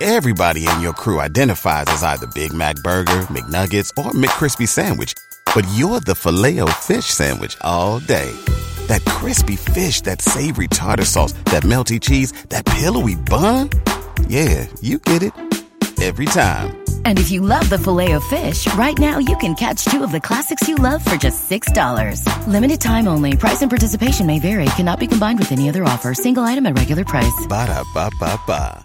Everybody in your crew identifies as either Big Mac Burger, McNuggets, or McCrispy Sandwich. But you're the filet fish Sandwich all day. That crispy fish, that savory tartar sauce, that melty cheese, that pillowy bun. Yeah, you get it. Every time. And if you love the filet of fish, right now you can catch two of the classics you love for just $6. Limited time only. Price and participation may vary. Cannot be combined with any other offer. Single item at regular price. Ba-da-ba-ba-ba.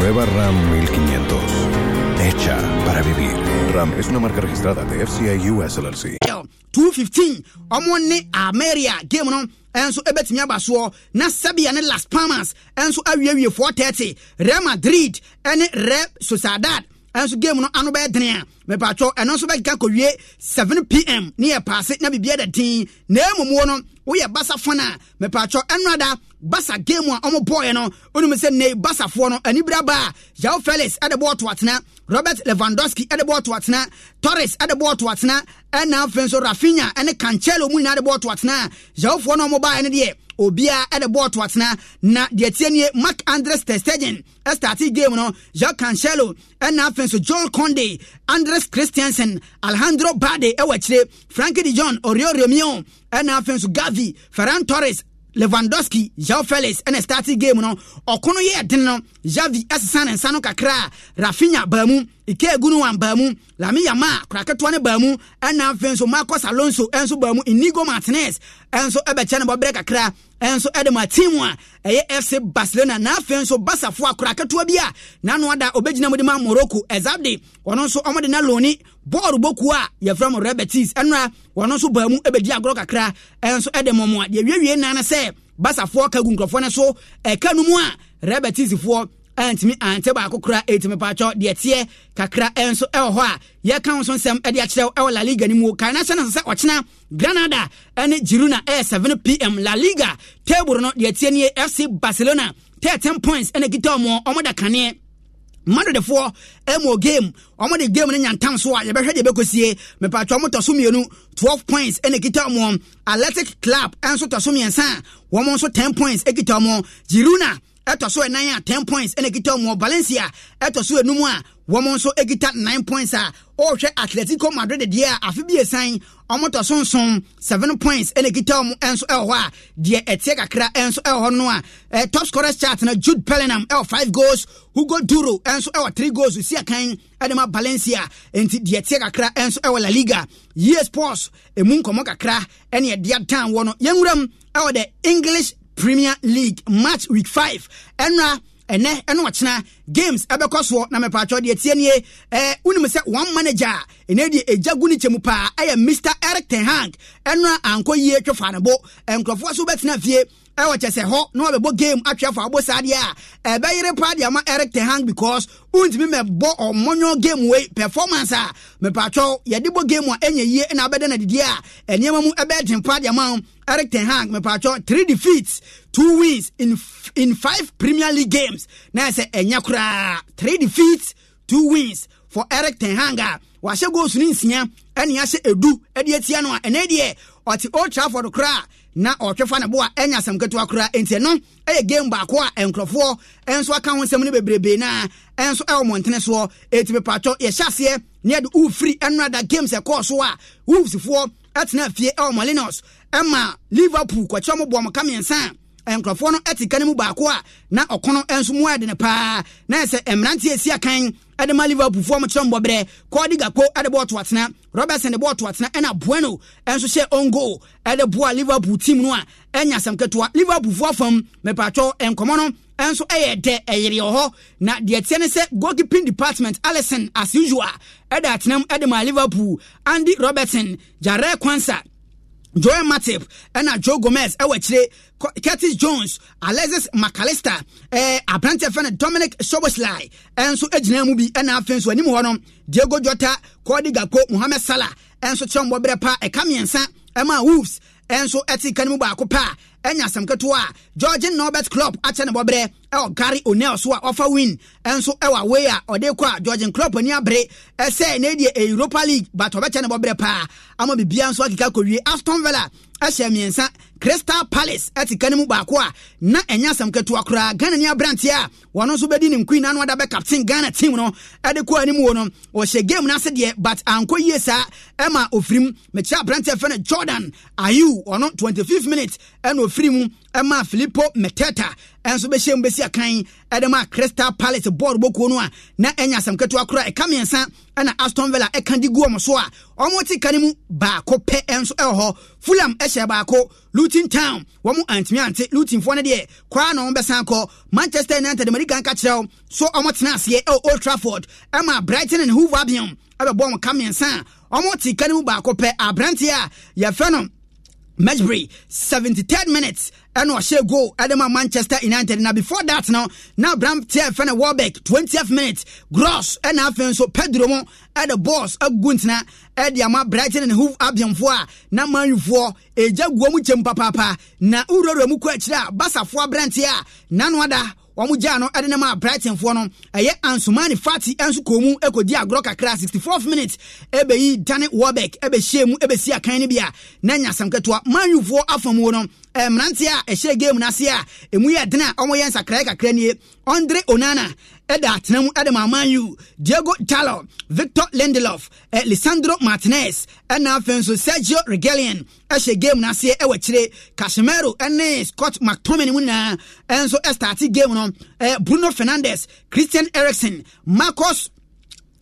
Nueva RAM 1500. Hecha para vivir. RAM es una marca registrada de FCI US LLC. 215 ɔmo ne ameria game no Enso ebetumi aba na sabia ne las palmas Enso awiewie 430 real madrid ne real sociedad nso game no ano bɛyɛ Me pa cho ɛno nso bɛkeka kɔwie 7 pm ne e paase na bibia da den na emumu no woyɛ basa fan a mepatwɔ basa game a ɔmo bɔɔɛ no onum sɛ ne basafoɔ no anibira baa yao felix ɛde bɔɔ to atena robert lewandowski ɛde bɔɔ to atena torres ɛde bɔɔ to atena ɛna afei nso rafinha ɛne cancelo mu nyinaa de bɔɔ to atena yaofoɔ no ɔmo baa ɛne deɛ obiara ɛde bɔɔl to atena na deɛ tie nie mark andres testegen ɛstaate game no joao cancelo ɛna afei nso joel conde andres christiansen alejandro bade ɛwɔ akyire frankie de John, oreo romeo ɛna afei nso gavi ferran torres lewandowski joao felix ɛna starting game no ɔko no yɛ den no javi ɛsesa ne nsa no kakra Rafinha, rafinya baamu ike egunu wan baamu lami yama kora ketewa ne baamu ɛna afei nso marcus alonso ɛnso baamu inigo martinez ɛnso ɛbɛkyɛ ne bɔbrɛ kakra ɛnso ɛde mu ati a ɛyɛ fc barcelona na afei nso basafo akora ketewa bi a n'ano ada obɛgyina mu de ma morocco ɛzabde ɔno nso ɔmo de na loni bɔɔlu boku a yɛfrɛ mo rebetis ɛnura ɔno nso baamu ɛbɛdi agorɔ kakra ɛnso ɛde mu mu a deɛ wiewie nan sɛ basafoɔ kagu nkurɔfoɔ ne so ɛka no mu a rebetisfoɔ antimi antɛ baako kora ɛtumi paatwɔ deɛ teɛ kakra nso ɛwɔ hɔ a yɛka ho so nsɛm de akyerɛ ɛwɔ la liga no mu kan na hyɛ sɛ ɔkyena granada ne girona ɛyɛ 7 pm la liga table no deɛ teɛ nie fc barcelona thirteen points ɛna kita ɔmo ɔmo da kaneɛ madodefoɔ ɛmɔ game ɔmo de game no nyantam so a yɛbɛhwɛ deɛ ɛbɛkɔsie mepatwa ɔmo tɔ mmienu 12 points ɛna kita ɔmo athletic club ɛnso tɔ so mmiɛnsa a wɔn nso 10 points ɛkita ɔmo girona ɛtɔ so ɛnan a ten points ɛna kita wɔn Valencia ɛtɔ so enum a wɔn nso kita nine points a ɔrehwɛ Atletico Madrid deɛ a afi bi esan wɔn tɔ so nson seven points ɛna kita wɔn nso ɛwɔ hɔ a deɛ ɛteɛ kakra ɛnso ɛwɔ hɔ no a ɛɛ top scorers chart na Jude Bellingham ɛwɔ five goals Hugo Duro ɛnso ɛwɔ three goals si akan ɛde ma Valencia nti deɛ ɛteɛ kakra ɛnso ɛwɔ La Liga EA Sports emu nkɔmɔ kakra ɛne ɛdeɛ dan wɔ no yɛn wura mu ɛwɔ the English premier league match week five ɛnra ɛnɛ ɛna ɔkyena games ɛbɛkɔ soɔ na mɛpaatwɛ deɛ tie nie ɛɛ eh, wonim sɛ one manager a ɛnɛ deɛ ɛgya gu ne kyɛ mu paa ɛyɛ mr eric ten hag ɛnra ankɔ yie twɛ fa ne bo nkurɔfoɔ eh, so bɛtena fie ɛwɔ kyɛ sɛ hɔ na wabɛbɔ game atwa fa abɔ saa deɛ a ɛbɛyere pa deɛ ma eric te hang because wontumi mɛbɔ ɔmmɔnyɔ game wei performance a mepatwɔ yɛde bɔ game a ɛnyɛ yie na abɛda no adidiɛ a ɛnneɛma mu ɛbɛɛden pa deɛ ma eric ten hag mepatwɔ three defeats two wins in in five premier league games na ɛsɛ ɛnyɛ koraa three defeats two wins for eric ten hag a wahyɛ goals no nsia ɛne ahyɛ edu ɛde atia no a ɛnɛ deɛ ɔte old trafford koraa na ɔtwefa ne boa ɛnya asɛm ketewa koraa enti ɛno ɛyɛ game baako a nkurɔfoɔ nso aka ho nsɛm no bebrebe na nso ɛwɔ mmɔntene soɔ eti pepatɔ yɛhyɛ aseɛ ne yɛde ufiri ɛnora da games ɛkɔɔ so a woofsifoɔ ɛtena fie ɛwɔ malinos ɛma liverpool kɔkyɛ mo boɔ mo ka mmiɛnsa a nkurɔfoɔ no ɛte ka mu baako a na ɔkono nso mu ɛde ne paa na ɛsɛ mmeranteɛ si akan ɛde ma liverpool foɔ mo kyerɛ mbɔberɛ kɔɔde gakpo ɛde bɔɔ to atena robertson de bɔɔ atena ɛna bueno ɛnso hyɛ ongo ɛde boa liverpool team no a ɛnya asɛm ketewa liverpool foɔ fam mepatwɔ nkɔmɔ no ɛnso ɛyɛ dɛ ɛyere hɔ na deɛ tiɛ ne sɛ goalkeeping department alison as usual ɛde atenam ɛde ma liverpool andy robertson jared kwansa joel matip ɛna joe gomez ɛwɔ akyire curtis jones alexis mcallister ɛɛ aberante fɛn dominic soboslai ɛnso egyina mu bi ɛna afei nso anim hɔ no diego jota kɔɔdi gako mohammed salah ɛnso kyerɛ mbɔbrɛ pa ɛka mmiɛnsa ɛma wolves ɛnso ɛte kan baako paa ɛnya asɛm ketewa a george norbert club akyɛ ne bɔberɛ ɛwɔ gary onel so a ɔfa win ɛnso ɛwɔ away a ɔde kɔ a george club ani abere ɛsɛ ne deɛ europa league but ɔbɛkyɛ ne bɔberɛ paa ama biribiara nso akeka kɔwie aston villa ɛhyɛ mmiɛnsa crystal palace ɛte ka no mu baako a na ɛnyɛ asɛm ketewa koraa ghana ni aberanteɛ a wɔno nso bɛdi ne nkuina no ada bɛ captain ghana team no ɛde kɔ anim wɔ no wɔhyɛ game no ase deɛ but ankɔ yie saa ɛma ofirim mekyerɛ aberanteɛ fɛ no jordan ayew ɔno 25 minutes ɛna ofiri mu ɛma filipo meteta ɛnso bɛhyɛ mu bɛsi akan ɛde ma crystal palace board bɔkuo no a na ɛnya asɛm ketewa kora ɛka mmiɛnsa ɛna aston villa ɛka de gu wɔn so a wɔn te ka ne mu baako pɛ ɛnso ɛwɔ hɔ fulham ɛhyɛ baako luton town wɔn antimi ante lutonfoɔ no deɛ koraa na wɔn bɛsan kɔ manchester united mɛdi kan ka kyerɛw so wɔn tena aseɛ ɛwɔ old trafford ɛma brighton and hove albion ɛbɛbɔ wɔn ka mmiɛnsa a wɔn te ka ne mu baako pɛ aberanteɛ a yɛfrɛ no Mesbury, 73rd minutes, and was go Adama Manchester United. Now before that, now now Bram TF and Warbeck, 20th minute, Gross and Afen so Pedro Mo at the boss of Guntna at the Ama Brighton and Hoof Abian Foa. Now man for a jagwamuchem papa Now uro mukwetra basa foa brantia nanwada wɔn gya no ɛde ne maa brightonfoɔ no ɛyɛ ansumani fati ɛnso kɔn mu ɛkɔdi agorɔ kakra sixty fourth minute ɛbɛyi dani warbeck ɛbɛhyia mu ɛbɛsi akan ne bi a na nyasam ketewa manwifoɔ afamuo no mmeranteɛ a ɛhyɛ game no ase a ɛmu yɛ den a ɔmoyɛ nsakrae kakra nie ɔndre onana ɛda atena mu ɛde maaman yu diego talo victor lindelof eh, lisandro martinez ɛna afei nso sergio regalian ɛhyɛ game no aseɛ ɛwɔ akyire casimero ɛne scott mctomin mu nyinaa ɛnso ɛstarte game no eh, bruno fernandes christian erikson marcos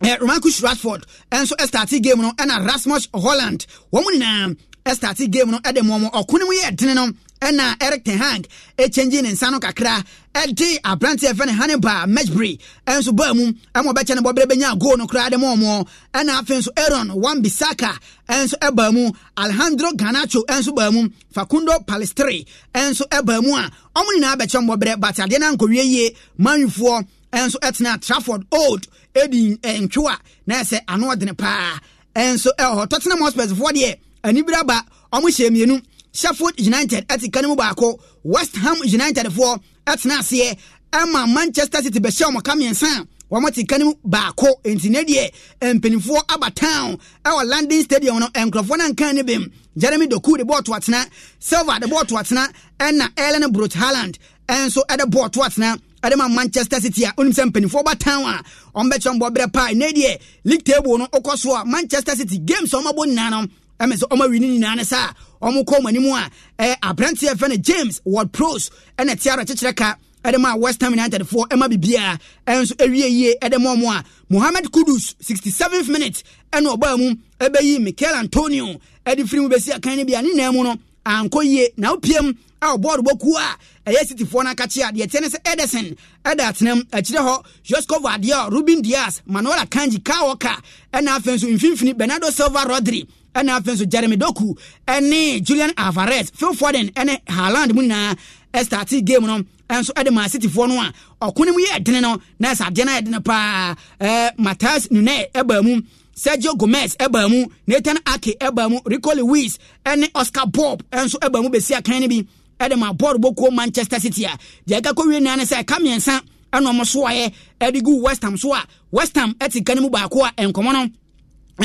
eh, romanco shratford ɛnso ɛstarte game no ɛna rasmus holland wɔn nyinaa starte game no de mmɔm ɔko no mu yɛ dene no ɛna eric ten hang ɛkyɛngye ne nsa no kakra ɛde aberanteɛ fɛ ne hannibal matchbury ɛnso baa mu ɛma ɔbɛkyɛ no bɔberɛ bɛnya goal no koraa de ma ɔmoɔ ɛna afei nso aaron wan bisaka ɛnso ɛbaa mu alejandro ganacho ɛnso baa mu facundo palestre ɛnso ɛbaa mu a ɔmo nyinaa bɛkyɛ mbɔberɛ but adeɛ no ankɔwie yie manwifoɔ ɛnso ɛtena trafford old ɛdi ntwewa na ɛsɛ ano ɔdene paa ɛnso ɛwɔ hɔ anibere aba ɔmo hyɛ mmienu sheffield united ɛte ka mu baako west ham united foɔ ɛtena aseɛ ɛma manchester city bɛhyɛ ɔmo ka mmiɛnsa a wɔn te ka mu baako nti ne deɛ mpanimfoɔ aba town ɛwɔ london stadium no nkurɔfoɔ no nkan ne bɛm jeremy doku de bɔɔl to atena silva de bɔɔl to atena ɛna ellen brot haaland ɛnso ɛde bɔɔl to atena ɛde ma manchester city a onim sɛ mpanimfoɔ ba town a wɔn bɛkyerɛ mbɔ berɛ paa ne deɛ league table no okɔ so a manchester city games a wɔn abɔ nyinaa no ɛmɛ sɛ ɔma wini nyinaa ne saa ɔmo kɔ ɔmo anim a ɛɛ aberanteɛ fɛ no james ward pros ɛna ɛte ara kyekyerɛ ka ɛde ma west ham united foɔ ɛma bibia ɛnso ɛwie yie ɛde ma ɔmo a mohammed kudus sixty seventh minute ɛna ɔbaa mu ɛbɛyi mikel antonio ɛde firi mu bɛsi akan ne bia ne nan mu no ankɔ yie na opiem a ɔbɔɔdo bɔ kuo a ɛyɛ sitifoɔ no akakyea deɛ tiɛ ne sɛ edison ɛda atenam akyirɛ hɔ joskov adeɛ ruben dias Manuela Kanji, kaa wɔka ɛna afei nso mfimfini bernardo silva Rodrigue ɛna afei nso jeremy doku ɛne julian alvarez phil foden ɛne haaland mu nyinaa ɛstarte game no ɛnso ɛde maa cityfoɔ no a ɔko no mu yɛ ɛdene no na ɛsɛ adeɛ no ayɛ dene paa ɛɛ matas nune ɛbaa mu sergio gomez ɛbaa mu nathan ake ɛbaa mu rico lewis ɛne oscar bob ɛnso ɛbaa mu bɛsi akan no bi ɛde maa bɔɔl bɔkuo manchester city a deɛ ɛka kɔ wie nua no sɛ ɛka mmiɛnsa ɛna ɔmo soayɛ ɛde gu west ham so a west ham ɛte ka no mu baako a nkɔmɔ no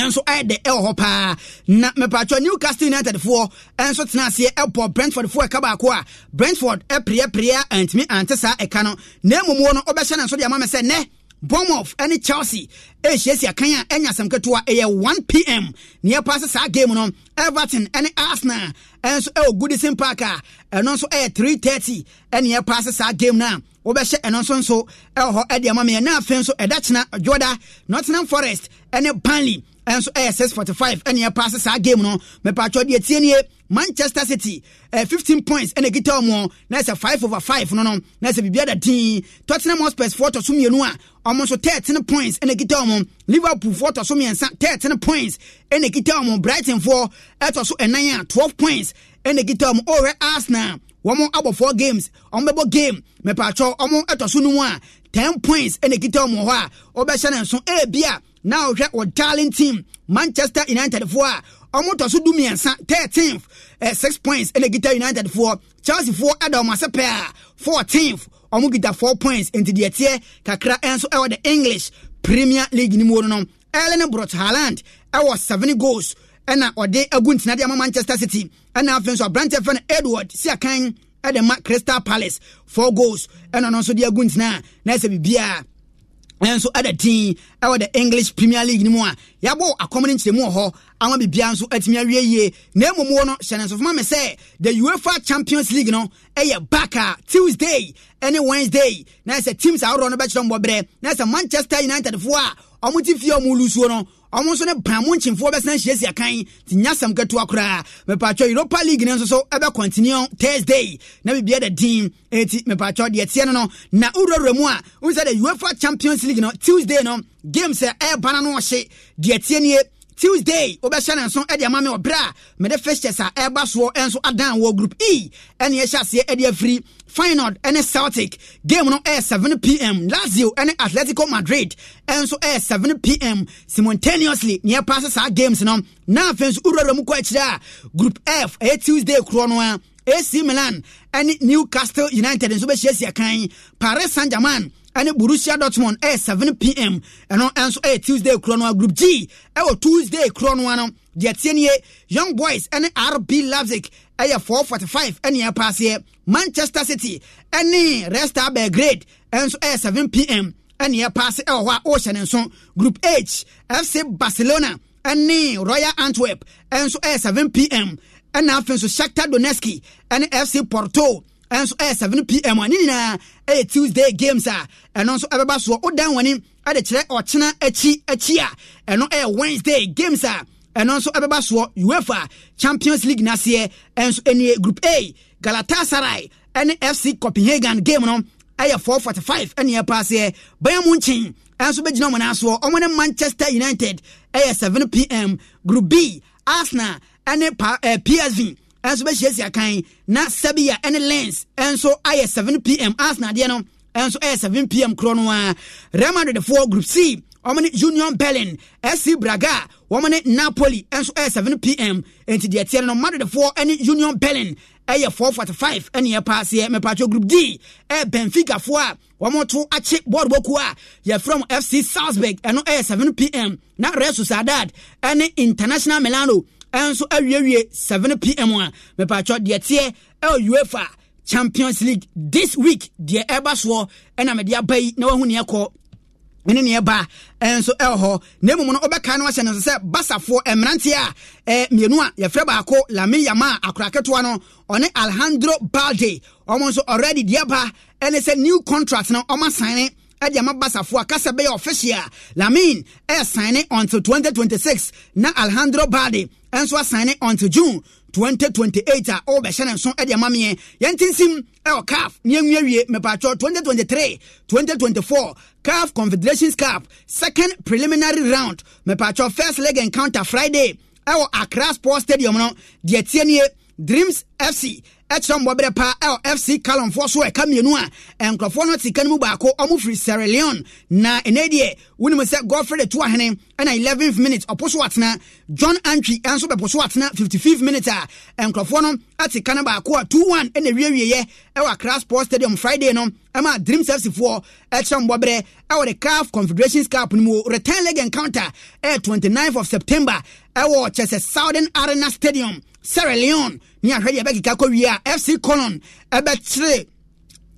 nso ɛyɛ de ɛwɔ hɔ paa na mepatwa newcastle united foɔ nso tena aseɛ ɛpɔ brentford foɔ ɛka baako a brentford ɛpreaprea antumi ante saa ɛka no na mmom wɔ no wɔbɛhyɛ no nso de ama me sɛ nɛ bournemouth ne chelsea ɛhyiesia kan a ɛnya asɛm ketewa ɛyɛ 1pm na yɛpa sɛ saa game no everton ne arsenal ɛnso ɛwɔ goodison park a ɛno nso ɛyɛ 330 ɛne yɛpa sɛ saa game no a wobɛhyɛ ɛno nso nso ɛwɔ hɔ ɛde ama meɛ na afei nso ɛda kyena dwoda nottingham forest ne Burnley ɛnso ɛyɛ eh, six forty five ɛne eh, ɛpa ase saa game no mɛpatwɛ deɛ tie nie manchester city ɛɛ eh, fifteen points ɛna ekita wɔn na ɛsɛ five over five no no na ɛsɛ biribi ada tiin tottenham hotspur foɔ tɔ so mmienu a wɔn nso thirteen points ɛna ekita wɔn liverpool foɔ tɔ so mmiɛnsa thirteen points ɛna ekita wɔn brighton foɔ ɛtɔ so ɛnan a twelve points ɛna ekita wɔn ɔwɛ arsenal wɔn abɔ four games wɔn bɛbɔ game mɛpatwɛ wɔn ɛtɔ so no mu a ten points ɛna ekita wɔn hɔ a ɔbɛhyɛ Now na ɔhwɛ darling team manchester united foɔ a ɔmotɔ so du mmiɛnsa 13th eh, 6 points ɛna gita united foɔ chelsea foɔ ɛda ɔmo ase pɛɛ a 14th ɔmo gita 4 points nti deɛ teɛ kakra ɛnso ɛwɔ the english premier league ni mu no no ɛlɛne brot haaland ɛwɔ 7 goals ɛna ɔde agu ntena de ama manchester city ɛna afei nso aberanteɛ fɛ no edward siakan ɛde ma crystal palace 4 goals ɛna ɔno nso de agu ntena a na ɛsɛ biribiara nso ɛda tin ɛwɔ the english premier league no mu a yɛabɔ akɔm no nkyerɛmu wɔ hɔ ama biribia nso atumi awie yie na mmom wɔ no hyɛ ne nsofoma me sɛ the uefa champions league no ɛyɛ back a tuesday ne wednesday na ɛsɛ teams ahoroɔ no bɛkyerɛ mbɔberɛ na ɛsɛ manchester united foɔ a ɔmo te fie a ɔmo lusuo no ɔmo nso ne ban mu nkyimfoɔ bɛsan hyiasia kan te nya sɛm ketewa koraa mepatwɔ europa league no nso so ɛbɛ continue thursday na bibia da din ɛti mepatwɔ deɛ teɛ no no na wowurawura mu a wohu sɛ uefa champions league no tuesday no game sɛ ɛɛbana no ɔhye deɛ teɛ nie tuesday wobɛhyɛ ne nso de ama me ɔberɛ a mede fixtures a ɛreba soɔ nso adan wɔ group e ɛne yɛhyɛ aseɛ de afiri final ne celtic game no ɛyɛ 7 pm lazio ne atletico madrid nso ɛyɛ 7 pm simultaneously neɛ paase saa games no na afei nso wurawura mu kɔ akyirɛ a group f ɛyɛ tuesday korɔ no a ac milan ne newcastle united nso bɛhyiasia kan paris saint germain ɛne borussia dortmund ɛyɛ 7 pm ɛno nso ɛyɛ tuesday kuro no a group g ɛwɔ tuesday kuro no a no deɛ tie nie young boys ɛne rb leipzig ɛyɛ 445 ɛne ɛpaaseɛ manchester city ɛne resta belgrade ɛnso ɛyɛ 7 pm ɛne ɛpaase ɛwɔ hɔ a ɔrehyɛ ne nso group h fc barcelona ɛne royal antwerp ɛnso ɛyɛ 7 pm ɛna afei nso shakhtar donetsk ɛne fc porto ɛnso ɛyɛ 7 pm a ne nyinaa ɛyɛ tuesday games a ɛno nso ɛbɛba soɔ wodan w'ani ɛde kyerɛ ɔkyena akyi akyi a ɛno ɛyɛ wednesday games a ɛno nso ɛbɛba soɔ uefa champions league naseɛ ɛnso ɛnie group a galatasaray ɛne fc copenhagen game no ɛyɛ 445 ɛne ɛpaaseɛ bɛyɛ mu nkyen ɛnso bɛgyina wɔn asoɔ ɔmo ne manchester united ɛyɛ 7 pm group b arsenal ɛne pa ɛɛ eh, psv nso bɛhyiasia kan na sɛbia ɛne lens nso ayɛ 7 pm arsenal deɛ no nso ɛyɛ 7 pm korɔ no a real madridfoɔ group c wɔn ne union berlin fc braga wɔn ne napoli nso ɛyɛ 7 pm nti deɛ teɛ no madridfoɔ ne union berlin ɛyɛ 445 ɛne yɛ paaseɛ mepatwo group d ɛyɛ benficafoɔ a wɔmoto akye bɔɔl bɔku a yɛfrɛ m fc salzburg ɛno ɛyɛ 7 pm na real sociedad ɛne international milano ɛnso awiewie 7pm a mepatwɔ deɛ teɛ ɛwɔ uefa champions league this week deɛ ɛba soɔ ɛna mede aba yi na wahu neɛ kɔ ne ne ba nso ɛwɔ hɔ na mmom no wobɛka no ahyɛ no so sɛ basafoɔ mmeranteɛ a mmienu a yɛfrɛ baako lame yama a akora ketewa no ɔne alejandro balde ɔmo nso already deɛ ba ɛne sɛ new contract no ɔma sane ɛde ama basafoɔ a kasa bɛyɛ official lamin ɛyɛ sane until 2026 na alejandro balde nso asan ne until june 2028 a ɔbɛhyɛ ne nso de ama meɛ yɛntinsim ɛwɔ caf ne yɛnwia wie mepatwɔ 2023 2024 caf confederations cup second preliminary round mepatwɔ first leg encounter friday ɛwɔ accra sports stadium no deɛ tie nie dreams fc ɛkyerɛ mbɔberɛ pa LFC fc calonfoɔ so ɛka mmienu a nkurɔfoɔ no sika no mu baako ɔmo firi sierra leone na ɛnɛ deɛ wonim sɛ godfred de to ahene ɛna 11th minute ɔpo so atena john antwi ɛnso bɛpo so atena minutes minute a nkurɔfoɔ no ate ka no baako a 2-1 ɛna wiewieɛ ɛwɔ accra sports stadium friday no ɛma dream servicefoɔ ɛkyerɛ mbɔberɛ ɛwɔ the calf confederations cup no mu return leg encounter ɛyɛ 29th of september ɛwɔ kyɛ southern arena stadium sierra leone ne ahwɛ deɛ ɛbɛkeka kɔ wie a fc colon ɛbɛkyere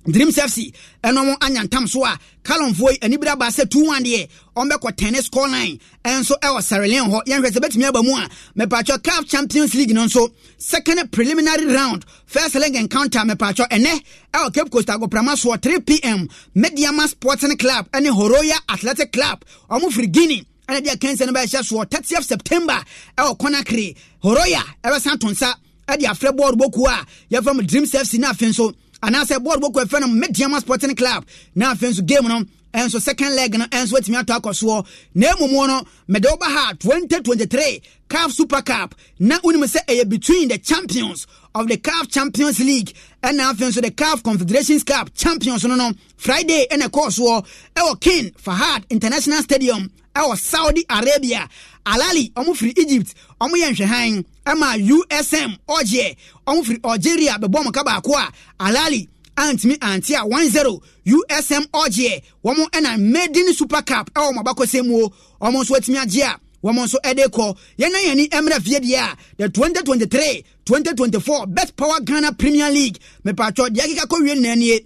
dreams fc ɛno mo anyantam so a kalonfoɔ yi anibere aba sɛ 2-1 deɛ ɔmbɛkɔ tennis score line ɛnso ɛwɔ sɛrelen hɔ yɛnhwɛ sɛ bɛtumi aba mu a mepatwɔ caf champions league no nso second preliminary round first leg encounter mepatwɔ ɛnɛ ɛwɔ cape coast agoprama soɔ 3pm mediama sporting club ɛne horoya athletic club ɔmo firi guinea ɛna deɛ kɛnsɛ no bɛhyɛ soɔ 30 september ɛwɔ conakry horoya ɛbɛsan to nsa ɛde afrɛ bɔɔl bokuo a yɛfrɛ mu dreams fc na afei nso anaasɛ bɔɔl bokuo ɛfrɛ no mediama sporting club na afei nso game no ɛnso second leg no ɛnso atumi atɔ akɔ soɔ na mmom no mede woba ha 2023 caf super cup na wonim sɛ ɛyɛ between the champions of the caf champions league ɛna afei nso the caf confederations cup champions no no friday ɛna ɛkɔɔ soɔ ɛwɔ king fahad international stadium ɛwɔ saudi arabia alali ɔmo firi egypt ɔmo yɛ nhwɛhan ama usm ɔgyeɛ ɔmo firi algeria bɛbɔ mo ka baako a alali antimi anti a 10 usm ɔgyeɛ wɔn ɛna medin super cup ɛwɔ e mo abakɔsɛm mu o wɔn nso atumi agye a wɔn nso ɛde kɔ yɛn na yɛn ni mmerɛ fie deɛ a the 2023 2024 best power ghana premier league mepatwɔ deɛ akeka kɔ wie nnanie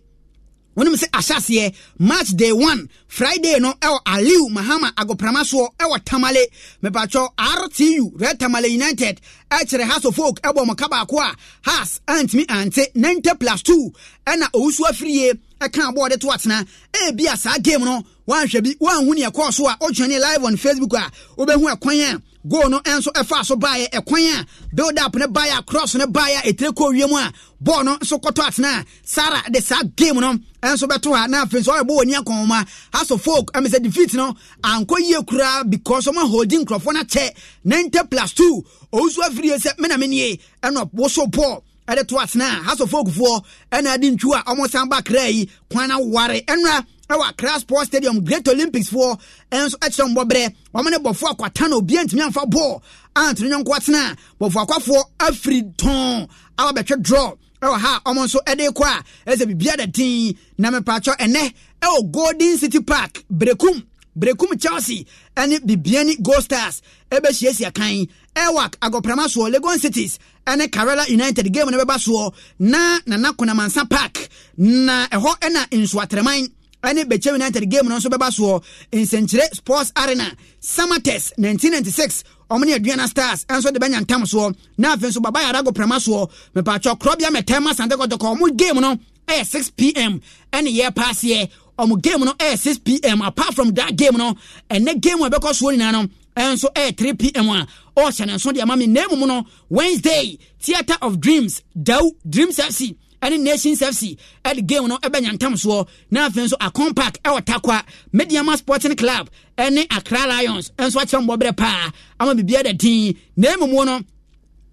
wonim sɛ ahyɛseɛ march day 1 friday no ɛwɔ aliu mahama agoprama soɔ ɛwɔ tamale mepatwɔ rtu red tamale united ɛkyerɛ haso of folk ɛbɔ mɔka baako a has antimi ante 90 plus 2 ɛna ɔwusu afirie ɛka aboɔ de to atena ɛbi a saa game no wanhwɛ bi wanhu neɛ kɔɔ so a wotwɛne live on facebook a wobɛhu ɛkwan a goal no nso ɛfa so baeɛ ɛkwan a build up ne baeɛ cross ne baeɛ a ɛtire kɔ wiem a bɔɔl no nso kɔtɔ atena a sara de saa game no nso bɛto ha na afei nso ɔrebɔ wɔ ni akɔnma house of folk ɛmɛ sɛ defeat no ankɔ yie koraa because ɔmo ahodi nkurɔfoɔ no akyɛ nante plus two owusu afiri yɛ sɛ mena menie ɛna woso bɔɔl ɛde to atena house of folk foɔ ɛna adi ntu a ɔmo san ba kra yi kwan na ware ɛnura ɛwɔ akra sports stadium great olympics foɔ ɛnso ɛkyerɛ mbɔbrɛ wɔn ne bɔfo akwata na obi ntumi anfa bɔɔl antoni nyɔnko atena bɔfo akwafoɔ afiri tɔn awa bɛtwɛ draw ɛwɔ ha wɔn nso ɛde kɔ a ɛsɛ biribi adetin na mɛpatsɔ ɛnɛ ɛwɔ golden city park Berekum, Berekum chelsea ɛne bibiani gold stars ɛbɛhyiahyia kan airwac agɔprama soɔ legon cities ɛne karela united game no bɛba soɔ na nana konamansa park na ɛhɔ ɛna nsoatrɛman ɛne bɛkyɛm united game no nso bɛba soɔ nsɛnkyerɛ sports arena samates 1996 ɔmo ne aduana stars ɛnso de bɛnya ntam soɔ na afei nso baba yɛra go prɛma soɔ mepatwɔ korɔbea mɛtɛma sante kɔtɔkɔ ɔmo game no ɛyɛ 6 pm ɛne yɛ paaseɛ ɔmo game no ɛyɛ 6 pm apart from that game no ɛnɛ game a ɛbɛkɔ soɔ nyinaa no ɛnso ɛyɛ 3 pm a ɔhyɛ ne nso deɛ ma me na mu no wednesday theatre of dreams daw dreams fc ɛne nations fc ɛde game no ɛbɛnya ntam soɔ na afei nso acon park ɛwɔ takwa mediama sporting club ɛne accra lions ɛnso akyerɛ mbɔberɛ paa ama biribia da din na mmumu no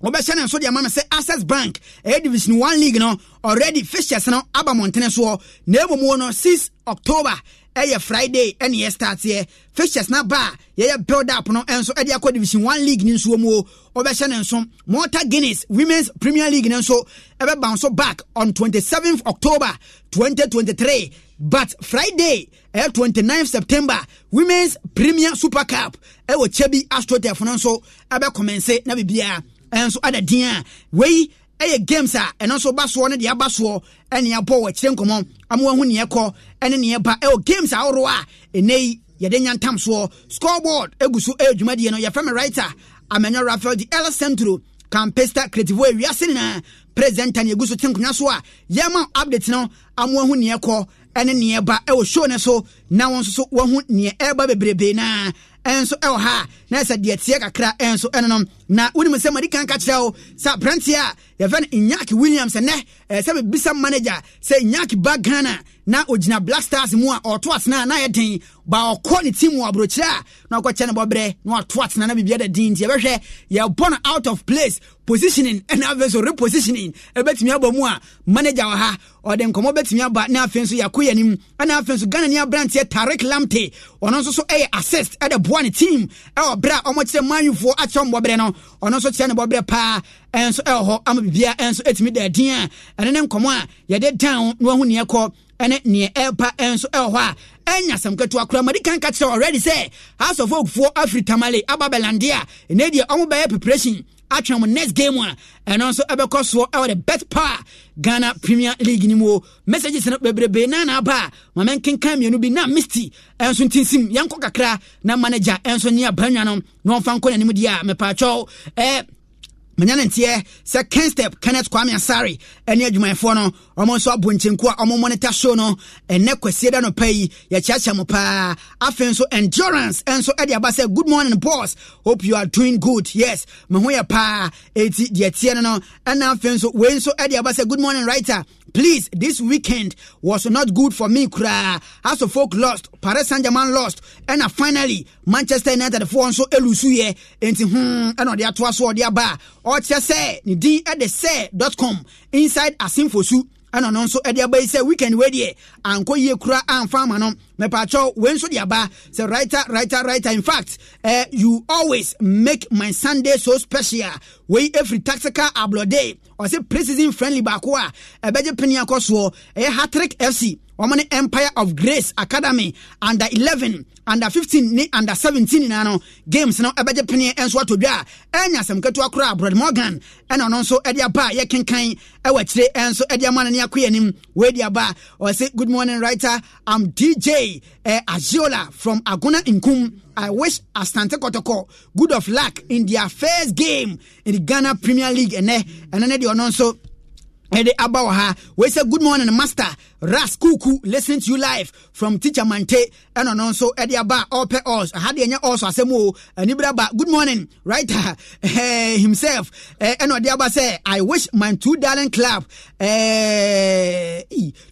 wɔbɛhyɛ ne nso deɛ ma me sɛ access bank ɛyɛ division one league no already fishers no aba mmɔntene soɔ na mmumu no 6 october ɛyɛ friday ɛne yɛ start yɛ fixtures na ba a yɛyɛ build up no ɛnso ɛde akɔ division one league ne nsuo mu o ɔbɛhyɛ ne nso guinness women's premier league ne nso ɛbɛba nso back on 27th october 2023 but friday ɛyɛ 29 september women's premier super cup ɛwɔ kyɛ bi astrotef no nso ɛbɛkɔmɛnse na biribiara ɛnso ada din a wei ɛyɛ games a ɛno nso ba soɔ ne deɛ aba soɔ ɛne abɔ wɔ akyire nkɔmmɔ ama wahu neɛ kɔ ɛne neɛ ba ɛwɔ games ahoroɔ a ɛnɛ yi yɛde nya ntam soɔ scoreboard egu so ɛyɛ dwumadie no yɛfrɛ me writer amanyɔ rafael de el centro campesta creativo ewiase nyinaa president ne egu so te nkonnwa so a yɛma update no ama wahu neɛ kɔ ɛne neɛ ba ɛwɔ show ne so na wɔn nso so wahu neɛ ɛreba bebrebe naa nso ɛwɔ eh, oh, ha na sɛ deɛ tie kakra nso ɛnonom na wonim sɛ madi kan ka kyerɛ wo sɛ aberanteɛ a yɛfɛ no nyak williams ɛnɛ eh, sɛ bebisa manager sɛ nyak ba ghana na ogyina black stars mu a ɔto asena na yɛ den ba ɔkɔ ne team wɔ aburokyerɛ a na ɔkɔkyɛ no bɔberɛ na wato atena na biribia da din nti yɛbɛhwɛ yɛbɔ no out of place positioning ɛna afei so repositioning ɛbɛtumi abɔ mu a manager wɔ ha ɔde nkɔmmɔ bɛtumi aba na afei nso yɛako yɛ anim ɛna afei nso ghana ni aberanteɛ tarik lamte ɔno nso so ɛyɛ assist ɛde boa ne team ɛwɔ berɛ a ɔmɔkyerɛ manwifoɔ akyerɛ mbɔberɛ no ɔno nso kyerɛ ne bɔberɛ paa ɛnso ɛwɔ hɔ ama biribia ɛnso ɛtumi da adin a ɛne ne nkɔmmɔ a yɛde dan na wahu neɛ kɔ ɛne neɛ ɛrepa ɛnso ɛwɔ hɔ a ɛnya asɛm ketewa koraa madi kan ka kyerɛ already sɛ house of oakfoɔ afiri tamale aba bɛlande a ɛnɛ deɛ ɔmo bɛyɛ preparation atwam next game a ɛno nso ɛbɛkɔ soɔ ɛwɔ the best power ghana premier league no mu o messages no bebrebee na na aba a ma menkenkan mmienu bi na misty ɛnso ntinsim yɛnkɔ kakra na manager ɛnso ne abanwa no na ɔmfa nkɔ n'anim deɛ a mepaatwɔw ɛɛ eh, manya ne nteɛ sɛ kenstep kenneth kwame asare ne adwumayɛfoɔ no ɔmo nso abɔ nkyenku a ɔmo monitor show no ɛnɛ kwasie da nɔpa yi yɛkyeakyɛ mo paa afei nso endurance nso de aba sɛ good morning boss hope you are doing good yes me ho yɛ paa ɛti deɛ teɛ no no ɛna afei nso wei nso de aba sɛ good morning writer Please, this weekend was not good for me. Kra. As a folk lost, Paris Saint Germain lost, and uh, finally Manchester United for so elusuye enti hmm and on their twas or their bar or say ni d at the com inside asinfosu ɛna ɔno nso ɛde aba yi sɛ weekend wei deɛ ankɔ yie kura amfa ama no mepatwɔ wei nso de aba sɛ writer writer writer in fact uh, you always make my sunday so special wei ɛfiri tactical ablɔde ɔsɛ pre season friendly baako a ɛbɛgye pene akɔ soɔ ɛyɛ hatrick fc wɔn ne empire of grace academy under eleven under fifteen ne under seventeen nyinaa no games no ɛbɛgye pene nso ato dwa a ɛnya asɛm ketewa koraa brod morgan ɛna ɔno nso ɛde aba a yɛkenkan ɛwɔ akyire ɛnso ɛde ama no ne akɔ yɛnim wɔadi aba a good morning writer i'm dj uh, eh, Aziola from Agona Inkum. I wish Asante Kotoko good of luck in their first game in the Ghana Premier League. And then, and then the so ɛde aba wɔ ha wei sɛ good morning master ras kuku listen to you live from teacher mante ɛno no nso ɛde aba ɔpɛ ɔs ha deɛ nyɛ ɔs asɛm o anibere good morning writer uh, himself ɛna uh, eh, ɔde aba sɛ i wish my two darling club uh,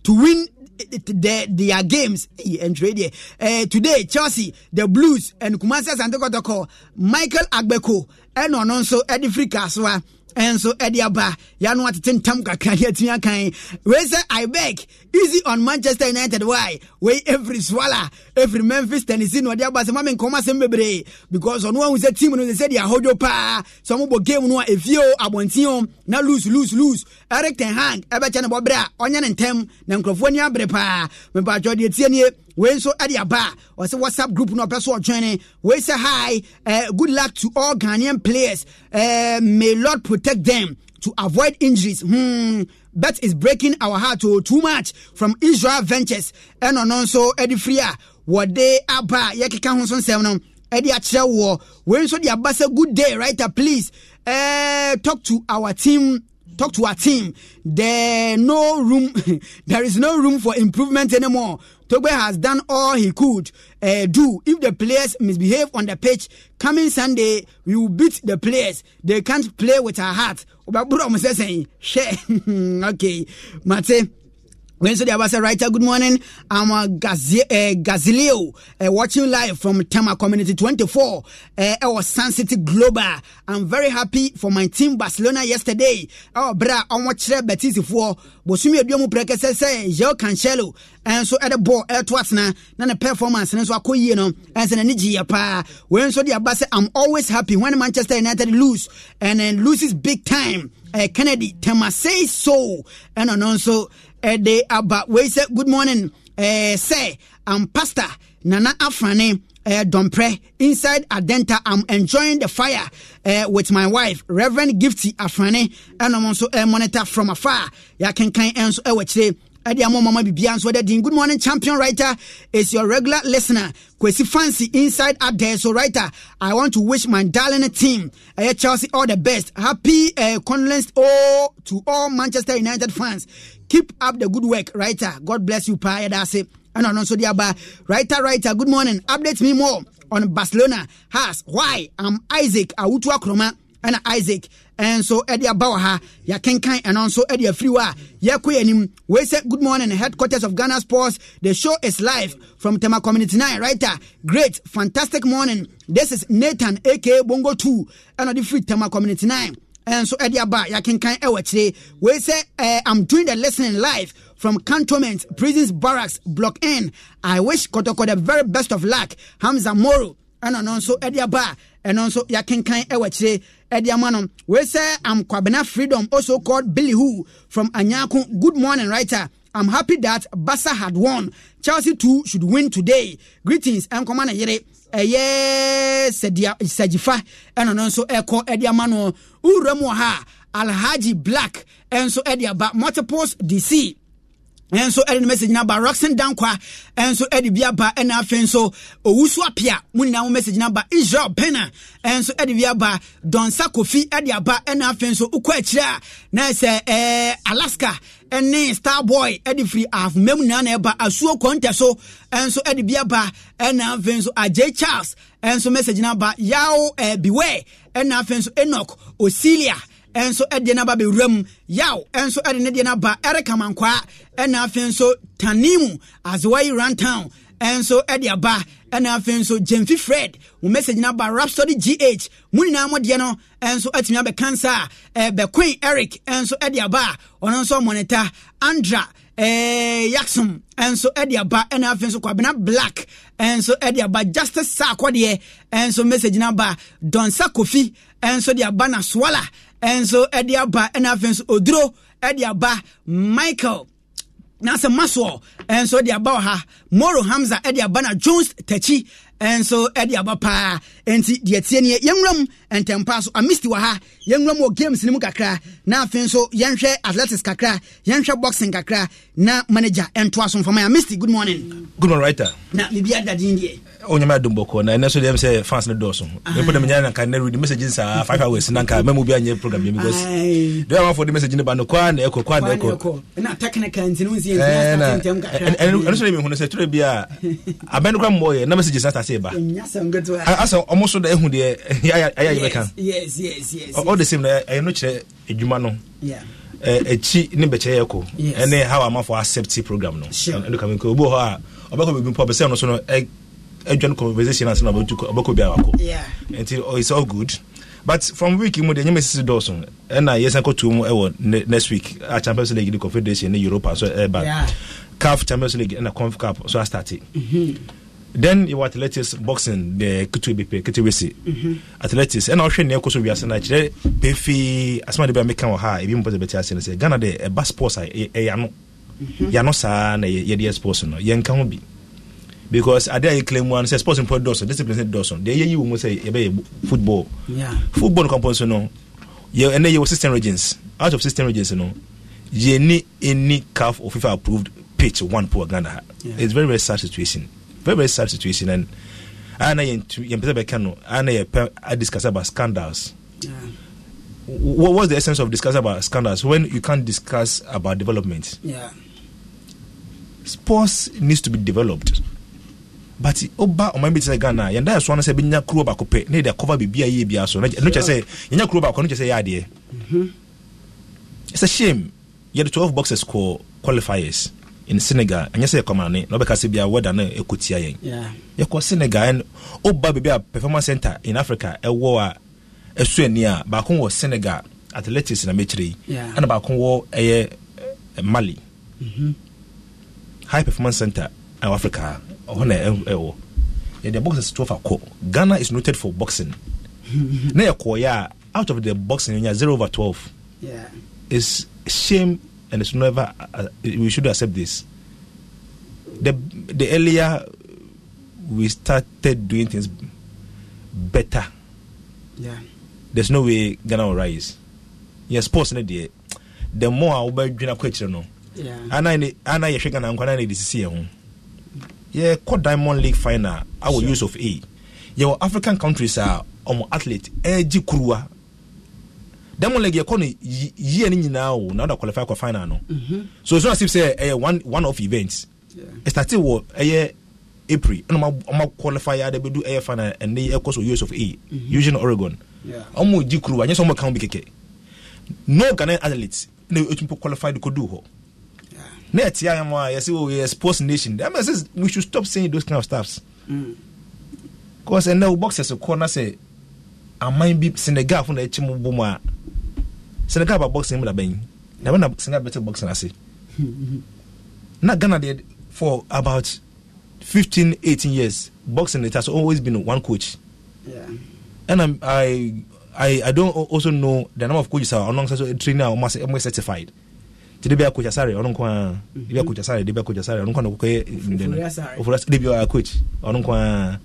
to win the, their games and trade uh, eh, today chelsea the blues and kumasi asante kotoko michael agbeko ɛna ɔno nso ɛde firi kasoa ɛnso ɛde aba yano atete ntam kakra de atumi akan wei sɛ ibek easy on manchester united why wei ɛfiri swala ɛfiri memphis tennessee na ɔde aba sɛ mame nkɔm asɛm bebree because ɔno ahu sɛ team no sɛ sɛdeɛ ahodwo paa sɛ ɔmobɔ game no a ɛfie o na lose lose lose eric ten hang ɛbɛkyɛ ne bɔberɛ a ɔnyɛ ne ntɛm na nkurɔfoɔ ani abere paa mepaatwɛ deɛ tie nie wei nso de aba a ɔsɛ whatsapp group no ɔpɛ so ɔtwene wei sɛ hi eh, good luck to all ghanaian players uh, may lord protect them to avoid injuries hmm. bet is breaking our heart oh, too much from israel ventures And ɔno nso de firi a wɔde aba a yɛkeka ho nso nsɛm no ɛde akyerɛ wɔ wei nso de aba sɛ good day writer please uh, talk to our team talk to our team. There no room. there is no room for improvement anymore. Togbe has done all he could uh, do. If the players misbehave on the pitch, coming Sunday, we will beat the players. They can't play with our heart. Okay, Mate. When I was a writer. Good morning. I'm uh, a uh, Gazileo, uh, watching live from Tema Community 24, uh, was Sun City Global. I'm very happy for my team Barcelona yesterday. Oh, bra, I'm watching Betis for Bosumi Biomu Prekese, say, Joe Cancelo, and so at the ball, El Twasna, then a performance, and so I call you know, as an energy, pa. When so the Abasa, I'm always happy when Manchester United lose and then loses big time. Uh, Kennedy, Tema say so, and I know so ɛde eh, aba wei sɛ good morning Say, sɛ am pastor nana afrane uh, eh, pray inside Adenta. I'm enjoying the fire uh, with my wife, Reverend Gifty Afrane, and I'm also a monitor from afar. Ya can kind answer what today. Adi amo mama bibian so din good morning champion writer is your regular listener Kwesi Fancy inside out so writer I want to wish my darling team uh, Chelsea all the best happy uh, condolence all to all Manchester United fans keep up the good work writer god bless you Pa. yɛda ase ɛna ɔno so. de writer writer good morning update me more on barcelona has why i am isaac awutu akoroma and isaac And so, aba wɔ ha yɛkenkan ɛno nso ɛde afiri hɔ a yɛkɔ yɛ anim wei sɛ good morning headquarters of ghana sports the show is live from tema community 9 writer great fantastic morning this is nathan aka bongo 2 ɛna the free tema community 9 and so Eddie Abba, I can kind of We say, uh, eh, I'm doing the lesson in life from cantonment, prisons, barracks, block N. I wish Kotoko the very best of luck. Hamza Moro, and also Eddie Abba, and also I can kind of Eddie Amanom. We say, I'm Kwabena Freedom, also called Billy Who from Anyaku. Good morning, writer. I'm happy that Basa had won. Chelsea too should win today. Greetings, and Commander Yere. ɛyɛ sagifa ɛna no nso ɛkɔ de ama no wowura mu ha alhaji black ɛnso de aba multiples dc ɛnso ɛde ne message naba roxin dankwa ɛnso ɛde bi aba ɛna afei nso owusu apia mu nyinaa mo message naba israel pena ɛnso ɛde bi aba donsa kofi ɛde aba ɛna afei nso ukɔ akyire a na ɛsɛ ɛɛ alaska ne starboy de firi ahomam nyinaa na ɛba asuo kɔntɛ so nso de bi aba ɛna afei nso agye charles nso message no aba yaw eh, beware ɛna afei nso enoch osilia nso de no aba bɛwura mu yaw nso de ne deɛ no aba ɛreka mankwaa ɛna afei nso tanimu azewayi rantown nso de aba ɛna afei nso jemfi fred wo message no aba rapsody gh mu nyinaa mɔdeɛ no nso atumi abɛkansa eh, a bɛkoin eric nso de aba a ɔno nso mɔneta andra eh, yakson nso de aba ɛna afei nso kwabena black nso de aba justice sa akɔdeɛ nso message no aba donsa kofi nso de aba na swala nso de aba ɛna afei nso oduro de aba michael nasɛ masoɔ and so aba wɔ ha moro hamza ɛde abana jones tachi ɛnso ɛde aba paa nti deɛ tie nie yɛnwuram ntɛmpa so amisti wɔ ha yɛnwuram wɔ games no mu kakra na afei nso yɛnhwɛ athletics kakra yɛnhwɛ boxing kakra na manager ntoa so mfama amisti good morning good morning writer na biribi adadin deɛ onyama adom bɔkɔ na ɛnɛ so deɛ sɛ fans no dɔɔso mepɛ dɛ menya nanka na read messages saa 5 hours na nka mamu bi anyɛ program yɛ because deɛ amafo de message no ba no kwa na ɛkɔ kwa na ɛkɔ ɛna technical nti no nsi yɛnsi ntɛm so deɛ mehu no sɛ twerɛ bi a abɛn no kora mmɔɔyɛ na messages na tase ba asɛ ɔmo so da ehu deɛ ɛyɛ eh, ayɛ bɛka yes yes yes all the same na eh, ɛyɛ no kyerɛ edwuma no ekyi eh, ne bɛkyɛ yɛ ko ɛne how amafo accept program no ɛno kame ko obi wɔ hɔ a ɔbɛkɔ beebi mpɔ bɛsɛ ɔno so no ɛdwan conversation ase na ɔbɛkɔ bi awakɔ nti oh, it's all good but from week mu deɛ nyɛ mesisi dɔɔso ɛna yɛsan kɔ tuo mu ɛwɔ next week a champions league ne confederation ne Europe, so ɛɛba caf champions league ɛna conf cup so astarte. Mm -hmm then yɛwɔ athletics boxing de ketewa bi pɛ ketewa si mm-hmm. athletics ɛna ɔhwɛ nea ɛkɔ so wiase no akyerɛ pefee asɛm de bi a meka wɔ ha ebi mu pɛsɛ bɛte ase no sɛ ghana de ɛba sports a eh, ɛyɛ eh, eh, ano mm-hmm. yɛano saa na yɛde yɛ sports no yɛnka ho bi because ade a yɛkla mu ano sɛ sports mpɔ dɔso discipline dɔso deɛ yɛyi wɔ mu sɛ yɛbɛyɛ football football no kampɔ so no ɛnɛ yɛwɔ system regions out of system regions no yɛni any calf of fifa approved pitch one poor ghana ha yeah. it's very very sad situation very very sad situation and ana yɛmpɛ sɛ bɛka no ana yɛpɛ discuss about scandals yeah. what, was the essence of discussing about scandals when you can't discuss about development yeah. sports needs to be developed but oba ɔman bi te sɛ ghana yɛnda yɛ soa no sɛ bɛnya kuro baako pɛ ne da akɔva biribia yie biaa so ɛno kyɛ sɛ yɛnya kuro baako no kyɛ sɛ yɛ adeɛ mm-hmm. it's a shame yɛde twelve boxes kɔ qualifiers in senegal ɛnyɛ sɛ yɛkɔmane na wobɛka sɛ bia weda no ɛkɔtia yɛn yɛkɔ senegal ɛn woba oh, biribi a performance center in africa ɛwɔ a ɛso ani a baako wɔ senegal athletics na mɛkyerɛ yi ɛna baako wɔ ɛyɛ mali mm-hmm. high performance center ɛwɔ africa ɔhɔ na ɛwɔ yɛde boxers to fa kɔ ghana is noted for boxing na yɛkɔɔyɛ a out of the boxing yɛnya 0 over 12 yeah. is shame and it's never uh, we should accept this. The the earlier we started doing things better, yeah, there's no way Ghana will rise. Yes, sports in the the more I will be question no. Yeah, and I and I shake and I'm need to see you. Yeah, Court Diamond League final. Our sure. use of A. Your African countries are um, athlete. Eji Kurua diamond league yɛkɔ no year no nyinaa o na woda qualify kɔ final no so it's not as sɛ ɛyɛ one one off event ɛstate wɔ ɛyɛ april ɛna ɔma qualify a de bɛdu ɛyɛ final ɛnɛ ɛkɔ so us of a mhm. eugene oregon ɔmo gyi kuru anyɛ sɛ ɔmo kan bi kɛkɛ no ghanaian athlete na ɛtumi po qualify de kɔdu hɔ na ɛte ayɛ mu a yɛsɛ o yɛ sports nation ɛmɛ sɛ we should stop saying those kind of stuffs mm. cause ɛnɛ eh, o boxers kɔ na sɛ aman bi senegal fo na ɛkyɛ mu bɔ mu a. senegal ba boxing mu da bɛn na bɛ na senegal bɛ te boxing ase na ghana deɛ for about fifteen eighteen years boxing it has always been one coach yeah. and I, I i don't also know the number of coaches are ɔno nso trainer a ɔmo ɔmo certified ti de bi a coach asare ɔno nko ara de bi a coach asare de bi a coach asare ɔno nko ara na koko yɛ ofura de bi a coach ɔno nko ara.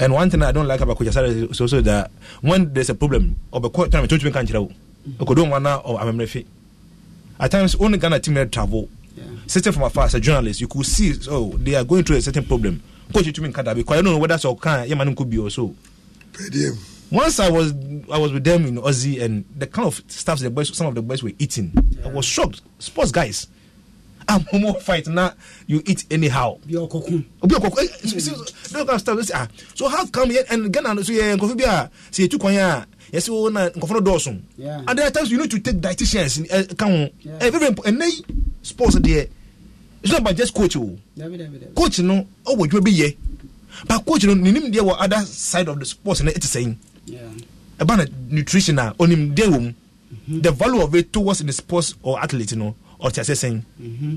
And one thing I don't like about Coach Asare is also that when there's a problem, or the tournament, you can't okodon wana or amemrefi at times only Ghana team that travel Certain from afar as a journalist you could see oh they are going through a certain problem coach you mean kada because I don't know whether so can yeah man could be also once I was I was with them in Aussie and the kind of stuff the boys some of the boys were eating yeah. I was shocked sports guys I'm homo. fight now. You eat anyhow. Mm-hmm. So how come here and Ghana so yeah, say you took one yɛsɛ wo na nkɔfo no dɔɔso and there are times you need to take dietitians uh, ka ho yeah. eh, very important ɛnɛ sports deɛ it's not about just coach o oh. coach no ɔwɔ adwuma bi yɛ but coach no ne nim deɛ wɔ other side of the sports no ɛte sɛn ɛba na nutrition a onim deɛ wɔ mu the value of it towards the sports or athlete no ɔte asɛ sɛn. Mm-hmm.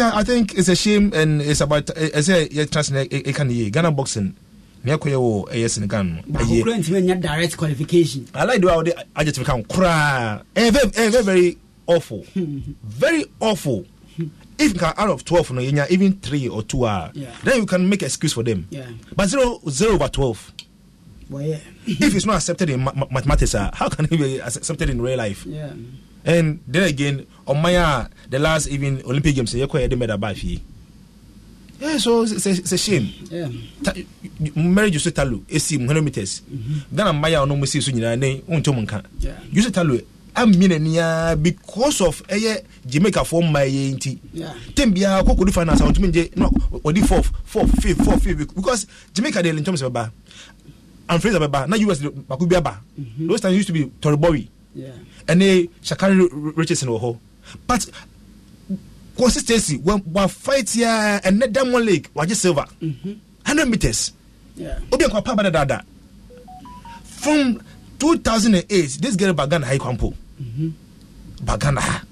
I think it's a shame and it's about I eh, eh, say yeah, trust I, I, I can Ghana boxing meyɛkɔyɛ wɔ ɛyɛ senegal no i like the way wode adjective ka koraa ɛyɛ very awful very awful if you can out of 12 no yɛnya even 3 or 2 a yeah. then you can make excuse for them yeah. but 0, 0 over 12 well, yeah. if it's not accepted in ma- mathematics uh, how can it be accepted in real life yeah. and then again on my uh, the last even olympic games yɛkɔ yɛde medal ba fie yeah, so it's a, shame yeah. marriage you talo esi mu hundred meters mm-hmm. ghana mmaya ọ̀nà mo si so nyinaa ne n tó mu you say talo amina niya because of ɛyɛ eh, jamaica fɔ mma ye nti tem bia koko di finance awo tumi nje no odi fourth fourth fifth fourth fifth because jamaica in terms of de lintɔn sɛ bɛba and fraser bɛba na us baako a bar. Mm-hmm. those times used to be toribori ɛne shakari richardson wɔ hɔ but consistency When we fight here eh, and wafaitiɛ them diamond league wagye silver mhm. hundred meters obi nkɔ pa bada dada from 2008, thousand and eight this girl ba ghana mhm. ha yi kwampo ba ghana ha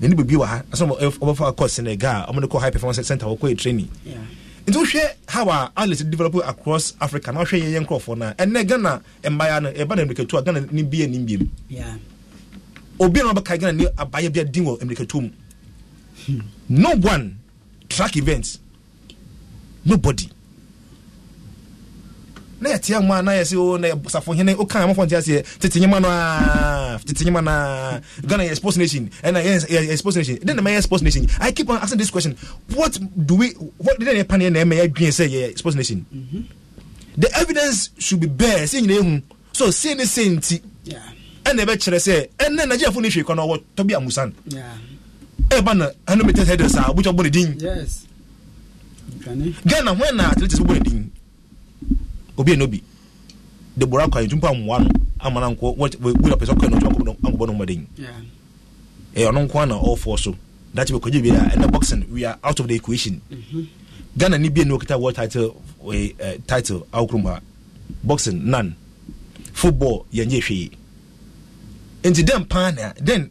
nani bibi wɔ ha course in akɔ senegal ɔmo ne kɔ high performance center wɔkɔ yɛ training nti wohwɛ how our athletes develop across africa na wohwɛ yɛyɛ nkurɔfoɔ no ɛnɛ eh, ghana eh, mmaya no ɛba na mmirikatu a ah, ghana ne bia ne mbiem obi na ɔbɛka ghana ne abayɛ bia din wɔ mmirikatu mu no one track events nobody na yɛte amu a na yɛ sɛ o na safohene okan amafo nte aseɛ tete nyima na tete nyima na a ghana yɛ sports nation ɛna eh, yɛ sports nation then na ma yɛ sports nation i keep on asking this question what do we what did yɛ paneɛ na ɛma yɛ adwene sɛ yɛ sports nation mm-hmm. the evidence should be bare sɛ nyina ehu so sei ne sei nti ɛna ɛbɛkyerɛ sɛ ɛnɛ nigeriafo ne hwee kɔ no ɔwɔ amusan. Yeah ɛba na ɛno mi tɛsɛ de saa butwa bɔ ne din ghana hɔn na atletis bɔ ne din obi yɛ n'obi debora akɔ ayi tumpa amuwa no ama na nkɔ wura pɛsɛ ɔkɔ yɛ n'otwa ankɔbɔ n'ɔmɔ den ɛyɛ ɔno nkɔ na ɔfɔ so dati bɛ kɔgye bi a ɛna boxing we are out of the equation mhm. ghana ni bi yɛ n'okita world title ɛɛ eh, title ahokurum ha boxing nan football yɛn yɛ hwee nti den paa na den.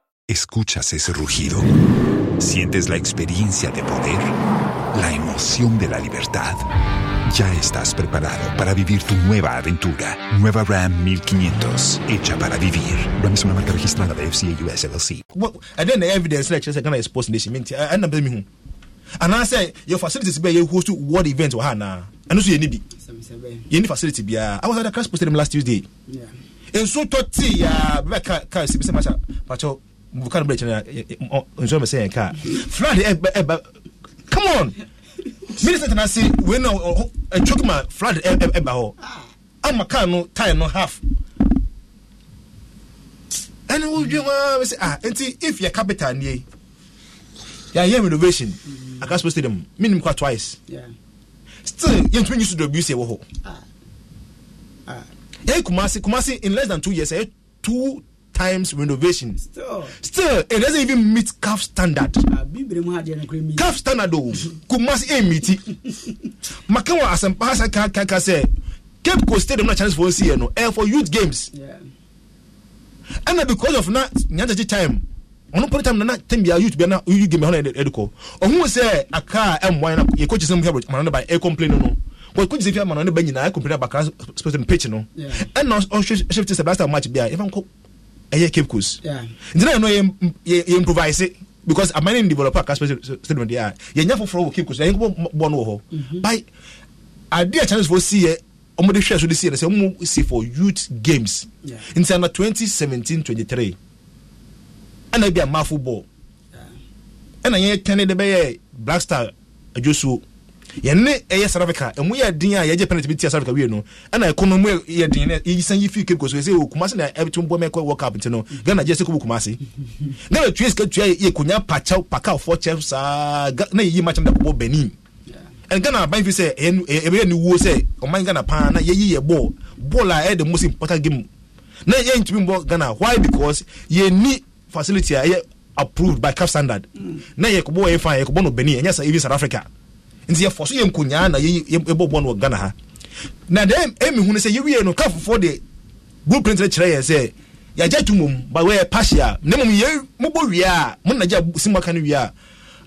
Escuchas ese rugido. Sientes la experiencia de poder, la emoción de la libertad. Ya estás preparado para vivir tu nueva aventura. Nueva Ram 1500, hecha para vivir. Ram es una marca registrada de FCA US LLC. Well, and then the evidence lectures are going to expose this. I end up being And I say, your facilities be you host to what event or hana. And also you need You need facility be. I was at the crash posted last Tuesday. Yeah. And so 30 uh, back car, see, Mr. Macha, Pacho. kan bɛ kyerɛ nso mɛ sɛ yɛn ka flood ɛba ɛba come on minister tena se wei na ɛtwok ma flood ɛba hɔ ama kaa no tire no half ɛne wodwe maa bɛ sɛ ah nti if yɛ capital nie yɛayɛ renovation akaspo stadium minim kwa twice still yɛntumi nyi so wc wɔ hɔ yɛyɛ kumase kumase in less than two years ɛyɛ eh, two times renovation still, still it doesn't even meet calf standard Calf standard o kumasi e meet makenwa asempa hasa kaka sɛ cape coast stadium na chance for nsi yɛ no ɛ for youth games ɛna yeah. because of na nyanjɛji time ɔno pɔn time nana tɛm bia youth bia na youth game ɛhɔn ɛdi kɔ ɔhun sɛ aka ɛmɔɛ na yɛ kɔkye sɛ mu fɛ amana ne ba ɛ complain no wɔn kɔkye sɛ fi na ne ba nyinaa ɛ complain abakara sports and pitch no ɛna ɔhwɛ ɛhwɛ fi sɛ blaster match bia yɛ fɛ nkɔ ɛyɛ cape coast nti na yɛn no yɛ improvise because amani developer a kasper stadium de a yɛn nya foforɔ wɔ cape coast yɛn kɔ bɔ no wɔ hɔ mhm. by adeɛ a chinese fo si yɛ wɔn de hwɛ so de si yɛ sɛ wɔn mo si for youth games nti na twenty seventeen twenty three ɛna ebi a maa football ɛna yɛn tɛn de bɛyɛ black star adwosuo. yɛne ɛyɛ eh, south africa ɛmu eh, yɛ den a yɛgye penalty bi ti south africa wie no ɛna ɛko eh, mu yɛ den yɛ yisan yi fii cape coast yɛ sɛ o kumase na ɛbɛtum bɔ mɛkɔ world cup nti no ghana gye sɛ kɔbu kumase ghana tue sika tue yɛ konya pakyɛw paka fɔ kyɛw saa na yɛyi makyɛm da bɔ benin ɛn ghana ban fi sɛ ɛbɛyɛ ne wuo sɛ ɔman ghana paa na yi yɛ bɔɔl bɔɔl a ɛyɛ the most important game na ntumi bɔ ghana why because ni facility a ɛyɛ approved by cap standard na yɛkɔbɔ yɛ fan yɛkɔbɔ no benin ɛnyɛ even south africa nti yɛfɔ so yɛ nkonyaa na yɛbɔ no wɔ ghana ha na dɛ ɛmi hu no sɛ yɛwie no kaf fofoɔ de blueprint no kyerɛ yɛn sɛ yɛagya to mom ba wɔyɛ pasia na mmom yɛ mobɔ wie a monagya sima ka no wie a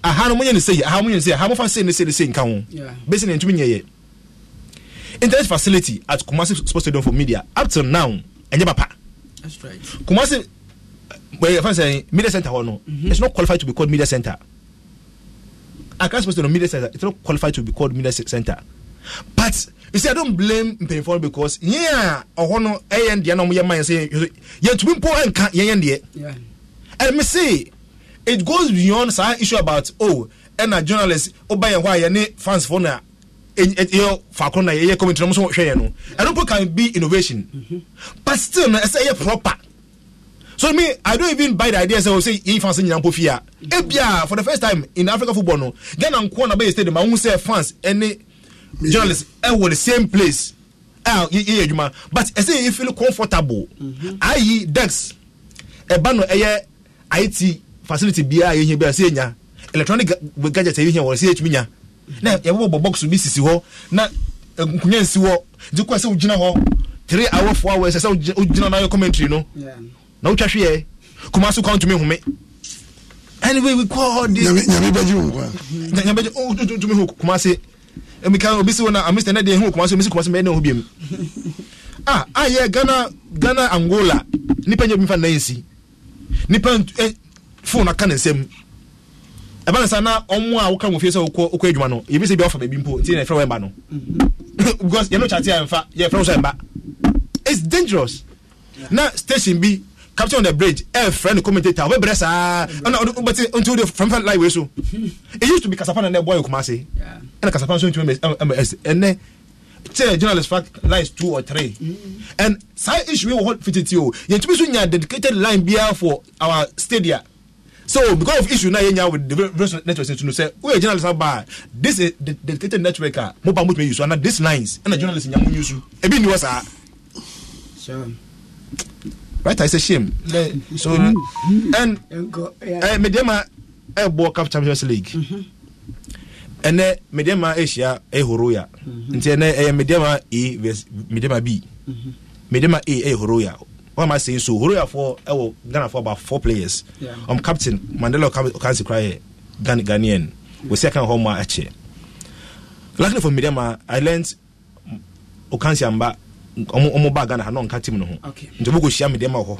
aha no moyɛ no sɛyi aha moyɛ no sɛyi aha mofa sɛyi no sɛyi no sɛyi nka ho bɛsi na ntumi nyɛ internet facility at kumasi sports stadium for media up till now ɛnyɛ papa kumasi eh, ɛɛ fɛn sɛ media center hɔ no mhm. it's not qualified to be called media center. I can't suppose to Stadium media center. It's not qualified to be called media center. But you see, I don't blame the Mpemfon because yeah, oh no, eh, and the anomaly man say yeah, to be and can't yeah, and yeah. me see, it goes beyond some issue about oh, and a journalist oh by why any fans for now. ɛyɛ faakoro na yɛyɛ commentary no mo so hwɛ yɛ can be innovation mm -hmm. but still no ɛsɛ proper so me i don't even buy the idea say o oh, say yeye fans nyina mpo fia ebia eh, for the first time in africa football no ghana nko na bɛyɛ stadium ahun sɛ fans ɛne journalists ɛwɔ eh, the same place a eh, yeye adwuma but say yeye feel comfortable ayi mm-hmm. e, dex ɛba no ɛyɛ it e facility biara yeye biara sɛ enya electronic gadget yeye wɔ sɛ etumi nya na yɛbɛbɔ box bi sisi hɔ na nkunya nsi hɔ nti kɔ sɛ ogyina hɔ three hour four hours ɛsɛ ogyina na ayɛ commentary no. Yeah na wotwa hweɛ kuma so kwan tumi home anyway we call all this nyame bɛgye wo kwa nyame bɛgye o oh, tumi ho kuma se emi eh, kan obi si wo na amista na de ho kuma so mesi kuma so mɛ na ho biem ah ayɛ Ghana Ghana Angola nipa nyɛ bi fa nansi nipa ɛ eh, phone aka ne nsam ɛba ne na ɔmo a woka mo fie sɛ wokɔ wokɔ adwuma no ebi sɛ bi ɔfa baabi mpo nti na ɛfrɛ wo ɛmba no because yɛn no kyate a ɛmfa yɛfrɛ wo sɛ ɛmba it's dangerous na station bi captain on the bridge ẹ fẹ ni commentator ọbẹ bẹrẹ saa ẹna ọdún ọbẹ ti ntí o de fẹnfẹn láì wẹ so it used to be kasapa na ẹ bọ ẹ Kumasi ẹna kasapa nso ntumi uh, ẹ ẹ ẹnẹ chair journalist fact lies two or three mm-hmm. and saa issue wey wọ hɔ fititi o yẹn tumi so nya dedicated line biara for our stadium so because of issue na yẹn nya with the various networks ẹ tunu sẹ o oh, yẹ journalist aba this is the dedicated network a mo ba mo tun yẹ use ana these lines ẹna journalist nya mo use ebi ni wọ saa right i say shame so and eh medema eh bo cup champions league ɛnɛ mm-hmm. eh, medema eh, ahyia eh, ɛhoroya mm-hmm. nti ɛnɛ ɛyɛ medema a e vs medema b mm-hmm. medema a ɛyɛ e, horoya wọn ma sèyí so horoyafoɔ ɛwɔ ghanafoɔ about four players ɔm um, captain mandela ɔkansi kora yɛ ghanaian wɔsi ɛka hɔ mu a ɛkyɛ luckily for medema i learnt ɔkansi amba ɔmo ba ghana ha na ɔnka team no ho nti ɔmo kɔhyia mediama wɔ hɔ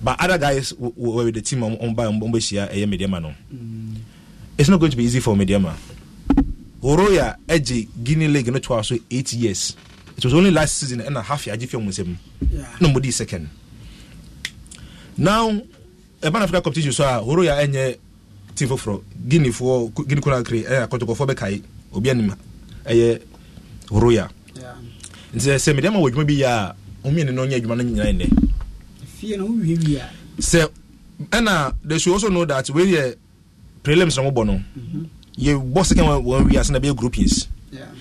but other guys were with the team ɔmo ba ɔmo bɛhyia ɛyɛ mediama no mm. it's not going to be easy for ɛgye guinea league no eight years it was last season ɛna half agye fi nsam ɔmo di second now ɛban africa competition so a oroya ɛnyɛ team foforɔ guinea foɔ guinea akɔtɔkɔfoɔ obi anim ɛyɛ nti sɛ mede ma wɔ adwuma bi yɛ a ɔmiene no ɔnyɛ adwuma no nyina nnɛ sɛ ɛna the show also know that weyɛ prelims na mobɔ no mhm. yɛbɔ second one wie ase na bɛyɛ group years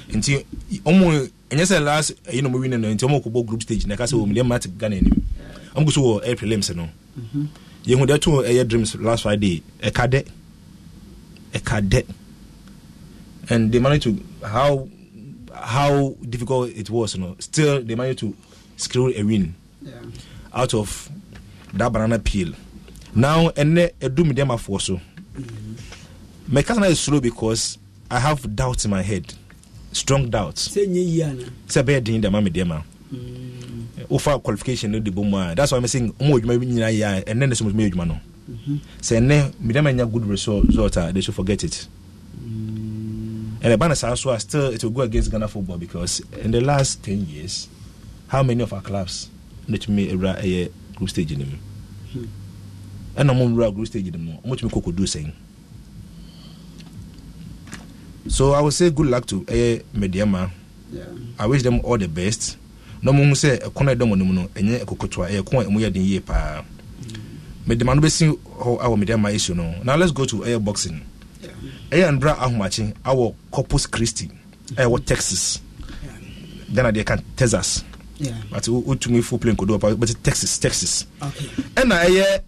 nti ɔmo ɛnyɛ sɛ last ɛyi na ɔmo win no nti ɔmo kɔ group stage na ɛka sɛ ɔmo deɛ mate ghana anim ɔmo kɔ so wɔ ɛyɛ prelims no mhm. yɛhu deɛ to ɛyɛ dreams last friday ɛka dɛ ɛka dɛ and they managed to how how difficult it was, you know, still they managed to screw a win yeah. out of that banana peel. Now, and then do medium them for so. Mm-hmm. My cousin is slow because I have doubts in my head, strong doubts. Say, bad in the mammy, dear Offer qualification, no, the boom. That's why I'm saying, oh, you may be and then the there's some you man. Say, ne, medium them, and good result, they should forget it. Mm. And the banners also are still it will go against Ghana football because in the last ten years, how many of our clubs let me a group stage in them? Hmm. And I'm on group stage anymore. them. Much could do saying. So I would say good luck to a eh, Mediama. Yeah. I wish them all the best. No mo say a corner dom no no enye ekokotwa eh, e eh, kon emu ya den yie pa. Hmm. Mediama no be sin ho oh, awo Mediama issue no. Now let's go to air boxing ɛyɛ ndra ahomakye awɔ corpus christi ɛwɔ texas ghana deɛ ka texas but wotumi fo plane kodo pa but texas texas ɛna ɛyɛ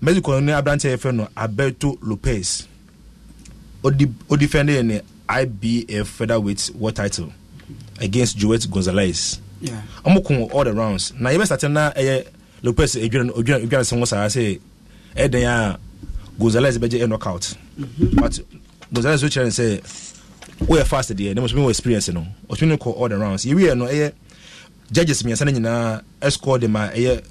mexico ne aberanteɛ yɛfrɛ no alberto lopez odefended ne IBF featherweight world title against Joet Gonzalez. Yeah. I'm going all the rounds. Now you best attend na eh Lopez Adrian Adrian Adrian Sango say eh then gonzales bɛgye ɛ knockout mhm. but gonzales so kyerɛ ne sɛ woyɛ fast deɛ ne mosomewɔ experience no ɔtumi no kɔ all the rounds yɛwieɛ no ɛyɛ judges mmiɛnsa no nyinaa ɛscore de ma ɛyɛ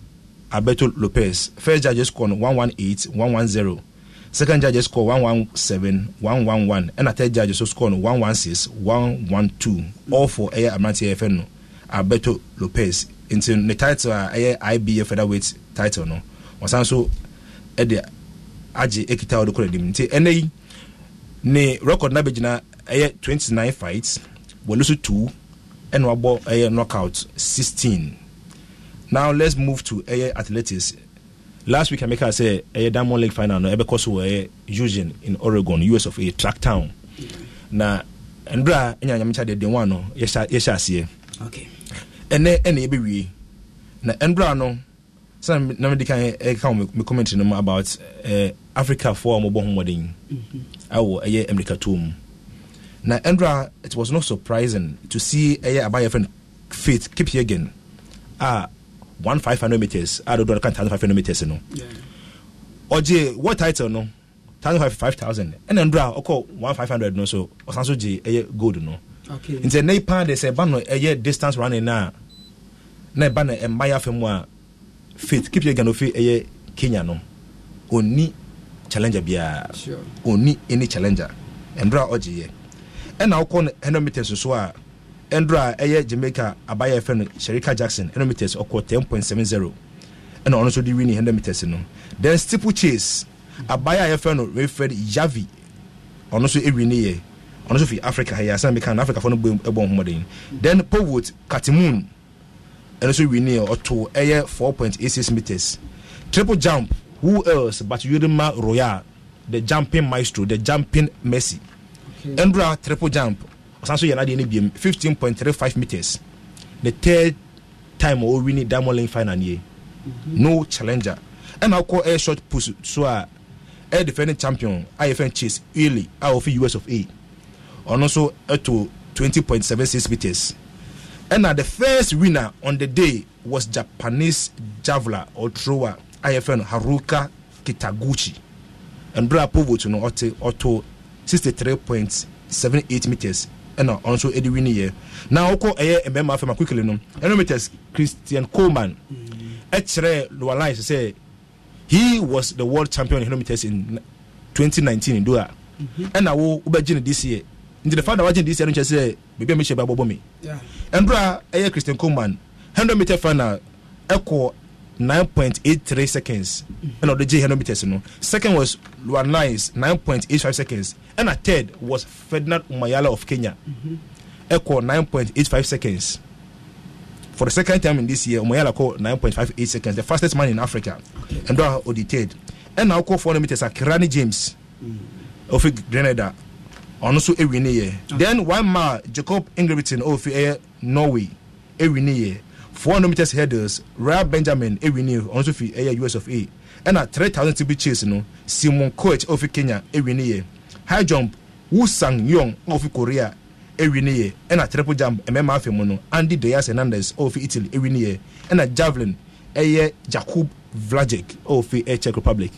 alberto lopez first judge score no 118 110 second judge score 117 111 ɛna third judge so score no 116 112 all for ɛyɛ aberanteɛ yɛfɛ no alberto lopez nti ne title a ɛyɛ ibf featherweight title no ɔsan so ɛde agye ekita ɔde kɔ n'anim nti ɛnna yi ne record na bɛgyina ɛyɛ twenty nine fights wɔle so two ɛna wabɔ ɛyɛ knockout sixteen now let's move to ɛyɛ athletics last week ameka sɛ ɛyɛ diamond league final no ɛbɛkɔ so wɔ ɛyɛ eugene in oregon us of a track town na ndra ɛnya nyamikya deɛ den one no yɛhyɛ aseɛ ɛnɛ ɛna yɛbɛwie na ndra no sɛ na mede ka ɛka wɔ me commentary no mu about uh, Africa africafoɔ a wɔbɔ homɔden ɛwɔ mm-hmm. ɛyɛ amerikatoo mu na ɛndra it was not surprising to see ɛyɛ abayɛ friend faith kipyegen a ah, one five hundred meters a dodo kan thousand five hundred meters no ɔgye what title no thousand five five thousand ɛna ndra ɔkɔ one five hundred no so ɔsan so gye ɛyɛ gold no nti ɛnna ipa de sɛ ɛba no ɛyɛ distance running na na ɛba no ɛmba yɛ afɛ mu a faith kipyegen ofi ɛyɛ kenya no oni challenger biara oni any challenger ɛndoro a ɔgye yɛ ɛna ɔkɔ no hundred meters a ɛndoro ɛyɛ jamaica abayɛ fɛ no sherika jackson hundred meters ɔkɔ ten point seven zero ɛna ɔno nso de win hundred meters no then steeplechase abayɛ a yɛfɛ no refred yavi ɔno nso ɛwin e ne yɛ ɔno nso fi africa ha yɛ asan meka na africa fo no bɔ ɛbɔ e ɔhomɔden then powot katimoon ɛno nso win ne yɛ ɔto ɛyɛ four point eight six meters triple jump who else but Yurima Royal, the jumping maestro, the jumping Messi. Okay. Endra triple jump, Sanso Yanadi NBM, 15.35 meters. The third time we winning Diamond Lane final year. Mm-hmm. No challenger. And I'll call air short push so a air defending champion, IFN Chase, Ely, out of US of A. And also to 20.76 meters. And now the first winner on the day was Japanese javeler or thrower ayɛ fɛ no haruka kitaguchi ndura povot no ɔte ɔto 63.78 meters ɛna ɔno nso de win yɛ na wokɔ ɛyɛ mmarima afɛm akwikili no ɛno meters christian coleman mm. ɛkyerɛ lower line sɛ he was the world champion in meters in 2019 in Doha ɛna wo wobɛgye no this year nti the fact that wagye no this year no kyerɛ sɛ baabi a mehyɛ bɛabɔbɔ me ɛndura ɛyɛ christian coleman hundred meter final ɛkɔ 9.83 seconds ɛna ɔde gye henometers no second was luanais 9.85 seconds ɛna third was ferdinand umayala of kenya ɛkɔ mm -hmm. 9.85 seconds for the second time in this year umayala kɔ 9.58 seconds the fastest man in africa okay. ɛndɔ a ɔde third ɛna ɔkɔ 400 meters a kirani james mm ofi grenada ɔno nso ewi ne yɛ then one man jacob ingribitin ofi ɛyɛ eh, norway ewi ne yɛ. 400 meters hurdles Ryan Benjamin ewini ọ̀nso fi ẹ̀yẹ US of A ɛna 3000 tibi chase no Simon Koech ofi Kenya ewini yɛ high jump Woo Sang Yong ofi Korea ewini yɛ ɛna triple jump mmarima afɛ mu no Andy Deyas Hernandez ofi Italy ewini yɛ ɛna javelin ɛyɛ Jakub Vlajek, ofi ɛ Czech Republic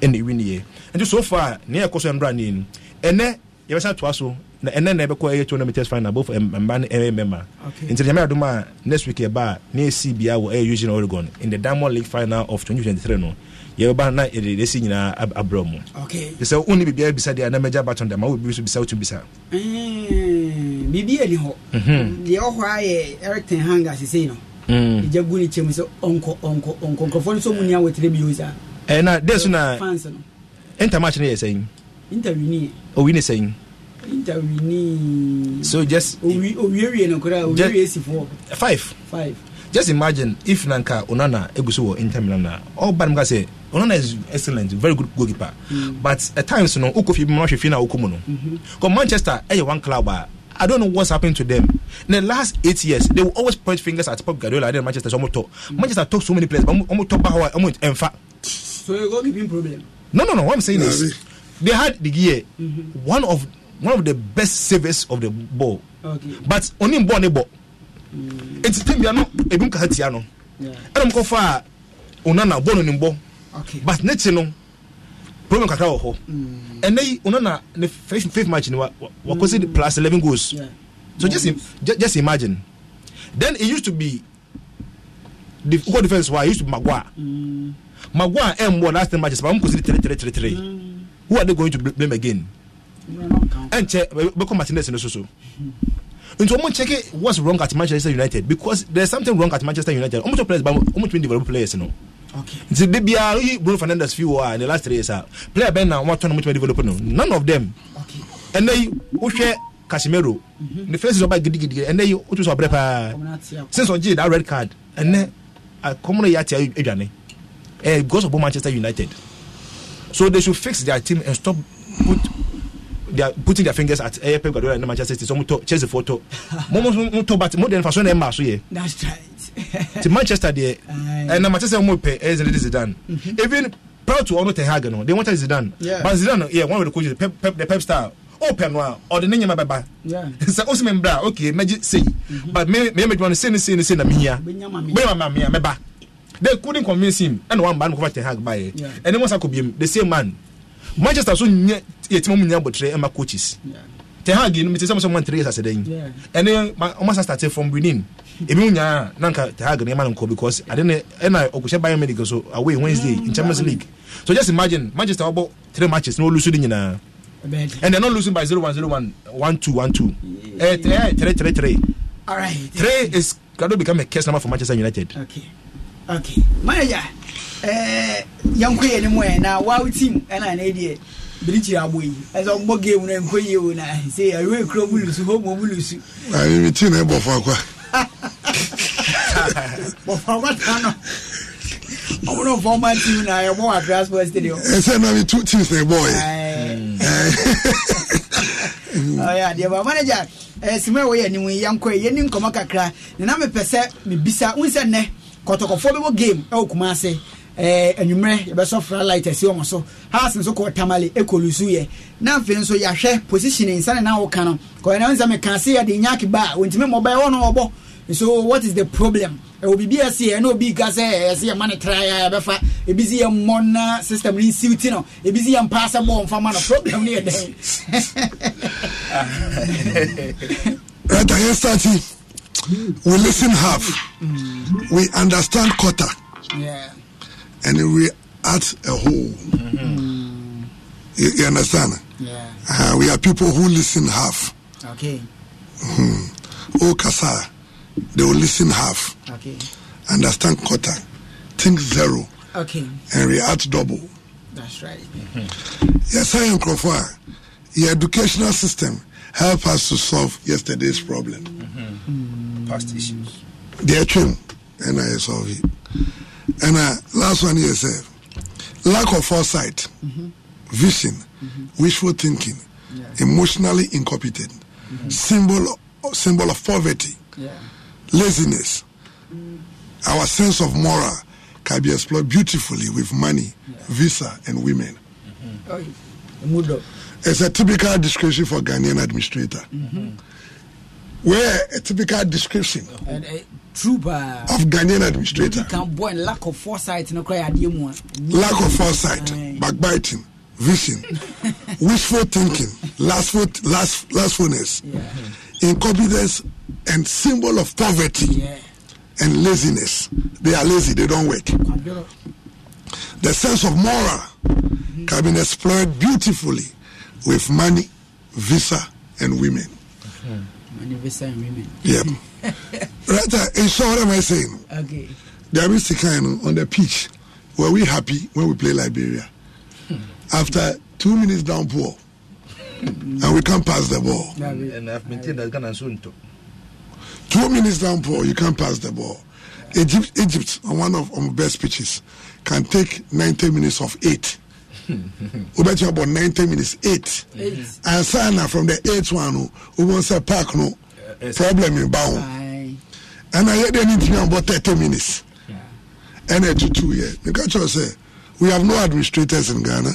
ɛna ewini yɛ nti so far nea ɛkɔ so ɛnbra nii no ɛnɛ yɛbɛsan toa so ɛnɛ na ɛbɛkɔ ɛyɛ tournament test final both mba ne ɛyɛ mɛma nti nyame adum a next week yɛba a ne esi bia wɔ ɛyɛ eugene oregon in the diamond league final of 2023 no yɛbɛba na yɛde de esi nyinaa abrɛ mu te sɛ wonni biribiara bisa deɛ na mɛgya baton dama wobibi so bisa wotu bisa biribi ani hɔ deɛ ɔhɔ a yɛ eric ten hanga sesei no gya mm. gu eh, ne kyɛm sɛ ɔnkɔ ɔnkɔ ɔnkɔ nkurɔfoɔ no sɛ mu nia wɔtire bio saa ɛna dɛ so na intermatch no yɛ sɛn interview ni ɔwi ne sɛn interview ni. so just. owi owie no koraa owie si fo. five. five. just imagine if nanka onana egu so wɔ inter milan na ɔba no ka sɛ onana is excellent very good goalkeeper mm. but at times no wokɔ fie bi mu na ɔhwɛ fie no because manchester ɛyɛ eh, one club a I don't know what's happened to them. In the last eight years, they will always point fingers at Pep Guardiola and then Manchester. So talk. Mm. Manchester talk so many players, but I'm talk about how I'm in fact. So you're going to give him problem. No, no, no. What I'm saying is, they had the gear. Mm-hmm. One of one of the best savers of the ball okay. but onim ball ne bɔ eti tem bia no ebi mu kasa tia no ɛna mu kɔfa a onana bɔɔlu ne bɔ but ne ti no problem kakra wɔ hɔ ɛnɛ yi onana ne faith faith match ni wa wakɔsi mm. plus eleven goals yeah. so yeah. just mm. just imagine then it used to be the goal defence wa it used to be magua mm. magua ɛn bɔ last ten matches but wɔn kɔsi three three three three mm. who are they going to blame again. Yeah ɛnkyɛ bɛkɔ martinez no so so nti wɔn check what's wrong at manchester united because there's something wrong at manchester united wɔn tɔ players ba wɔn tɔ develop players no nti de bia oyi bruno fernandez fi wɔ a in the last three years a player bɛn na wɔn atɔ na wɔn tɔ develop no none of them ɛnna yi wohwɛ casimiro ne fɛn sisan ɔba gidigidi ɛnna yi wotu sɔ ɔbrɛ paa since ɔgye that red card ɛnɛ akɔmɔnɔ yi ati adwane ɛɛ because of manchester united so they should fix their team and stop put they are putting their fingers at ɛyɛ pep guardiola ɛna manchester city so mo tɔ chelsea fo tɔ mo mo mo but more than fashion, so na ɛma so yɛ. that's right. ti manchester deɛ ɛna manchester mo pɛ ɛyɛ eh, zinedine zidane mm-hmm. even proud to ɔno ten hag no they want zidane yeah. but zidane yeah one of the coaches pep pep the pep star open wa ɔde ne nyɛma bɛba sɛ osi mi mbra okay mɛgye sei mm-hmm. but maybe mɛ mɛ dwuma no sei ne sei ne sei na mi hia bɛyɛ ma mi hia they couldn't convince him And one man no kɔfa ten hag ba yɛ ɛne wɔn sa kɔ him. the same man manchester so yɛtumi mu nya abɔtrɛ ma coaches te hag no mete sɛ mo sɛ mo ntere sasɛ dan ɛne ɔma sa starte from benin ebi mu nyaa na nka te hag no ɛma no nkɔ because ade ne ɛna ɔkɔhyɛ bayern medical so away wednesday in champions league so just imagine manchester wɔbɔ three matches na ɔlusu de nyinaa and they're not losing by zero one 0101 one yeah. uh, three, uh, three, three, three. all right three is going to become a case number for manchester united okay okay manager uh young queen na wow team and an idea biriki abo yi ɛsɛ ɔbɔ game na nkɔ yie wo na sɛ ɛwɛ kuro bulusu homo bulusu. ayi mi ti na bɔ fɔ akwa. bɔ fɔ akwa tán nɔ ɔmu n'o fɔ ɔmá tiimu na ɛbɔ wa transport stadium. ɛsɛ na mi two teams na ɛbɔ yi. ɔyɛ adeɛ ba manager ɛɛ simu ɛwɔ yɛ nimu yan kɔ yi yɛ ni nkɔmɔ kakra nina mi pɛ sɛ mi bisa n sɛ nɛ kɔtɔkɔfɔ bɛ bɔ game ɛwɔ kumase anwummerɛ eh, yɛbɛsɔ fra light asi wɔn so house nso kɔ tamale ekolusu yɛ na nso yɛahwɛ position nsane na awoka no kɔyɛ na nsɛm kan se yɛde nyaaki ba a wɔntumi mɔbɛ wɔn na so what is the problem ɛwɔ biribi ɛsi yɛ na obi ka sɛ ɛsi yɛ ma ne yɛbɛfa ebi si yɛ mmɔ system ne nsiw ti no ebi si yɛ mpa bɔ nfa ma no problem ne yɛ dɛn. ɛda yɛ sati we lis ten half we understand quarter. Yeah and we at a whole. Mm-hmm. You, you, understand? Yeah. Uh, we are people who listen half. Okay. Mm-hmm. Oh, Kasa, they will listen half. Okay. Understand quarter. Think zero. Okay. And react double. That's right. Mm-hmm. Yes, I am Crawford. Your educational system help us to solve yesterday's problem. Mm-hmm. Past issues. They are true, and I solve it ɛna uh, last one yɛ sɛ lack of foresight mm-hmm. vision mm-hmm. wishful thinking yeah. emotionally incompetent mm-hmm. symbol symbol of poverty yeah. laziness mm. our sense of moral can be explored beautifully with money yeah. visa and women mm-hmm. Oh, it's a typical description for ghanaian administrator mm-hmm. where a typical description and, uh, true of ghanaian administrator. obi kan bɔ lack of foresight no cry yɛ mu lack of foresight backbiting vision wishful thinking lustful, last lustfulness, yeah. incompetence and symbol of poverty yeah. and laziness they are lazy they don't work the sense of moral mm-hmm. can be explored beautifully with money visa and women. Okay. Manifesting women. Yep. right, uh, in short, what am I saying? Okay. There is a kind on the pitch. where we happy when we play Liberia? After two minutes downpour, and we can't pass the ball. And I've maintained that Ghana soon too. Two minutes downpour, you can't pass the ball. Egypt, Egypt, on one of our best pitches, can take 90 minutes of eight wobɛkyɛ bɔ 90 minutes 8 ansa na from the 8 one no wobɛhu sɛ park no eh, eh, problem ba ho ɛna yɛdeɛ no ntimi ambɔ 30 minutes ɛna ɛtutuyɛ meka kyerɛ sɛ we have no administrators in ghana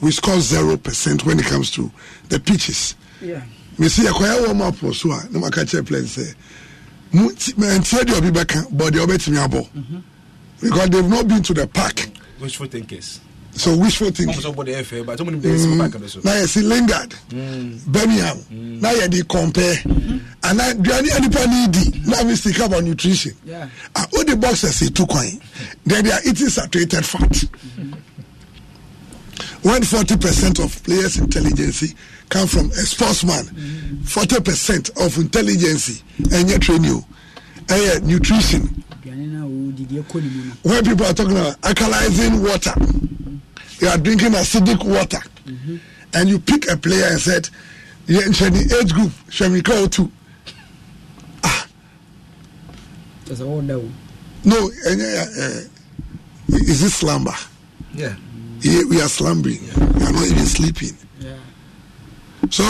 we score zero percent when it comes to the pitches yeah. mesi yɛkɔyɛ wɔ ma pɔ so a na maka kyerɛ plan sɛ ntiɛ deɛ ɔbi bɛka but deɛ ɔbɛtumi abɔ mm-hmm. because they've not been to the park wishful thinkers so wishful thinking. Mm. na yɛ si lingard mm. birmingham mm. na yɛ de compare ana aduane nipa ni di na mi sika about nutrition a o de boxers etu kwan then they are eating saturated fat mm-hmm. when forty percent of players intelligence come from a sportsman mm-hmm. forty percent of intelligence ɛnyɛ eh, training o eh, ɛyɛ nutrition when people are talking about alkalizing water. Mm-hmm you are drinking acidic water mm-hmm. and you pick a player and said yeah, the age group Shemika Otu ah that's all no no uh, uh, is this slumber yeah yeah we are slumbering yeah. we are not even sleeping yeah so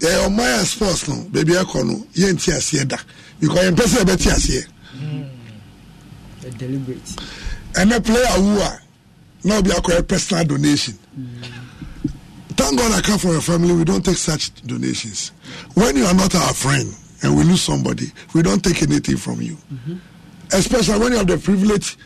ɛyɛ ɔman a sports no baabi akɔ no yɛnti aseɛ da because yɛmpɛ sɛ yɛbɛte aseɛ ɛnɛ player wu a na obi akɔyɛ personal donation thank god i come from a family we don't take such donations when you are not our friend and we lose somebody we don't take anything from you especially when you have the privilege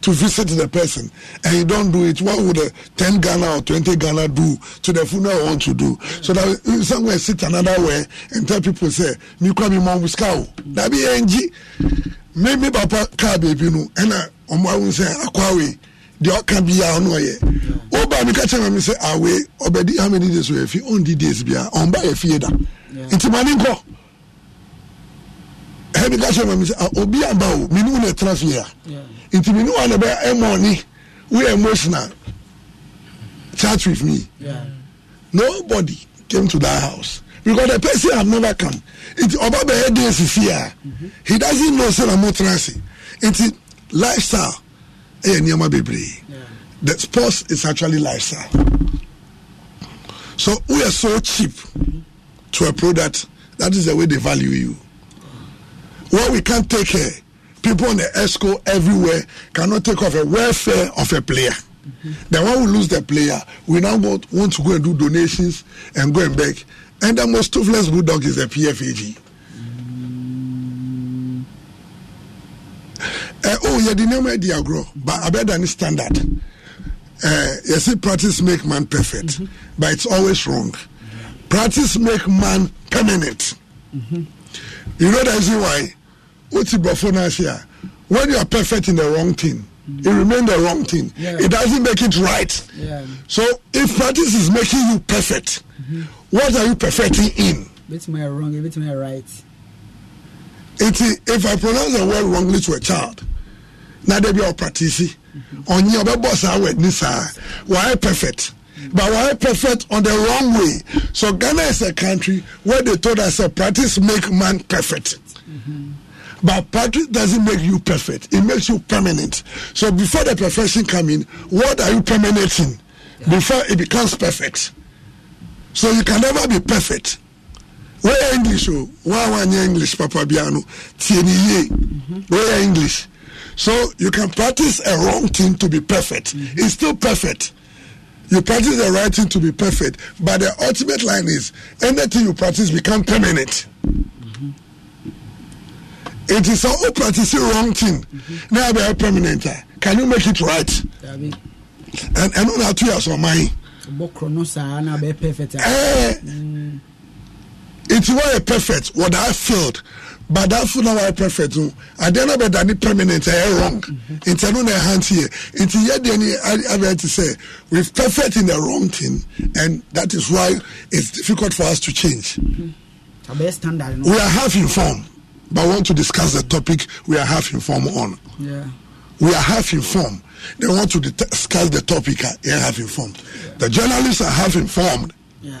to visit the person and you don't do it what would a 10 ghana or twenty ghana do to the funeral want to do so that in some way sit another way and tell people say "Mi kwa mi mom wiskaw that be ng me me papa car baby no and ọmọ uh, ahun sẹ akwawe deɛ ɔka biara ɔno ɔyɛ woba mi ka kyerɛ mami sɛ awe ɔbɛdi how many days wɔ afi ɔndi days biara ɔmba yɛ fie da nti ma ne nkɔ ɛmi ka kyerɛ mami sɛ ah, obi aba o mi ni wo na ɛtena fie a nti mi ni wo ɛmɔ ni we are emotional chat with me yeah. nobody came to that house because the person have never come nti ɔba bɛyɛ days fie a mm-hmm. he doesn't know say na mo tena ase nti lifestyle ɛyɛ eh, nneɛma bebree the sports is actually lifestyle so we are so cheap to a product that is the way they value you what we can't take care people on the esco everywhere cannot take off a welfare of a player mm-hmm. then when we lose the player we now want, want to go and do donations and go and beg and the most toothless bulldog is the pfag ɛ o yɛ di nneɛma di agorɔ ba abɛda ni standard ɛ eh, yɛ practice make man perfect mm -hmm. but it's always wrong practice make man permanent mm -hmm. you know the reason why o ti bɔfo n'ase a when you are perfect in the wrong thing. it mm-hmm. remains the wrong thing. Yeah. It doesn't make it right. Yeah. So if practice is making you perfect, mm-hmm. what are you perfecting in? It's my wrong, it's my right. It, if I pronounce a word wrongly to a child, na de bi a ɔpratisi ɔnyi ɔbɛbɔ saa wɛ ni saa wɔayɛ perfect but wɔayɛ perfect on the wrong way so ghana is a country where they told us say uh, practice make man perfect. But practice doesn't make you perfect. It makes you permanent. So before the perfection come in, what are you permanenting? Yeah. Before it becomes perfect. So you can never be perfect. Where English? Oh? Why one English, Papa Biano? Tieni ye. Mm-hmm. Where English? So you can practice a wrong thing to be perfect. Mm-hmm. It's still perfect. You practice the right thing to be perfect, but the ultimate line is anything you practice become permanent. Mm-hmm. It is all practicing wrong thing. Mm-hmm. Now they are permanent. Can you make it right? Dabi. And and on that two years or mine. Bokro no sa be perfect. Eh. mm nti wɔyɛ perfect wɔ that field but that field na wɔyɛ perfect no adeɛ no bɛ da ne permanent ɛyɛ wrong nti ɛno na ɛha nti yɛ nti yɛ deɛ ne abɛ te sɛ we perfect in the wrong thing and that is why it's difficult for us to change. Mm-hmm. we are half informed but want to discuss the topic we are half informed on. Yeah. We are half informed. They want to discuss the topic. Uh, they are half informed. Yeah. The journalists are half informed. Yeah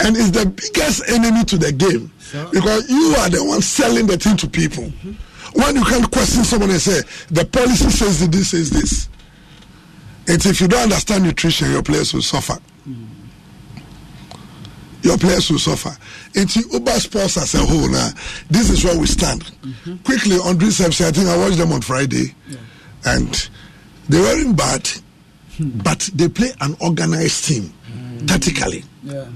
and is the biggest enemy to the game so, because you are the one selling the thing to people. Mm-hmm. When you can question someone and say the policy says this says this, It's if you don't understand nutrition, your players will suffer. Mm-hmm. Your players will suffer. And Uber Sports as a whole, now this is where we stand. Mm-hmm. Quickly on Dream FC, I think I watched them on Friday, yeah. and they weren't bad, hmm. but they play an organized team hmm. tactically. Yeah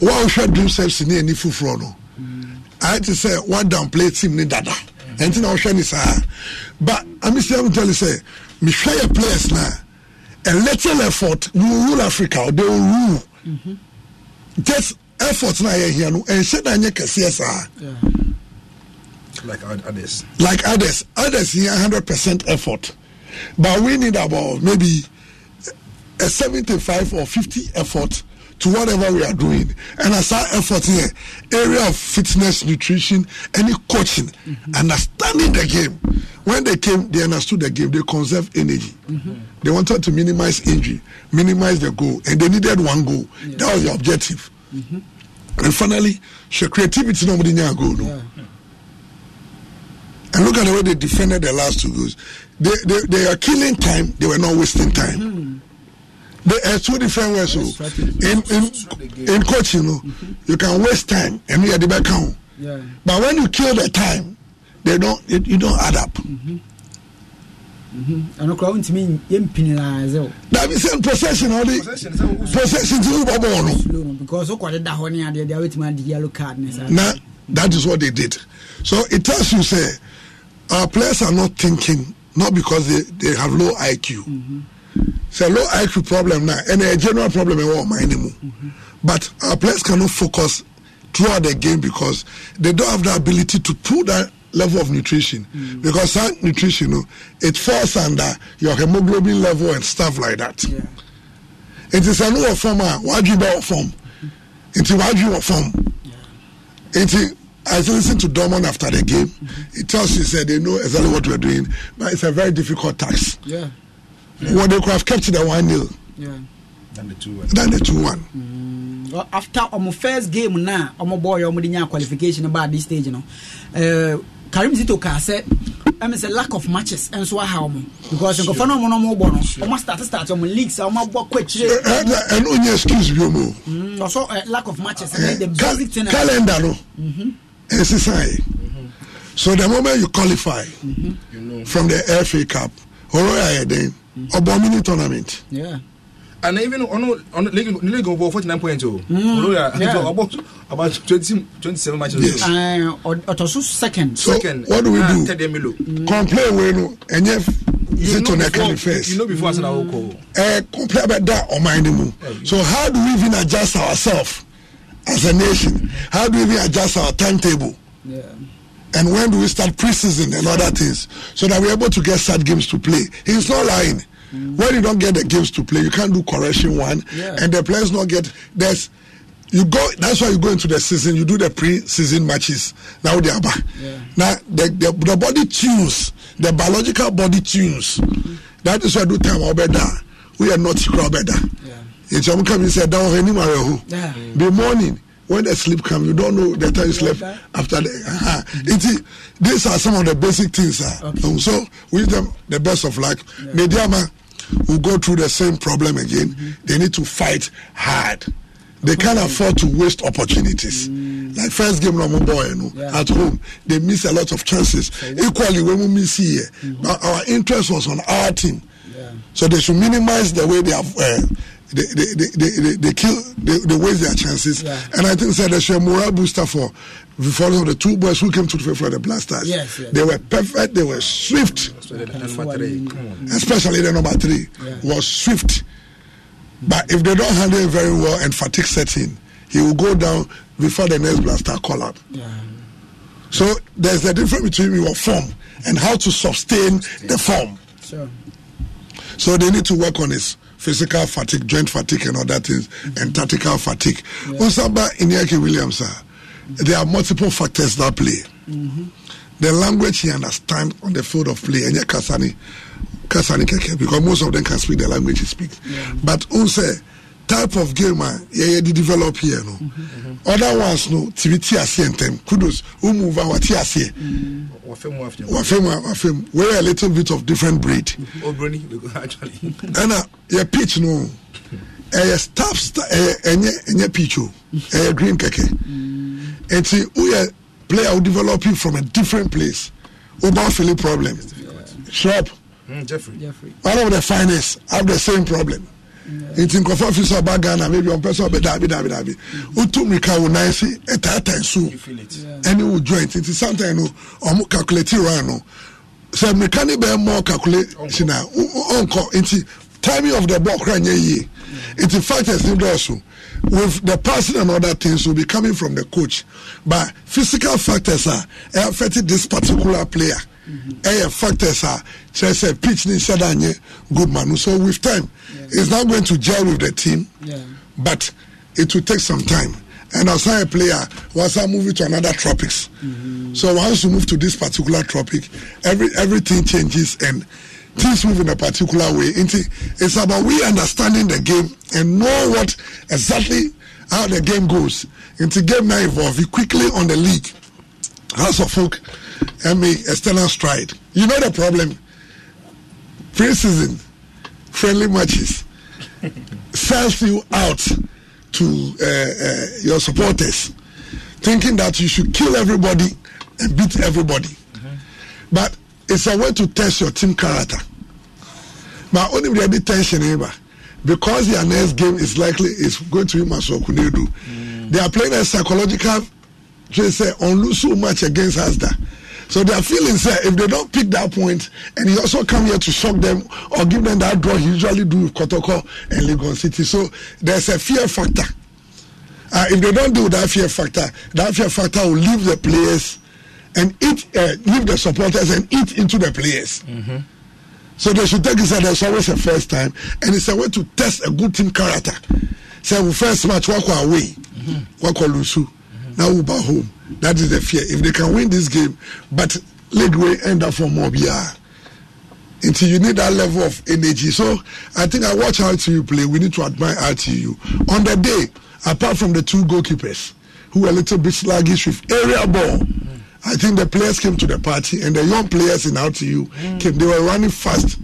wɔhwɛ dream service ne ani foforɔ no ayɛ te sɛ wadown play team ne dada ɛnti na wɔhwɛ ne saa but amesiam tell you sɛ mehwɛ yɛ players na a little effort you will rule africa they will rule mm-hmm. just effort na yɛ hia no ɛnhyɛ na nyɛ kɛseɛ saa like others like others others here hundred percent effort but we need about maybe a seventy-five or fifty effort to whatever we are doing. And as our effort here, area of fitness, nutrition, any coaching, mm-hmm. understanding the game. When they came, they understood the game. They conserved energy. Mm-hmm. They wanted to minimize injury, minimize the goal, and they needed one goal. Yeah. That was the objective. Mm-hmm. And finally, she creativity nobody near goal. No? Yeah. And look at the way they defended the last two goals. They, they, they are killing time. They were not wasting time. Mm-hmm there are uh, two different ways so oh. in in in coaching you know, you can waste time and you are the back count yeah. but when you kill the time they don't you don't add up And ɛnokora wontumi yɛmpiniraase o dabi sɛ possession ɔde possession ti woba bɔɔ no because that honey, hɔ they are waiting wobɛtumi the yellow card ne that is what they did so it tells you say our players are not thinking not because they, they have low iq mm -hmm sɛ low IQ problem na ɛna a general problem ɛwɔ ɔman ne mu but our players cannot focus throughout the game because they don't have the ability to pull that level of nutrition mm. because that nutrition you know, it falls under your hemoglobin level and stuff like that. Yeah. It is a lower form. Ah, why do you buy form? It is why form? It is. I listened to Dorman after the game. Mm-hmm. He tells you, he said, they know exactly what we're doing, but it's a very difficult task. Yeah yeah. well, they could have kept the 1 0 yeah. than the 2 1. Than the 2 1. Well, after our first game, now, our boy, our Mudinya qualification about this stage, you know. Uh, Karim Zito ka sɛ ɛmi sɛ lack of matches nso aha wɔn because nkɔfra náà wɔn wɔn bɔ no wɔn start start wɔn leagues a wɔn abɔ kɔ akyire. ɛna ɛna onye excuse bi omo. ɔsɔ lack of matches ɛna eh, the basic thing. calendar no ɛsisan mm-hmm. yi mm-hmm. so the moment you qualify mm -hmm. from the FA Cup ɔrɔ yà yɛ den ọbọ mm-hmm. mini tournament. Yeah. and even ọ̀nà ọ̀nà league ọ̀bọ forty nine points o. olóyè àtijọ́ ọ̀bọ about twenty twenty seven matches. yes ọ̀tọ̀sù oh. uh, second. so what do we ah, do complain wey no ẹ̀yẹ zito na first. you know before asan awo kọ. ẹ complain about that ọmọ ẹni mu so how do we even adjust ourselves as a nation how do we even adjust our timetable. Yeah and when do we start preseason and other things so that we're able to get sad games to play. He's not lying. Mm. When you don't get the games to play, you can't do correction one, yeah. and the players not get there's you go that's why you go into the season you do the preseason matches now they are back yeah. now the, the, the body tunes the biological body tunes mm that is why do time or better we are not crowd better yeah. it's come and down anywhere oh. be morning when the sleep come, you don't know the time you slept after the. Uh-huh. It, these are some of the basic things. Uh, okay. Um, so, wish them the best of luck. Yeah. Mediama will go through the same problem again. Mm-hmm. They need to fight hard. They can't mm-hmm. afford to waste opportunities. Mm-hmm. Like first game, normal boy, you know, yeah. at home, they miss a lot of chances. So, Equally, when we miss here, mm-hmm. our interest was on our team. So they should minimize the way they have. Uh, they they, they, they, kill they, they waste their chances. Yeah. And I think said so, there's a morale booster for for the two boys who came to the for the blasters. Yes, yes, they were perfect, they were swift. Especially the number three. Especially the number three yeah. was swift. But if they don't handle it very well and fatigue sets in, he will go down before the next blaster call up. Yeah. So there's a difference between your form and how to sustain the form. Sure. So they need to work on his physical fatigue, joint fatigue, and other things, and tactical fatigue. Yeah. Osaba Inyaki Williams, sir, there are multiple factors that play. Mm-hmm. The language he understands on the field of play, and Kasani, Kasani Keke, because most of them can speak the language he speaks. But Unse, type of game a yɛyɛ de develop here no other ones no tìbi ti aseɛ ntɛm kudos o move a wate aseɛ wafɛm a wafɛm wɛyɛ a little bit of different breed ɛna yɛ pitch no ɛyɛ staff ɛyɛ ɛnyɛ ɛnyɛ pitch o ɛyɛ green kɛkɛ nti woyɛ player o develop from a different place o ba fili problem shrub mm, one of the finest have the same problem nti nkurɔfoɔ fi sɛ ɔba ghana maybe ɔmpɛ sɛ ɔbɛdaabi daabi daabi wotu mmirika wo nan se ɛtaatae so ɛne wo joint nti sometime no ɔmo calculate ra no sɛ mmirika ne bɛɛmɔ calculation a ɔnkɔ nti timing of the ball kora nyɛ yie nti factors ne dɔɔso with the passing and other things will be coming from the coach but physical factors are affecting this particular player ɛyɛ mm-hmm. factors are say say pitch ni said anye good man so with time he's not going to gel with the team yeah. but it will take some time and as a player once i uh, move to another tropics mm-hmm. so once you move to this particular tropic every everything changes and things move in a particular way it's about we understanding the game and know what exactly how the game goes into game now evolve quickly on the league house of folk and make external stride you know the problem pre season friendly matches sells you out to uh, uh, your supporters, thinking that you should kill everybody and beat everybody. Mm-hmm. But it's a way to test your team character. But only with bit tension, ever eh, because your next game is likely is going to be Maswa Kunedu. Mm. They are playing a psychological, they say, on lose so much against us that. So they are feeling that if they don't pick that point and he also come here to shock them or give them that draw he usually do with Kotoko and Legon City. So there is a fear factor. Uh, if they don't do that fear factor, that fear factor will leave the players and eat, uh, leave the supporters and eat into the players. Mm-hmm. So they should take it that there's always a first time, and it's a way to test a good team character. Say, so first match, walk away, mm-hmm. walk or lose now we back home. That is the fear. If they can win this game, but league will end up for more yeah. Until you need that level of energy. So I think I watch how you play. We need to admire RTU. On the day, apart from the two goalkeepers who were a little bit sluggish with area ball. Mm. I think the players came to the party and the young players in RTU mm. came. They were running fast.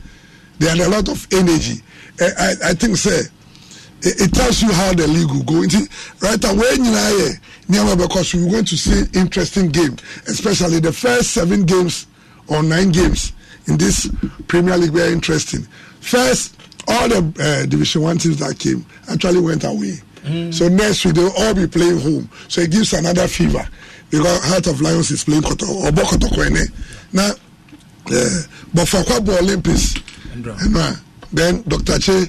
They had a lot of energy. I, eh, I, I think, sir, it, it tells you how the league will go. Right away, Niyama because we're going to see interesting game, especially the first seven games or nine games in this Premier League were interesting. First, all the uh, Division One teams that came actually went away. Mm. So next week they'll all be playing home. So it gives another fever because Heart of Lions is playing Koto or Bokoto Kwene. Now, uh, but for Kwabo Olympics, and, uh, eh, then Dr. Che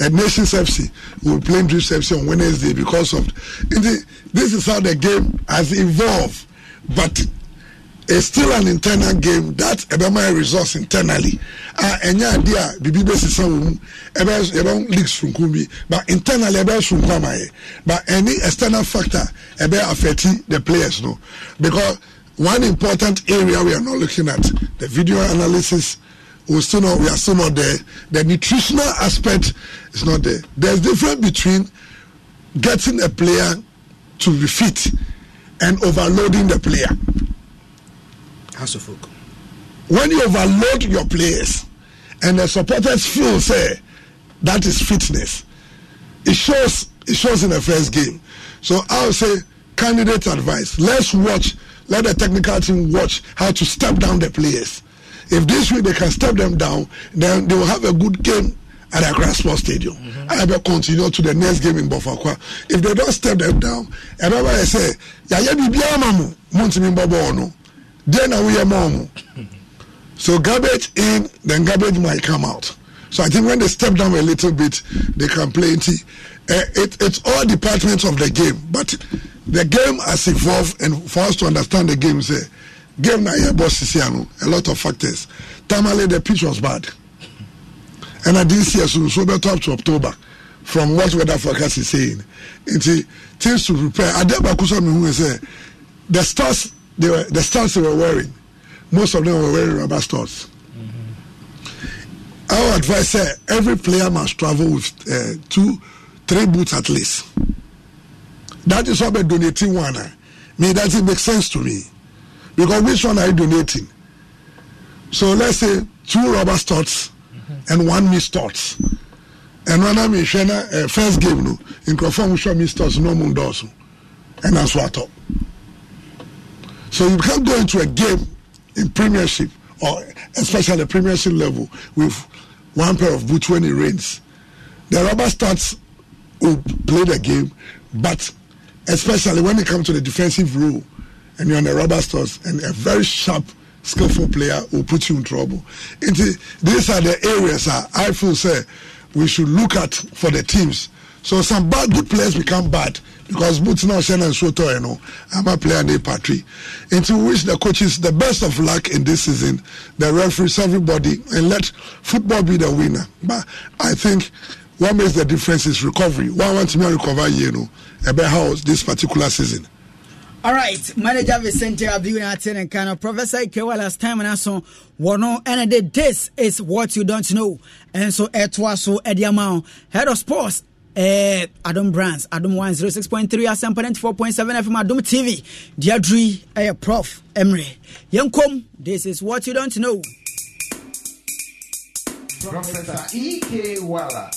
uh, Nations FC will play playing Dreams FC on Wednesday because of the, this is how the game has evolved, but it's still an internal game that ɛbɛma yɛ results internally a ɛnyɛ adi a bibi bɛ sisan wɔ mu ɛbɛ ɛbɛ but internally ɛbɛ from ama but any external factor ɛbɛ affect the players no because one important area we are not looking at the video analysis we still not we are still not there. The nutritional aspect is not there. There's difference between getting a player to be fit and overloading the player. House of folk. When you overload your players and the supporters feel say that is fitness, it shows it shows in the first game. So I would say candidate advice. Let's watch, let the technical team watch how to step down the players. If this week they can step them down, then they will have a good game at Accra Sports Stadium. Mm-hmm. And I will continue to the next game in Bofakwa. If they don't step them down, and remember I say, Yaya Bibia Mamu, Muntimi Bobono, then I will Mamu. So garbage in, then garbage might come out. So I think when they step down a little bit, they can play it. Uh, eh, it it's all departments of the game, but the game has evolved, and for us to understand the game, say, game na yɛ sisi ano a lot of factors tamale the pitch was bad and i didn't see a soon so better up to october from what weather forecast is saying nti things to prepare adebaku sọ mi hu ẹ the stars they were the stars they were wearing most of them were wearing rubber stars. Mm-hmm. our advice say every player must travel with uh, two three boots at least that is why i be donating one eh me that dey make sense to me because which one are you donating? So let's say two rubber studs and one meat studs. And when I'm in China, uh, eh, first game, no, in Crawford, we show meat studs, no moon doors. And that's what up. So you can't go into a game in Premiership or especially the Premiership level with one pair of boots when it rains. The rubber studs will play the game, but especially when it comes to the defensive rule and you're on the rubber stores, and a very sharp, skillful player will put you in trouble. It, these are the areas uh, I feel say we should look at for the teams. So some bad good players become bad because Boots now and Soto, you know, I'm a player named Patry. And to wish the coaches the best of luck in this season, the referees, everybody, and let football be the winner. But I think what makes the difference is recovery. One wants me to recover, you know, about how this particular season. All right, manager Vicente Abdul and Kano, Professor Ikewa last time and also one and day, this is what you don't know. And so it was so Eddie Amount, head of sports. Eh, Adam Brands, Adam 106.3, Assam 4.7 FM, Adam TV, Diadri, eh, Prof, Emre. Yankom, this is what you don't know. Professor E.K. Waller.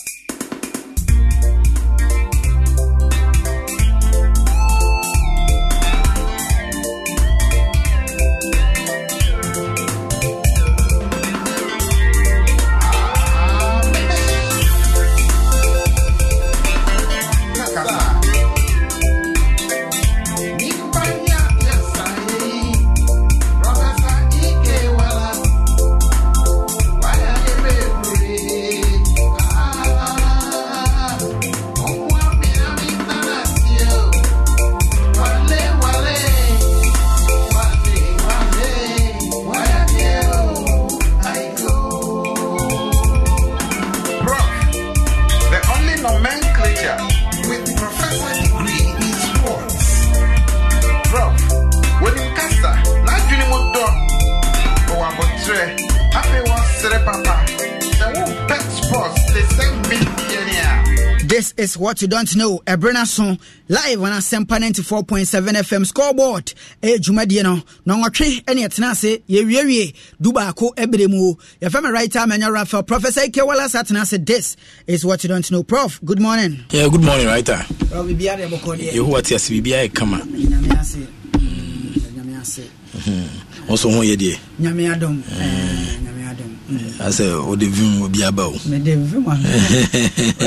This is what you don't know. Ebrina son live on Asempa 94.7 FM scoreboard. E juma die no. No ngotwe ene yetena se ye wiewie duba ko ebere mu. Ye fema writer Menya Rafael Professor Ike Wala satena se this is what you don't know. Prof, good morning. Yeah, good morning writer. Prof bibia de bokodi. Ye ho atia se bibia e kama. Nyame ase. Mm-hmm. Nyame ase. Mhm. Oso ho ye die. Nyame adom. Mm-hmm. Nyame adom. asɛ wode vim obi aba o mede vim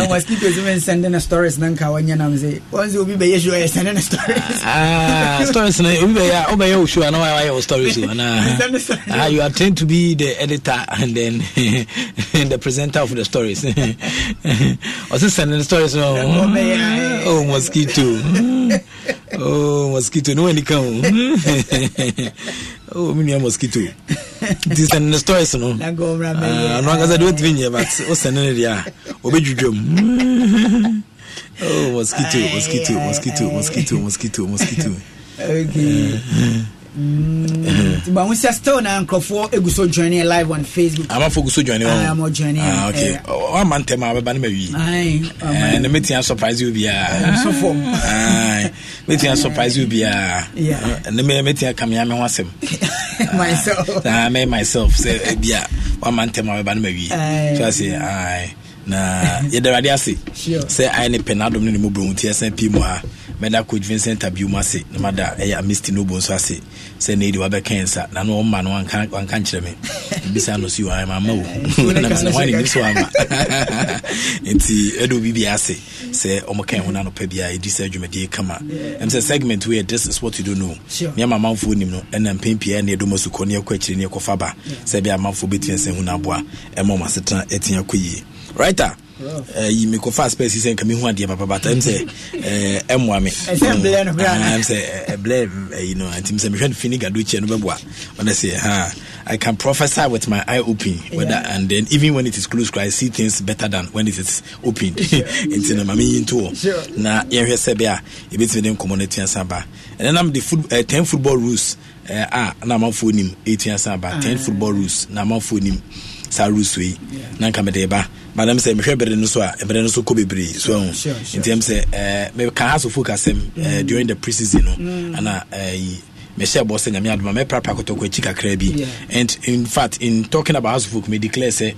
mosquitoes me sɛnde no stories na nka wɔnyɛ nam sɛ ɔsɛ obi bɛyɛ show ɛyɛ sɛnde no stories ah, stories no obi bɛyɛ wobɛyɛ wo show ana wayɛ wo stories o anaa ah, you attend to be the editor and then the presenter of the stories ɔsɛ sɛnde no stories oh. no oh mosquito hmm. oh mosquito no wani ka o oh mi nua mosquito nti sɛ ne stories no ano ankasa deɛ wɔtumi nyɛ but wosɛne no deɛ a wɔbɛdwudwam oh mosquito mosquito mosquito mosquito mosquito mosquito okay. Eh, eh. Mm. but we say still na nkurɔfoɔ egu so journey live on facebook. amafo ah, gu so journey wɔn. amafo ah, journey. ah okay wọn man tẹ ma ababa ne ma wi. ɛɛ eh, ne mi tiɲɛ surprise yi biara. sɔfɔ. ɛɛ mi tiɲɛ surprise yi biara. Eh, ne mi mi tiɲɛ kamiya mi wa sɛm. myself. ɛɛ ah, mi myself sɛ ebi eh, a wọn man tẹ ma ababa ne ma wi. so I say ɛɛ na yɛda awurade ase sɛ ayɛ ne pɛ n'adom no ne mu brɛhu nti ɛsan pii mu ha mɛda coach vincent abiu mu ase na mada ɛyɛ amisti no obo nso ase sɛ na ɛdi wabɛka nsa na no ɔma no wanka nkyerɛ me bisa no si wɔn ama wo na mɛ wɔn ani so ama nti ɛda obi bi ase sɛ ɔmo kan ho n'anɔpɛ bi a ɛdi sɛ dwumadie kama ɛm sɛ segment wei yɛ this is what you don't know nneɛma amanfoɔ nim no ɛna mpɛn pii ɛna ɛdɔm asukɔ ne ɛkɔ akyire ne ɛkɔ faba sɛ ɛbɛyɛ amanfoɔ bɛtumi nsɛn ho n'aboa ɛma ɔmo asetena ɛtena kɔ yie writer ah? eh, yi mi kɔ fast pɛsi sɛ nka mi hu adeɛ papa bata ɛm sɛ ɛmoa eh, eh, me ɛm sɛ ɛblɛ ɛyi no nti sɛ mehwɛ no fini gado kyɛ no bɛboa ɔne sɛ ha I can prophesy with my eye open whether yeah. and then even when it is closed I see things better than when it is open nti na maame yi ntoɔ na yɛhwɛ sɛ bia yɛbɛtumi de nkɔmmɔ no tua sa ba ɛnɛ nam de foot, uh, 10 football rules uh, a na amanfoɔ nim ɛtua sa ba 10 ah. football rules na amanfoɔ nim saa rules wei na nka mede ba Madam, sɛ mehwɛ berɛ no so a berɛ no so kɔ bebree so ahu nti m sɛ meka ha sofo kasɛm during the preseason no mm. ana yi mehyɛ bɔ sɛ nyame adoma mɛprapra kɔtɔkɔ akyi kakra bi and in fact in talking about house of folk medeclare sɛ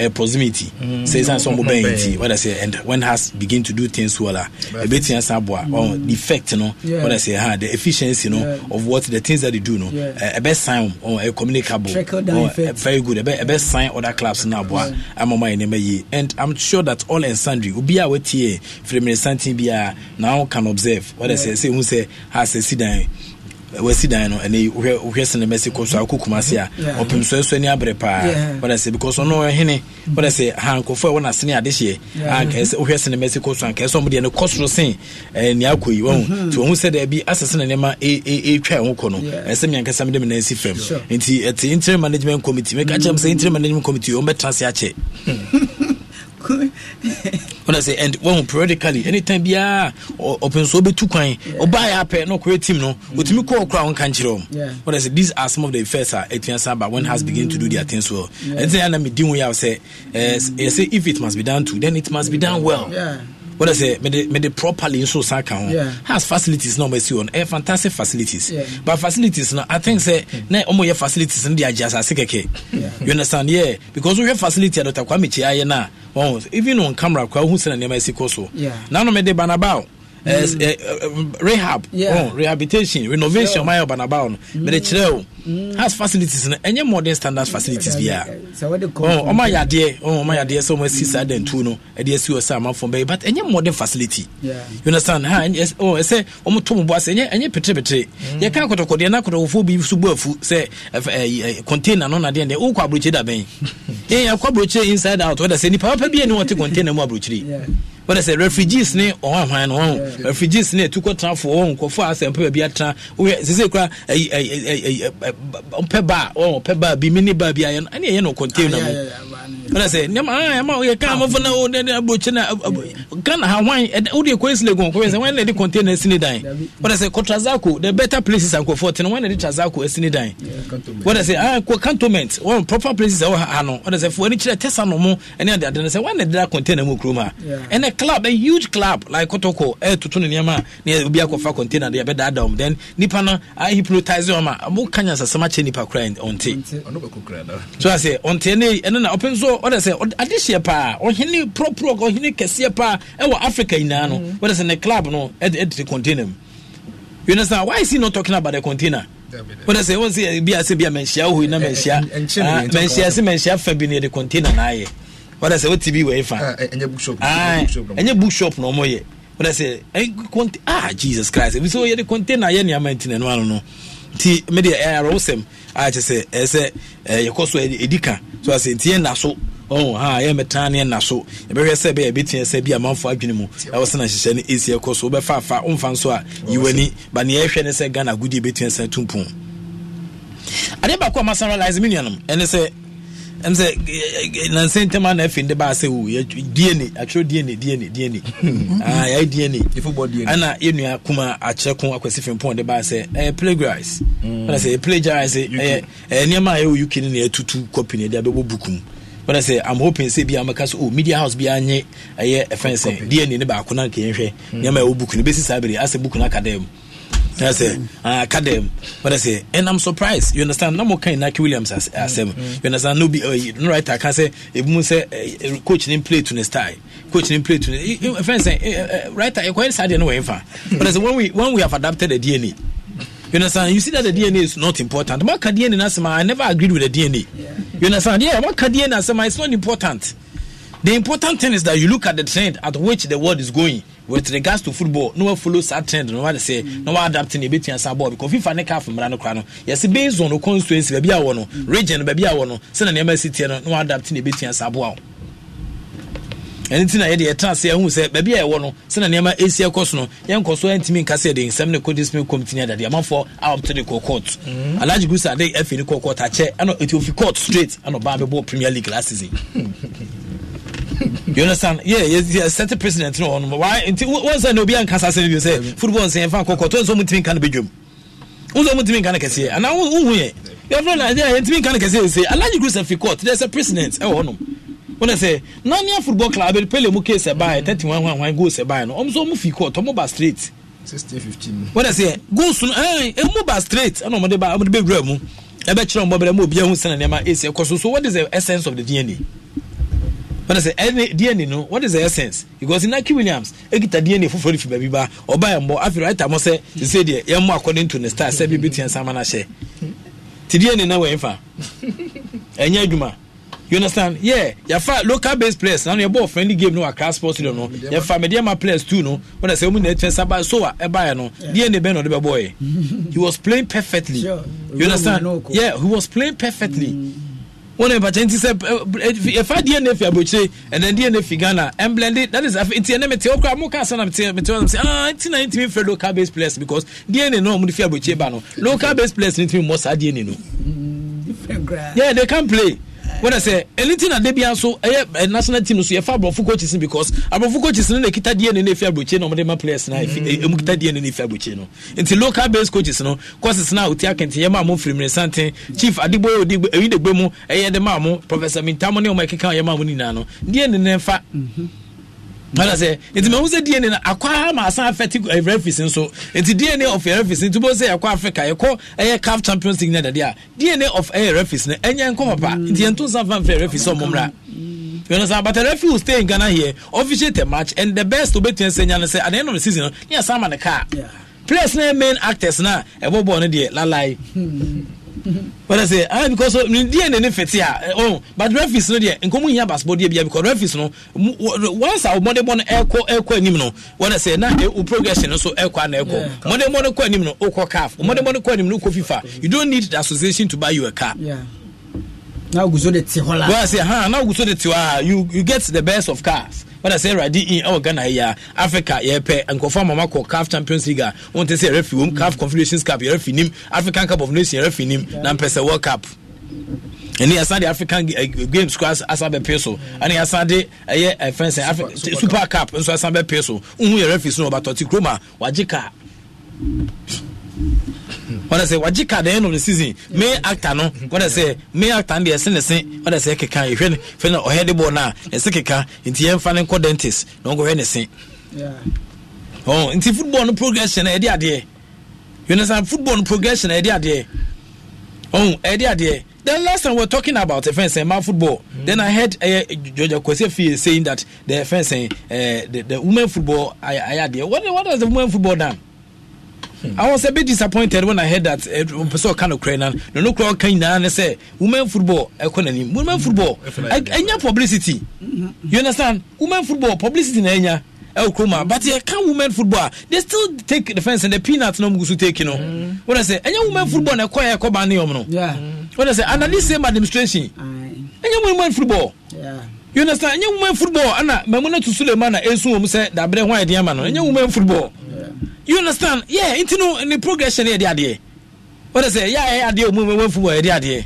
uh, proximity mm. say san some bɛn nti what I say and when has begin to do things well ah, a ebi tia san bo a the mm-hmm. effect no yeah. what I say ha ah, the efficiency no yeah. of what the things that they do no ɛbɛ eh, sign oh, ɛ communicable or very good ɛbɛ ɛbɛ sign other clubs na bo a ama ma yɛ nneɛma yie and I'm sure that all and sundry obi a wɔtie firimiri santen bi a now can observe what I say say ehun sɛ ha sɛ si dan wasi dan no ɛnɛ wohwɛ wohwɛ sinima si kɔ so akɔ kuma se a ɔpem so ɛsɔ ani paa wɔda sɛ because ɔno ɔhene wɔda sɛ hankɔfo a wɔn asene adehyeɛ ankɛsɛ wohwɛ sinima si kɔ so ankɛsɛ ɔmo deɛ no kɔ soro sen ɛɛ nea akɔ yi mhm. e, e, e, wɔn nti wɔn sɛ dɛbi asese na nneɛma ɛɛtwa ɛho kɔ no ɛsɛ mi ankasa mi de mi fam nti ɛte interim management committee meka kyerɛ mi sɛ mm. interim management committee wɔn bɛtena akyɛ. wọn sɛ and wọn periodically anytime biara ɔpɛn so ɔbɛtu kwan ɔbaa yɛ apɛ na ɔkɔyɛ team no mm. otumi kɔ ɔkora ɔnka nkyerɛ wɔn wọn sɛ these are some of the effects a etuya san ba when has mm. begin to do their things well ɛnti yɛn na mi di ho yɛ sɛ ɛɛ yɛ sɛ if it must be done to then it must be done well. Yeah what I say, made mede properly nso san ka has facilities na ɔmo On? hɔ fantastic facilities yeah. but facilities na I think say hmm. na ɔmo yɛ facilities no de agye asase kɛkɛ you understand yeah because we have facility a Dr. Kwame Kyia yɛ na even on camera kora wohu sɛ na nneɛma esi kɔ so Now no mede banabao as eh, uh, eh, eh, um, rehab yeah. oh, rehabilitation renovation my urban about but it's real has facilities and any modern standards facilities be oh o my idea oh my idea so much sister then too no e dey see osama from be but any modern facility you understand ha yes oh say o mo to mo bo say any petre petre mm. ye kan kotokode na kotofo bi su bo afu say container no na dey dey o kwa da ben eh ya kwa inside out whether say ni papa bi e ni want container mo broche yeah wɔde sɛ refugees ne ɔwɔ ahwan no wɔn refugees ne etu kɔtrafoɔ wɔn nkɔfoɔ asɛmpa baabi atena wɔyɛ sese kora ɛyi ɛyi ɛyi ɔpɛ baa wɔn ɔpɛ baa bi mini baa bi ayɛ no ɛne ɛyɛ no container mu wɔde sɛ nneɛma aa ɛma ɔyɛ kaa amafo na ɔde ɛde aburokye na ghana ha hwan ɛde ɔde ekɔ esile gɔn kɔyɛ sɛ wɔn na the better places nkɔfoɔ tena wɔn na ɛde trazako esini dan wɔde sɛ aa proper places ɛwɔ ha no wɔde sɛ fo ɛni kyerɛ tɛsa no mo ɛne adeade no sɛ wɔn na club a huge club like kotoko ɛɛtoto ne nneɛma a ne obi akɔfa container de yɛbɛdaadaa down. then Nipana, nipa no ahypnotise wɔm a moka nyansasɛm akyɛ nipa kora ɔnte so I say, asɛ ɔnte mm-hmm. ne ɛno na ɔpɛ nso ɔdɛ sɛ ade hyeɛ paa ɔhene propro ɔhene kɛseɛ paa ɛwɔ africa in nyinaa no wɔdɛ sɛ the club no the container you understand why is he not talking about the container wọ́n dẹ̀ sẹ́ wọ́n sẹ́ bíi ase bíi amẹ̀nhyia wò yìí náà mẹ̀nhyia mẹ̀nhyia Mentioned mẹ̀nhyia fẹ́ bi ni yẹ de container náà yẹ wọ́n sẹ́ wọ́n ti bí wọ́n fa ẹ̀yẹ bookshop ẹ̀yẹ ah, bookshop na ọmọ yẹ wọ́n sẹ́ ẹ̀yẹ kọ́ntẹ́ ah jesus christ ebi sẹ́ wọ́n yẹ de kọ́ntẹ́ na ayẹ ní ama ntí nínú àná nti mẹ́ẹ̀dì ẹ̀ ẹ̀rọ sẹ́m a kyẹ sẹ́ ẹ̀ sẹ́ ẹ̀ yẹ kọ́ so ẹ̀dí kan so ẹ̀ sẹ́ ntí yẹn na so ɔn ha yɛ mɛtan ne na so yɛbɛhwɛ sɛ bɛyɛ ebi tiɛ sɛ bi amanfo adwene mu ɛwɔ sɛ na hyehyɛ ne esi so wobɛfa afa nfa nso a yiwani ba ne yɛhwɛ ne sɛ ghana agudi ebi tiɛ sɛ tumpun adeɛ baako a masan realize mi nuanom ɛne sɛ ɛm sɛ nansa ntɛm ana afei de baasɛ wo dna atwerɛ dna dna dna yɛayɛ dna ana yɛnua kuma akyerɛ ko akwasi fempɔn de baa sɛ ɛyɛ eh, plagiarise mm. ɛna sɛ eh, plagiarise eh, ɛyɛ ɛyɛ nneɛma a ɛwɔ uk no na ɛtutu copy no ɛde abɛbɔ buku mu wɔn sɛ i'm hoping sɛ bi amaka so o oh, media house bi anye ɛyɛ ɛfɛn sɛ dna ne baako na nkɛyɛhwɛ mm. nneɛma a ɛwɔ buku no bɛsi saa bere asɛ buku no aka dan I say, ah, kadem. But I say, and I'm surprised. You understand? No more kind Nike Williams as asem. Mm. You understand? No be uh, no right. I can say if you say uh, coach didn't play to the style, coach didn't play to the. Friends say uh, uh, right. I quite sad anyway. Hmm. But I say when we when we have adapted the DNA. You understand? You see that the DNA is not important. What DNA asema? I never agreed with the DNA. You understand? Yeah, what DNA asema? It's not important. The important thing is that you look at the trend at which the world is going with regards to football no one follow that trend no one say no one adapt ne betua san ball because FIFA ne calf mmara no kra no yes based on constituency baabi a wɔ no region baabi a wɔ no sɛ na nneɛma si tie no no one adapt ne betua san ball ɛno nti na yɛde yɛtena ase ahu sɛ baabi a ɛwɔ no sɛna nneɛma ɛsi ɛkɔ so no yɛnkɔ so antumi nka sɛ yɛde nsɛm ne kɔ discipline committee ne adadeɛ amanfoɔ a wɔpto de kɔ court alagye gu sɛ ade afei ne kɔ court akyɛ ɛna ɛti ofi court straight ɛna ɔbaa bɛbɔ premier league last season you understand yeah yeah, yeah. set president no on why nti wọn sẹ na obi anka sa sẹ bi sẹ football sẹ nfa kọkọ tó nsọ mu tìmí nkan bẹdwom nsọ mu tìmí nkan kẹsẹ yẹ ana wohun yẹ yọfọ na yẹ tìmí nkan kẹsẹ say sẹ alaji group sẹ fi court there sẹ president ẹ eh, wọ oh, nom wọn sẹ nania football club pele mu case ẹ baa yẹ thirty one one one goals ẹ no ọmọ sọ ọmọ fi court ọmọ ba straight wọn sẹ goals no ẹ ẹmu ba straight ẹna ọmọdé ba ọmọdé bẹ wura mu ẹ bẹ kyerẹ ọmọ bẹrẹ mu obi ẹhun sẹ na nìyẹn ma ẹ sẹ so so what is the essence of the DNA wọn sɛ ɛne eh, dna no what is the essence because naki williams ekita eh, dna foforɔ fi baabi ba ɔba yɛn bɔ afei ɛta mo sɛ sɛ deɛ yɛn mo according to ne star sɛ bi bi tia nsama na hyɛ ti dna na wɔn fa ɛnyɛ eh, adwuma you understand yeah yɛfa local based players na no yɛbɔ friendly game no akra sports stadium no yɛfa mediama players too no wọn sɛ wɔn nyinaa twɛn saba so a ɛba yɛ no dna bɛn na ɔde bɛ bɔ yɛ he was playing perfectly you understand yeah he was playing perfectly. Mm wɔn mpɛkyɛ nti sɛ ɛfa dna fi abrokyire ɛnɛ dna fi ghana ɛmblende that is afi nti ɛnɛ mɛ te okura mu kaa sanam te mɛ te wɔn sɛ aa nti na ntumi fɛ local based players because dna no ɔmo fi abrokyire ba no local based players ni ntumi mɔ saa dna no mm, yeah they can play wọn sɛ ɛni ti na de bi nso ɛyɛ national team so yɛfa aborɔfo coaches because aborɔfo coaches no na ekita dna na efi aburokye na ɔmɔde ma players na emu kita dna na efi aburokye no nti local based coaches no courses na oti akɛntɛ yɛ maa mo firimire santen chief adigboyo odigbo eyi de gbe ɛyɛ de maa professor mintamu ne ɔmɔ ekeka yɛ maa mo nyinaa no dna na ɛfa. Mhm ana sɛ nti mahu sɛ dna no akwa ma asan afɛte eh, refis nso nti dna of eh, refis nti bɛhu sɛ yɛkɔ africa yɛkɔ ɛyɛ eh, calf champions league nadade a dna of ɛyɛ refis no ɛnyɛ nkɔ papa mm. nti yɛnto nsa fa mfɛ refis sɛ ɔmɔmmra mm. you understand but referee will stay in Ghana here officiate the match and the best obetumi sɛ nya no sɛ at the end of the season ne yɛ san ma ne kaa players na main actors na ɛbɔ bɔɔl no deɛ lalai hmm wọ́n dẹ̀ sẹ́ ẹ̀ because ní díẹ̀ nínú fẹ̀tì à ọ̀hún but referees no deɛ nkɔmú yìnyín abasibɔ díẹ̀ bi yà because referees no once a mɔdé bɔ no ɛkɔ ɛkɔ anim no wọ́n dẹ̀ sẹ́ na o eh, progression no so ɛkɔ eh, ana ɛkɔ mɔdé bɔ no kɔ anim eh, no o kɔ caf mɔdé bɔ no kɔ anim no o fifa you don't need the association to buy you a car. Yeah. now guso de ti hɔ la. wọ́n dẹ̀ sẹ́ ha now guso de ti hɔ ah you you get the best of cars wada sɛ awurade in ɛwɔ ghana yɛ a africa yɛpɛ nkurɔfoɔ amama kɔ caf champions league a wonte sɛ yɛrefi wom caf confederations cup yɛrefi nim african cup of nation yɛrefi nim na mpɛ world cup ɛne yɛsan de african eh, games kora asan bɛpee so ɛne yɛsan de ɛyɛ ɛfɛn sɛ super cup nso asan bɛpee so wohu yɛrefi so na ɔbatɔte kurom a wagye wɔde sɛ wagye card end of the season may actor no wɔde sɛ may actor no deɛ ɛsɛ ne se wɔde sɛ keka ehwɛ ne fɛ na ɔhɛ de bɔ na ɛsɛ keka nti yɛnfa ne nkɔ dentist na ɔnkɔ hɛ ne se ɔn nti football no progression ɛde adeɛ yunifasɛn football no progression ɛde adeɛ ɔn ɛde adeɛ then last time we were talking about uh, fencing about football mm. then i heard uh, georgia Kwesi saying that the fencing uh, the, the women football i i what what has the women football done I was a bit disappointed when I heard that person kind of crying. No, no, crowd can now say women football. Economy, eh, women football. Any publicity, you understand? Women football publicity na enya. El eh, Kroma, but yeah, can women football? They still take the fence and the peanuts no musu take, you know. Mm. What I say, any women football na kwaya ko bani omno. Yeah. What I say, and at least same administration. Any women football. Yeah you understand ɛnyɛ woman football ana mamuna tu suleman na ɛnsu wɔm sɛ dabrɛ ho ayɛdeɛ ama no ɛnyɛ woman football you understand yeah nti no ne progression yɛ de adeɛ wɔde sɛ yɛ ayɛ adeɛ wɔn woman football yɛ de adeɛ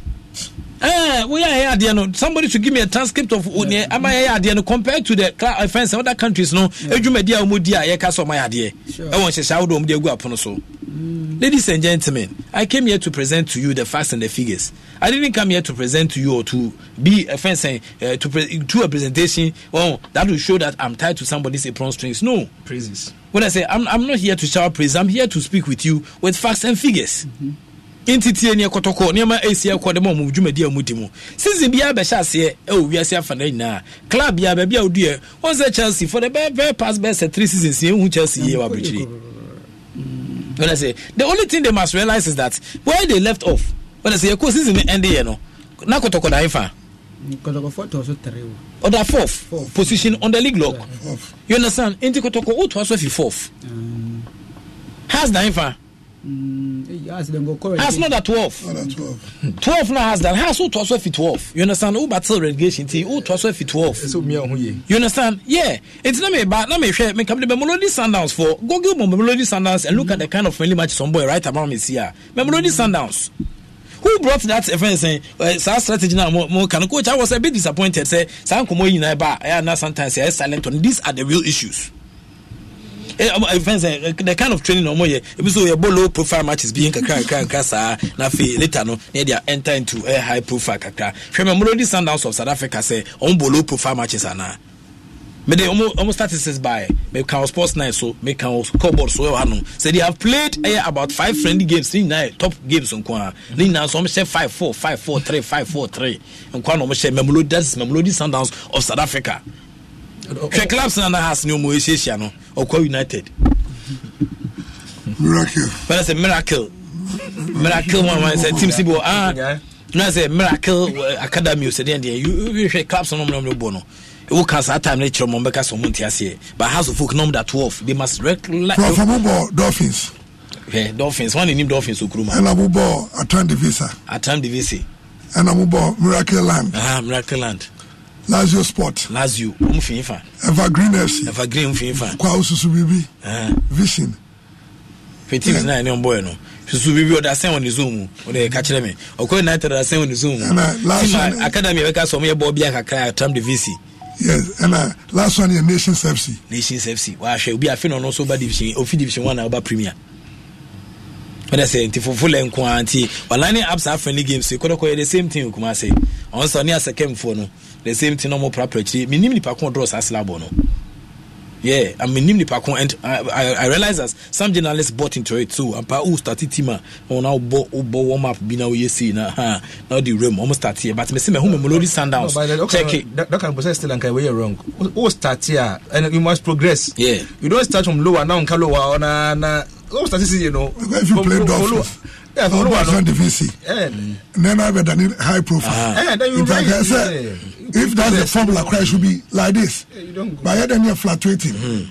ɛɛ eh, wɔyɛ ayɛ adeɛ no somebody should give me a transcript of oniɛ ama yɛ ayɛ adeɛ no compared to the class eh, offence other countries no edwumadi a wɔn di a yɛka sɛ ɔmo ayɛ adeɛ ɛwɔ nhyehyɛ ahodoɔ wɔn de egu apono so mm. ladies and gentlemen i came here to present to you the facts and the figures. I didn't come here to present to you or to be a fence uh, to pre- do a presentation. Oh, that will show that I'm tied to somebody's apron strings. No praises. When I say I'm, I'm not here to shout praise, I'm here to speak with you with facts and figures. Mm-hmm. ntitie ne kɔtɔkɔ nneɛma ɛsi ɛkɔ de ma ɔmo dwumadi a ɔmo di mu season biara bɛhyɛ aseɛ ɛwɔ e wiase afa na nyinaa club biara baabi a udie. yɛ wɔn chelsea for the very bɛɛ pass bɛɛ three seasons yɛn hu chelsea yie wɔ aburukyiri. when i say the only thing they must realize is that where they left off wọ́n sɛ yɛkɔ season ɛndeɛ no na kɔtɔkɔ da ɛfa ɔda fourth position on the league log you understand nti kɔtɔkɔ o to aso fi fourth um, has da ɛfa mm, eh, has not da twelve twelve na has da has o to aso twelve you understand o ba till relegation ti o to aso twelve you understand yeah nti na mi ba na mi hwɛ mi kabili bɛ melody sundowns for google mo melody sundowns and look at the kind of friendly match some boy right around me see ah melody sundowns. Mm -hmm who brought that fɛn sɛn uh, saa strategy na mo mo kan coach i was a bit disappointed Say, eh, saa nkɔmɔ yi nyinaa ba ɛyà eh, na sometimes ɛyɛ eh, silent on these are the real issues. fɛn um, the kind of training na wɔn yɛ ebi so yɛbɔ low profile matches being kakra kakra kakra saa na afei later no na yɛde enter into high profile kakra hwɛ mɛ Mamelodi Sundowns of South Africa sɛ wɔn bɔ low profile matches anaa mede ɔmo statistics by meka wɔ sports night so meka wɔ cobord so ɛwɔ hanom sɛ they have played ɛyɛ about five friendly games ne nyinaa top games nko a ne nyinaa nso ɔmohyɛ 5 4 5 4 3 5 4 3 nko a na ɔmohyɛ mamelodi that is mamelodi sundowns of south africa hwɛ clubs no anahas ne ɔmo ɛhyiahyia no ɔkɔ united miracle bɛrɛ sɛ miracle miracle one. ama sɛ team si bi wɔ ah na sɛ miracle uh, academy o sɛ deɛ deɛ hwɛ clubs no ɔmo na ɔmo bɔ no woka saa time no kyerɛ mɔ mbɛka sɛ ɔmo nte aseɛ but house of folk number twelve they must recognize. prɔfɔ mo dolphins. Okay, eh, dolphins wɔn anim dolphins okuro ma. ɛna mo bɔ atan divisa. atan divisa. ɛna mo bɔ miracle land. ah miracle land. lazio sport. lazio ɔmo um fi nfa. evergreen fc. evergreen um fi nfa. kwa osusu bibi. Eh. vision. fetins naa ɛni ɔmbɔ yɛ no susu bibi ɔda asɛn wɔ ne zon mu ɔda yɛ kakyerɛ mi ɔkɔ united ɔda asɛn wɔ ne zon mu. ɛna lazio uh, academy yɛ bɛ ka sɔn ɔmo yɛ bɔ ɔbi akakra atam divisi yes ɛna uh, last one yɛ nations fc nations fc wahwɛ obi afe na ɔno nso ba division ofi division one na ɔba premier wọ́n dẹ̀ sẹ́ nti fufu lẹ̀ nko ara nti wàlá ní absa friendly games kọ́dọ̀kọ́ yẹ the same thing okuma sẹ́ ọ̀n sọ ní asẹ̀kẹ́mfọ́ no the same thing ọmọ prapra akyire mi nim nípa kún ọdọ́rọ̀ sá sílábọ̀ no yeah i mean nim nipa ko and I, I i realize that some journalists bought into it too ampa who oh, started tima on oh, now bo oh, bo warm up bi na we see na now the room almost start here but me see me home melody sundowns no, no, okay, check it that, that can process still and can way wrong who start here and you must progress yeah you don't start from lower now on lower on na na who start this you know if you play from, from, from, ọdún wa sọ ndefisi nana bɛ da ni high profile nkankan ah. sɛ eh, if that's the formula cry should be like this eh, but then dɛ ni fluctuating hmm.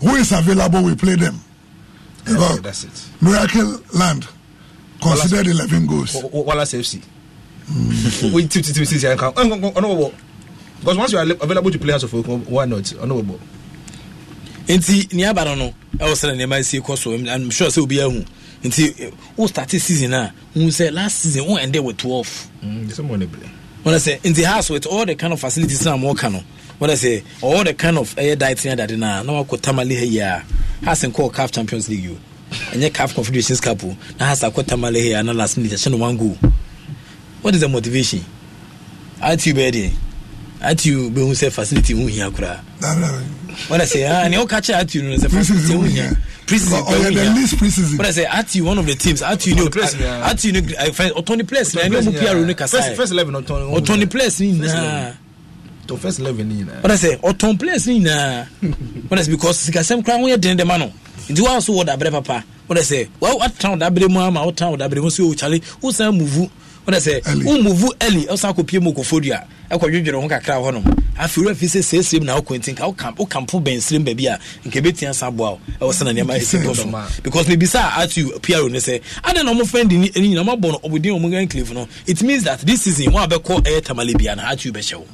who is available we play them because miracle land consider considered eleven goals. wala safety. wey two two two six yan kan ɔnubɔbɔ because once you are available to play as of why not ɔnubɔbɔ. nti ní abàdàn no ẹ wọ sẹ ẹ ní ẹ máa ṣe kọ so i'm sure say obi ẹ hù nti wo start season a n sɛ last season wo ended with twelve. wọn mm, sɛ nti house with all the kind of facilities na wɔn ka no wọn sɛ all the kind of ɛyɛ diet na dade na na wakɔ tamale ha yia house nkɔ caf champions league o ɛnyɛ caf confederations cup o oh. na house akɔ tamale ha yia na last minute ɛhyɛ no one goal what is the motivation ati bɛɛ de ati bɛhu sɛ facility ho hia koraa wọn sɛ ah nea ɔka kyerɛ ati no sɛ facility ho hia preseason pẹ̀lú yẹn least preseason but I say ati one of the teams ati you know ati you know I find ọ̀tọ́ni players na ẹni ọmọ pr ní kasa first eleven ọ̀tọ́ni ọ̀tọ́ni players ní nyinaa to first eleven ní nyinaa but I say ọ̀tọ́n players ní nyinaa but I say because sikasẹ́m kura wọ́n yẹ dẹ́n dẹ́ ma nọ nti wọ́n aso wọ́n da abẹ́rẹ́ papa but I say wọ́n atan ọ̀dà abẹ́rẹ́ mu ama ọ̀tan ọ̀dà abẹ́rẹ́ mu sí o kyale o san muvu but I say o muvu early ọ̀sán akọ pie mu okòfodua ɛkɔ dwedwere ho kakra hɔnom afei wura fi sɛ seesiem na wokɔnti nka wokampo bɛnserem baabi a nka ɛbɛtia sa boa wo ɛwɔ sɛ na nneɛma ɛsi so because mebisa a ato piaro ne sɛ adɛn na ɔmofɛn de ne nyina mabɔ no ɔbɔdin ɔmo anclave no it means that this season wɔn a bɛkɔ ɛyɛ tamale bia na ato bɛhyɛ wo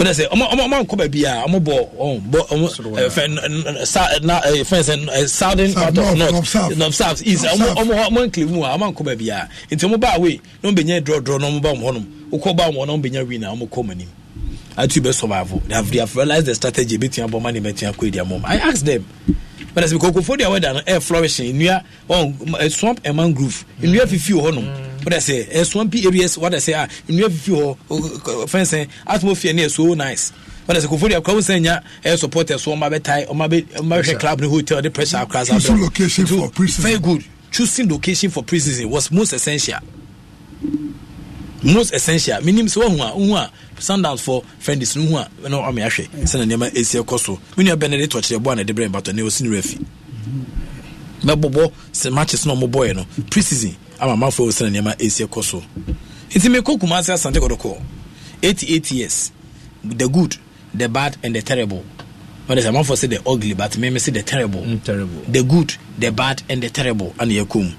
mene sɛ ɔma nkɔ baabi a ɔmo bɔ fɛn southern part of north north south east ɔmo nkele mu a ɔma nkɔ baabi a nti ɔmo baa wei na ɔmo bɛnya drɔdrɔ na ɔmo ba ɔmo hɔnom wokɔ ba ɔmo hɔ na ɔmo bɛnya win na ɔmo kɔ ɔmo anim atu bɛ survive they have they have realized the strategy ebetua bɔ ma ne ebetua kɔ edi amom I ask them mene sɛ kokofo deɛ wɛda no air flourishing nnua oh, eh, swamp and mangrove nnua fifi wɔ hɔnom wọ́n dẹ̀ sẹ́ ẹ̀ swampy areas wọ́n dẹ̀ sẹ́ a nnua fifi hɔ fɛnsɛn atmosphere ne yɛ so nice wọ́n dẹ̀ sẹ́ kòfòdì akɔ awon sẹ́n nya ẹ̀ support ẹ̀ so ɔmá bɛ tie ɔmá bɛ ɔmá bɛ hwɛ club ne hotel ɔde pressure akora sa bɛrɛ very good choosing location for prisons was most essential most essential menim sɛ woahu a wohu a sundowns for friends no hu a na ɔme ahwɛ sɛna nneɛma ɛsi ɛkɔ so me nua bɛne de tɔkyerɛ bɔ a na ɛde brɛ mbatɔ ne ɔsi ne rafi mɛbɔbɔ sɛ matches na ɔmobɔɛ no preseason ama amanfoɔ wo sɛne nneɛma ɛsie kɔ so nti mekɔ kumase asante kɔdɔkɔɔ 88 years the good the bad and the terrible ɔde sɛ amanfoɔ sɛ the ugly but meme sɛ the terrible. Mm, terrible the good the bad and the terrible ane yɛkɔ mu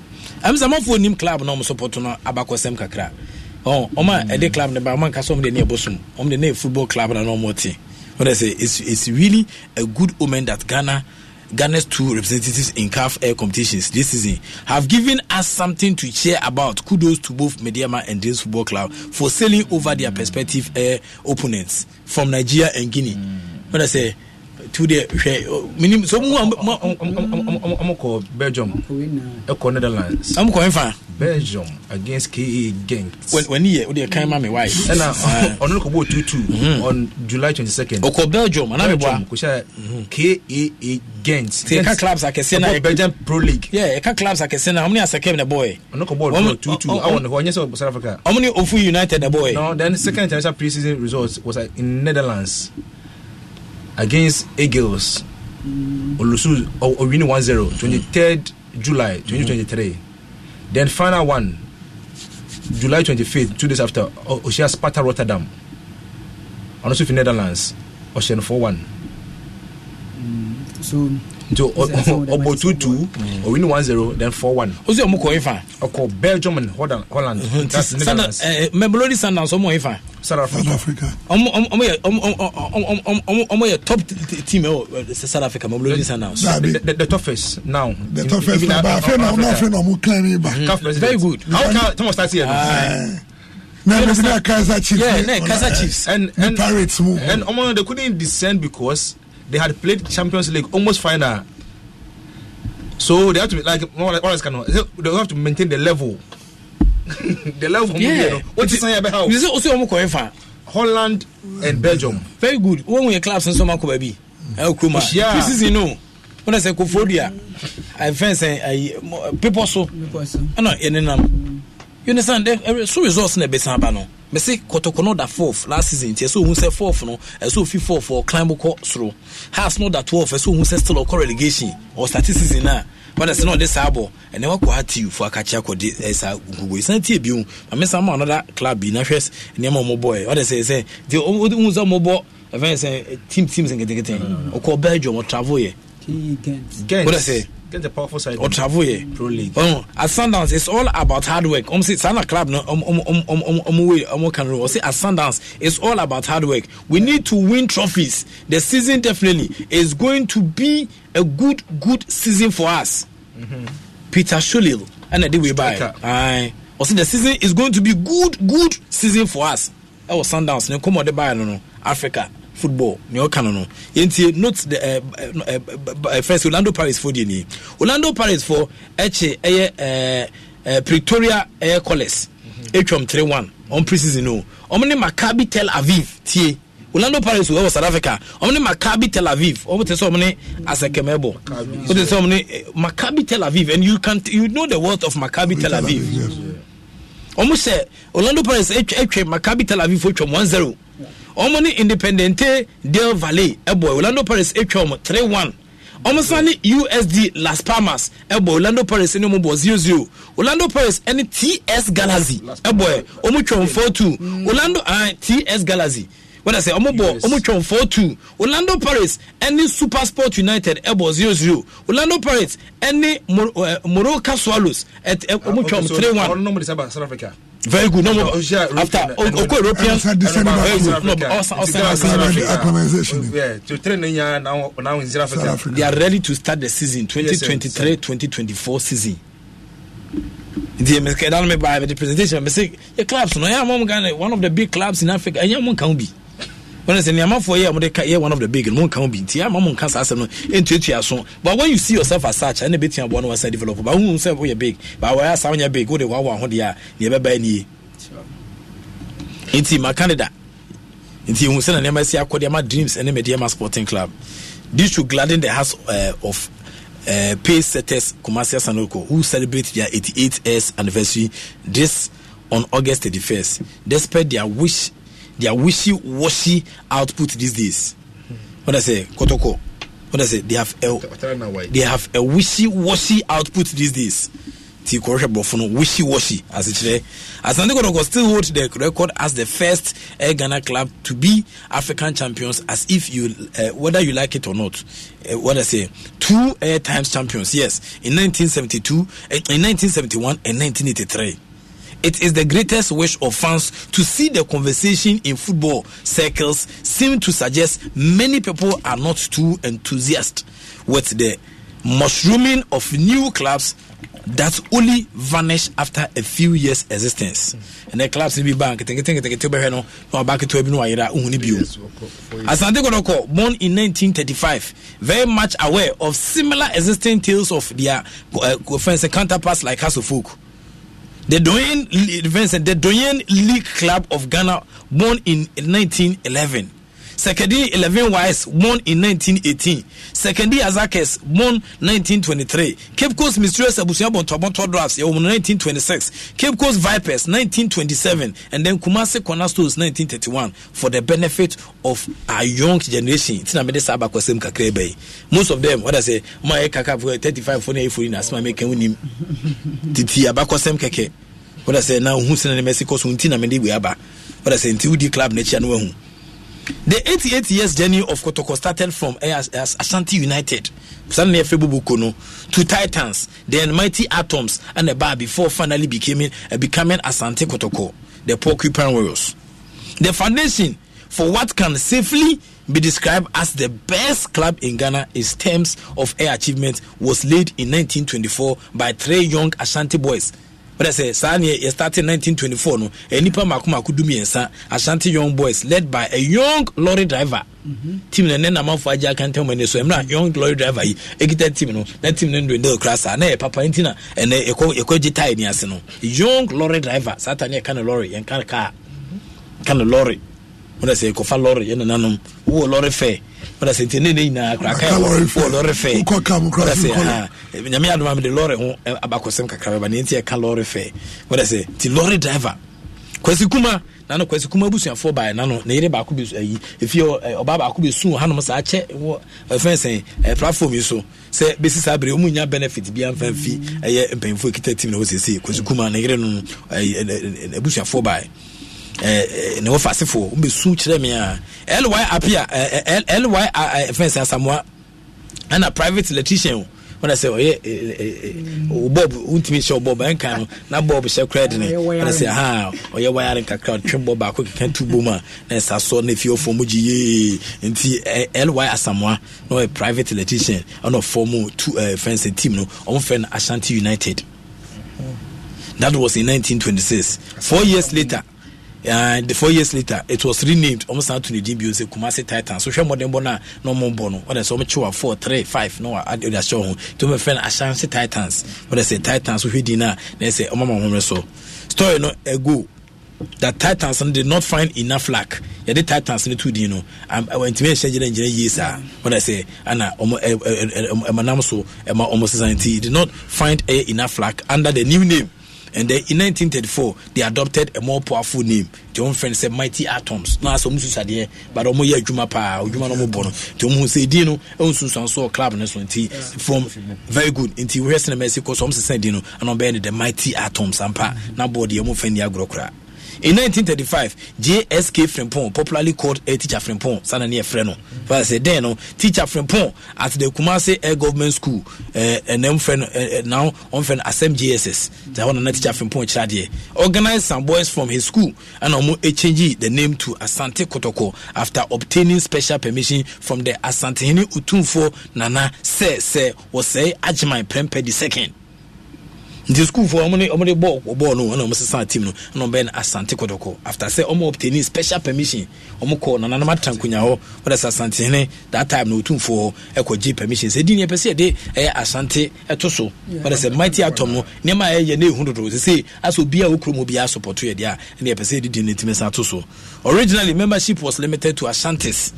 ɛm sɛ amanfoɔ nim club na ɔm support no abakɔsɛm kakra ɔma mm. ɛde club no ba ɔma nka sɛ ɔmde ne ɛbɔsom ɔmde ne football club na na ɔmɔte ɔde sɛ it's really a good omen that ghana Ghana's two representatives in CAF Air competitions this season have given us something to cheer about. Kudos to both Mediama and Dreams Football Club for sailing over their prospective air opponents from Nigeria and Guinea. What I say tu deɛ hwɛ minim so mu ɔmo kɔ belgium ɛkɔ netherlands ɔmo kɔ nfa belgium against ka gang wani yɛ o deɛ kan ma mi wa yi ɛna ɔno kɔ bɔ tutu on july twenty second ɔkɔ belgium ana mi bɔ a kò sɛ kaa gent te ɛka clubs akɛse na ɛkɔ belgium pro league yɛ ɛka clubs akɛse na ɔmo ni asɛkɛm na bɔ yɛ ɔno kɔ bɔ ɔmo tutu awɔ ne hɔ ɔnyɛ sɛ south africa ɔmo ni ofu united na bɔ yɛ no then second international pre season result was in netherlands against eagles olusu owini one zero twenty third july twenty twenty three then final one july twenty fifth two days after osia sparta rotterdam ọ̀nà sófin netherlands ọ̀sẹ̀ four one. Mm, so nti ọbọ tutu owi ni one zero then four one. o sì ọmọ kọ ifa. ọkọ belgium and holland. Uh-huh. That's mẹmúlòdì sandals ọmọ ifa. south africa. ọmọ yẹ top team ẹ south africa mẹmúlòdì eh, oh, eh, sandals. the the toughest now. the toughest na ba afẹ na ọmọ afẹ na ọmọ clan mi ba. very good. how can thomas start here. na na kaiser chiefs. yeah na kaiser chiefs. and and and ọmọ they couldn't descend because they had played Champions League almost final. So they have to be like what else can they have to maintain the level. the level yeah. what is about you say also omo koefa Holland and Belgium. Very good. When we clubs in summer baby. Mm. El Kuma. This is you know. When I say Kofodia, I fancy eh, I people so. I know any name you understand ɛɛ so results na ɛbɛsan ba no mɛsi kɔtɔkɔ no da fourth last season tiɛ e so ohun sɛ fourth no ɛsɛ e ofi fourth for climb kɔ soro house no that twelve ɛsɛ e ohun sɛ still ɔkɔ relegation Or ɔstati season na wọ́n sẹ́ náà ọ̀dẹ́ sáà bọ̀ ẹ̀nẹ́ wọ́n for ha tiyu fún akakye akọ̀dé ẹ̀sà gbogbo ìsan tiẹ̀ bi mu àmì sàn mọ́ another club bi n'ahwẹ́ nneɛma ọmọ boy. What ọ̀dẹ́ sẹ́ sẹ́ di ohun sẹ́ ọmọ bọ̀ ẹ̀fẹ́ sẹ́ team teams nketenkete ọkọ̀ belgium ọ̀ travel yẹ. ọ̀dẹ́ say? get the powerful side. Or travel here. Pro League. Oh, um, at Sundance, it's all about hard work. Um, see, Sana Club, no, um, um, um, um, um, um, we, um, can roll. See, at Sundance, it's all about hard work. We need to win trophies. The season definitely is going to be a good, good season for us. Mm-hmm. Peter Shulil, and I did we buy. Aye. Or see, the season is going to be good, good season for us. That was Sundance. No, come on, the buy, no, no, Africa football ne ɔka no no yɛntie note the uh, eh, uh, eh, uh, eh, first orlando paris fo deɛ nii orlando paris fo ɛkye ɛyɛ uh, uh, pretoria ɛyɛ uh, collars atwam three one on preseason O. ɔmo ne maccabi tel aviv tie orlando paris wɔ south africa ɔmo ne maccabi tel aviv ɔmo te sɛ ɔmo ne asɛkɛmɛbɔ ɔmo te sɛ ɔmo ne maccabi tel aviv and you can you know the worth of maccabi tel aviv ɔmo sɛ orlando paris atwa maccabi tel aviv atwam 1-0 ɔmo ne independente del valley ɛbɔ orlando paris atwa ɔmo three one ɔmo san ne usd las palmas ɛbɔ orlando paris ne ɔmo bɔ zero zero orlando paris ɛne ts galaxy ɛbɔ ɔmo twɛn four two orlando ɛn ts Galazi. wọ́n dà sẹ́ ọmọ bọ̀ ọmọ twẹ̀n four two orlando paris ẹni super sport united ẹ bọ̀ zero zero orlando paris ẹni eh, morocco swallows ẹ ọmọ twẹ̀n three one. ọ̀rọ̀ nínú mi ní sábà south africa very good no more oh, after oh, oko european very good no but uh, now now in South Africa they are ready to start the season 2023-2024 season nti mɛsɛ ɛdan mi ba ɛdi presentation say yɛ clubs no yɛ amam Ghana one of the big clubs in Africa ɛnyɛ amam kan bi when it's in the amount for year, one of the big, and one can be tea, I'm on cancer, and two years But when you see yourself as such, and a bit of one was a developer, but who said we're oh, big, but why are some big, good, one, one, yeah, never by any. It's in my Canada. It's in Hussein and MSC, I call my dreams and MDMA Sporting Club. This should gladden the hearts uh, of uh, pay setters Kumasi Sanogo, who celebrate their 88th anniversary this on August 31st, despite their wish their wishy washy output these days. What I say, Kotoko. What I say, they have a they have a wishy washy output these days. Ti but for no wishy washy as asekyerɛ Asante Kotoko still hold the record as the first Air Ghana club to be African champions as if you uh, whether you like it or not uh, what I say two Air times champions yes in 1972 uh, in 1971 and 1983. It is the greatest wish of fans to see the conversation in football circles seem to suggest many people are not too enthusiastic with the mushrooming of new clubs that only vanish after a few years existence And the clubs ni bi ban ketekete bɛhwɛ no na ɔba ketewa bi no wayera ohun bio asante born in 1935 very much aware of similar existing tales of their uh, counterparts like castle folk The Doyen Vincent, the Doyen League Club of Ghana, born in 1911. Sekedi Eleven Wise, born in 1918. Sekedi Azakes, born 1923. Cape Coast Mysterious Abusia Bontobonto Drafts, 1926. Cape Coast Vipers, 1927. And then Kumasi Cornerstones, 1931. For the benefit of our young generation. Tina Mede Saba Kwasem Kakrebe. Most of them, what I say, my Kaka 35, 48, 49, Asma Mekenim. Titi Abakwasem Keke wọ́n sẹ́ na ohun sinna ni mẹ́sì ntí na mi de wei aba sẹ́ ntí wudi club n'ekyi anu ehun the eighty eight years journey of kotoko started from eh, as, as ashanti united sanni efe bubuko no to titans then mighty atoms and a bar before finally eh, becoming uh, becoming asante kotoko the porcupine warriors the foundation for what can safely be described as the best club in Ghana in terms of air achievement was laid in 1924 by three young Ashanti boys wɛrɛ sɛ saa neɛ yɛstarte 1924 no nnipa mako mako du mmiɛnsa ashanti young boys led by a young lorry driver mhm. team na ne namanfo agye aka ntam ani so mmerɛ a young lorry driver yi ɛkita team no na team no ndwendel kora saa na yɛ papa nti na ɛnɛ yɛkɔgye tae ne ase no young lorry driver saa ta ne yɛka ne lorry yɛnka ne kaa mhm. ka ne lorry wɛrɛ sɛ yɛkɔfa lorry yɛnenanom wowɔ lorry fɛ mɛda sɛ nti ne ne nyinaa korakalɔrefoɔ lɔre fɛ mɛda sɛ ah, eh, nyame adoma mede lɔre ho eh, abakɔsɛm kakra bɛba ne nti ɛka lɔre fɛ mɛda sɛ nti lɔre driver kwasi kuma nano kwasi kuma abusuafoɔ baɛ nano ne yere baako bi ayi eh, efie ɔbaa baako bi sun hanom saa kyɛ wɔ ɛfɛn sɛn platform yi so sɛ besi saa bere ɔmu nya benefit bi anfa fi ɛyɛ mpanyinfoɔ ekita team na wɔsiesie kwasi kuma ne yere no abusuafoɔ baɛ. Eh, eh, ne wɔfa asefoɔ wobɛsu kyerɛ me a ly apia eh, ly fɛnsɛ asamoa ɛna private electrician wọn sɛ ɔyɛ bob ntumi hyɛ bob ɛnka no na bob hyɛ kura de ne wọn sɛ ha ɔyɛ wayarin kakra ɔtwe bob baako kɛkɛ tu bom a na ɛsa sɔ na efi ɔfɔ mu gye yee nti ly asamoa na ɔyɛ private electrician ɛna ɔfɔ mu tu ɛɛ fɛnsɛ team no ɔmo fɛ ashanti united that was in 1926 four years later and the four years later it was renamed ɔmo san to ne din bi o sɛ Kumasi Titans so hwɛ mɔden bɔ na na ɔmo bɔ no ɔdɛ sɛ ɔmo kye four three five na wa adi ahyɛ ɔmo to ɔmo fɛn Ashanti Titans ɔdɛ sɛ Titans hwɛ din na na ɛsɛ ɔmo ama ɔmo so story no ɛgo that Titans did not find enough lack yɛde Titans no to din no ntumi ɛhyɛ gyina gyina yie saa ɔdɛ sɛ ɛna ɔmo ɛmanam so ɛma ɔmo sisan nti did not find enough lack under the new name and then in 1934 they adopted a more powerful name tí wọn said, mighty atoms náà so wọn sunsun adeɛ but wọn yɛ adwuma paa adwuma náà wọn bɔ no tí wọn sɛ edin no ɛwọn so sɔ club ne so nti from very good nti wíwẹ sinimá ɛsɛ kɔ sɔ wọn sisan edin no ɛnna wọn bɛyɛ the mighty atoms ampa n'abɔ deɛ wọn fɛn ni agorɔ koraa in 1935 jsk frimpon popularly called a teacher frimpon sana ne yɛfrɛ no fa sɛ den no teacher frimpon at the kumase air government school ɛnam eh, eh, frɛ no eh, now ɔmfrɛ no asɛm jss ta hɔ nana teacher frimpon kyerɛ adeɛ organized some boys from his school ɛna ɔmo change the name to asante kotoko after obtaining special permission from the asantehene Utumfo nana sɛ sɛ wɔsɛe agyeman prɛmpɛ the second nti sukuufoɔ ɔmo ne ɔmo de bɔɔl wɔ bɔɔl no ɛna ɔmo sesa team no ɛna ɔmo bɛyɛ no asante kɔtɔkɔ after sɛ ɔmo obtain special permission ɔmo kɔ na nanam ata nkonya hɔ ɔda sɛ asante ne that time na otumfoɔ ɛkɔ gye permission sɛ di ni ɛpɛ sɛ yɛde ɛyɛ asante ɛto so ɔda sɛ mighty atom no nneɛma a ɛyɛ ne ehu dodo sese asɛ obi a okuro mu obiara sɔpɔtɔ yɛ deɛ a ɛna yɛpɛ sɛ yɛde di ne timi san to so originally membership was limited to Asantes.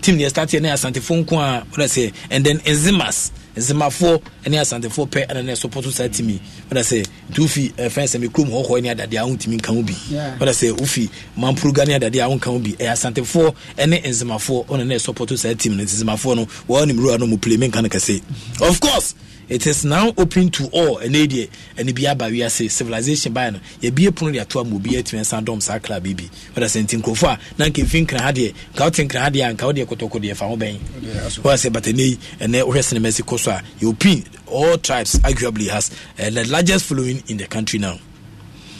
team deɛ start yɛ ne asantefo nko a ɔda sɛ and then enzimas nsimafoɔ ne asantefoɔ pɛ ɛna ne sɔpɔtɔ saa timi wɔda sɛ nti wofi ɛfɛn eh, sɛ mekurom hɔhɔ ne adadeɛ a wontumi nka wo bi wɔda sɛ wofi mampuruga ne adadeɛ a wonka wo bi ɛyɛ asantefoɔ ne nsimafoɔ ɔne ne sɔpɔtɔ saa timi no nti nsimafoɔ no wɔanim rua no mu pile menka no kɛse of course it is now open to all ɛnɛ deɛ ɛne bi aba wiase civilization baa no yɛbie pono de ato ama obi atumi nsa dɔm saa kra baabi wɔda sɛ nti nkurɔfoɔ a na nka ɛfi nkra ha deɛ nka wote nkra ha deɛ a nka wodeɛ kɔtɔkɔ deɛ fa ho bɛn wɔda sɛ but ɛnɛ yi ɛnɛ wohwɛ sinema si kɔ so a european all tribes arguably has uh, the largest following in the country now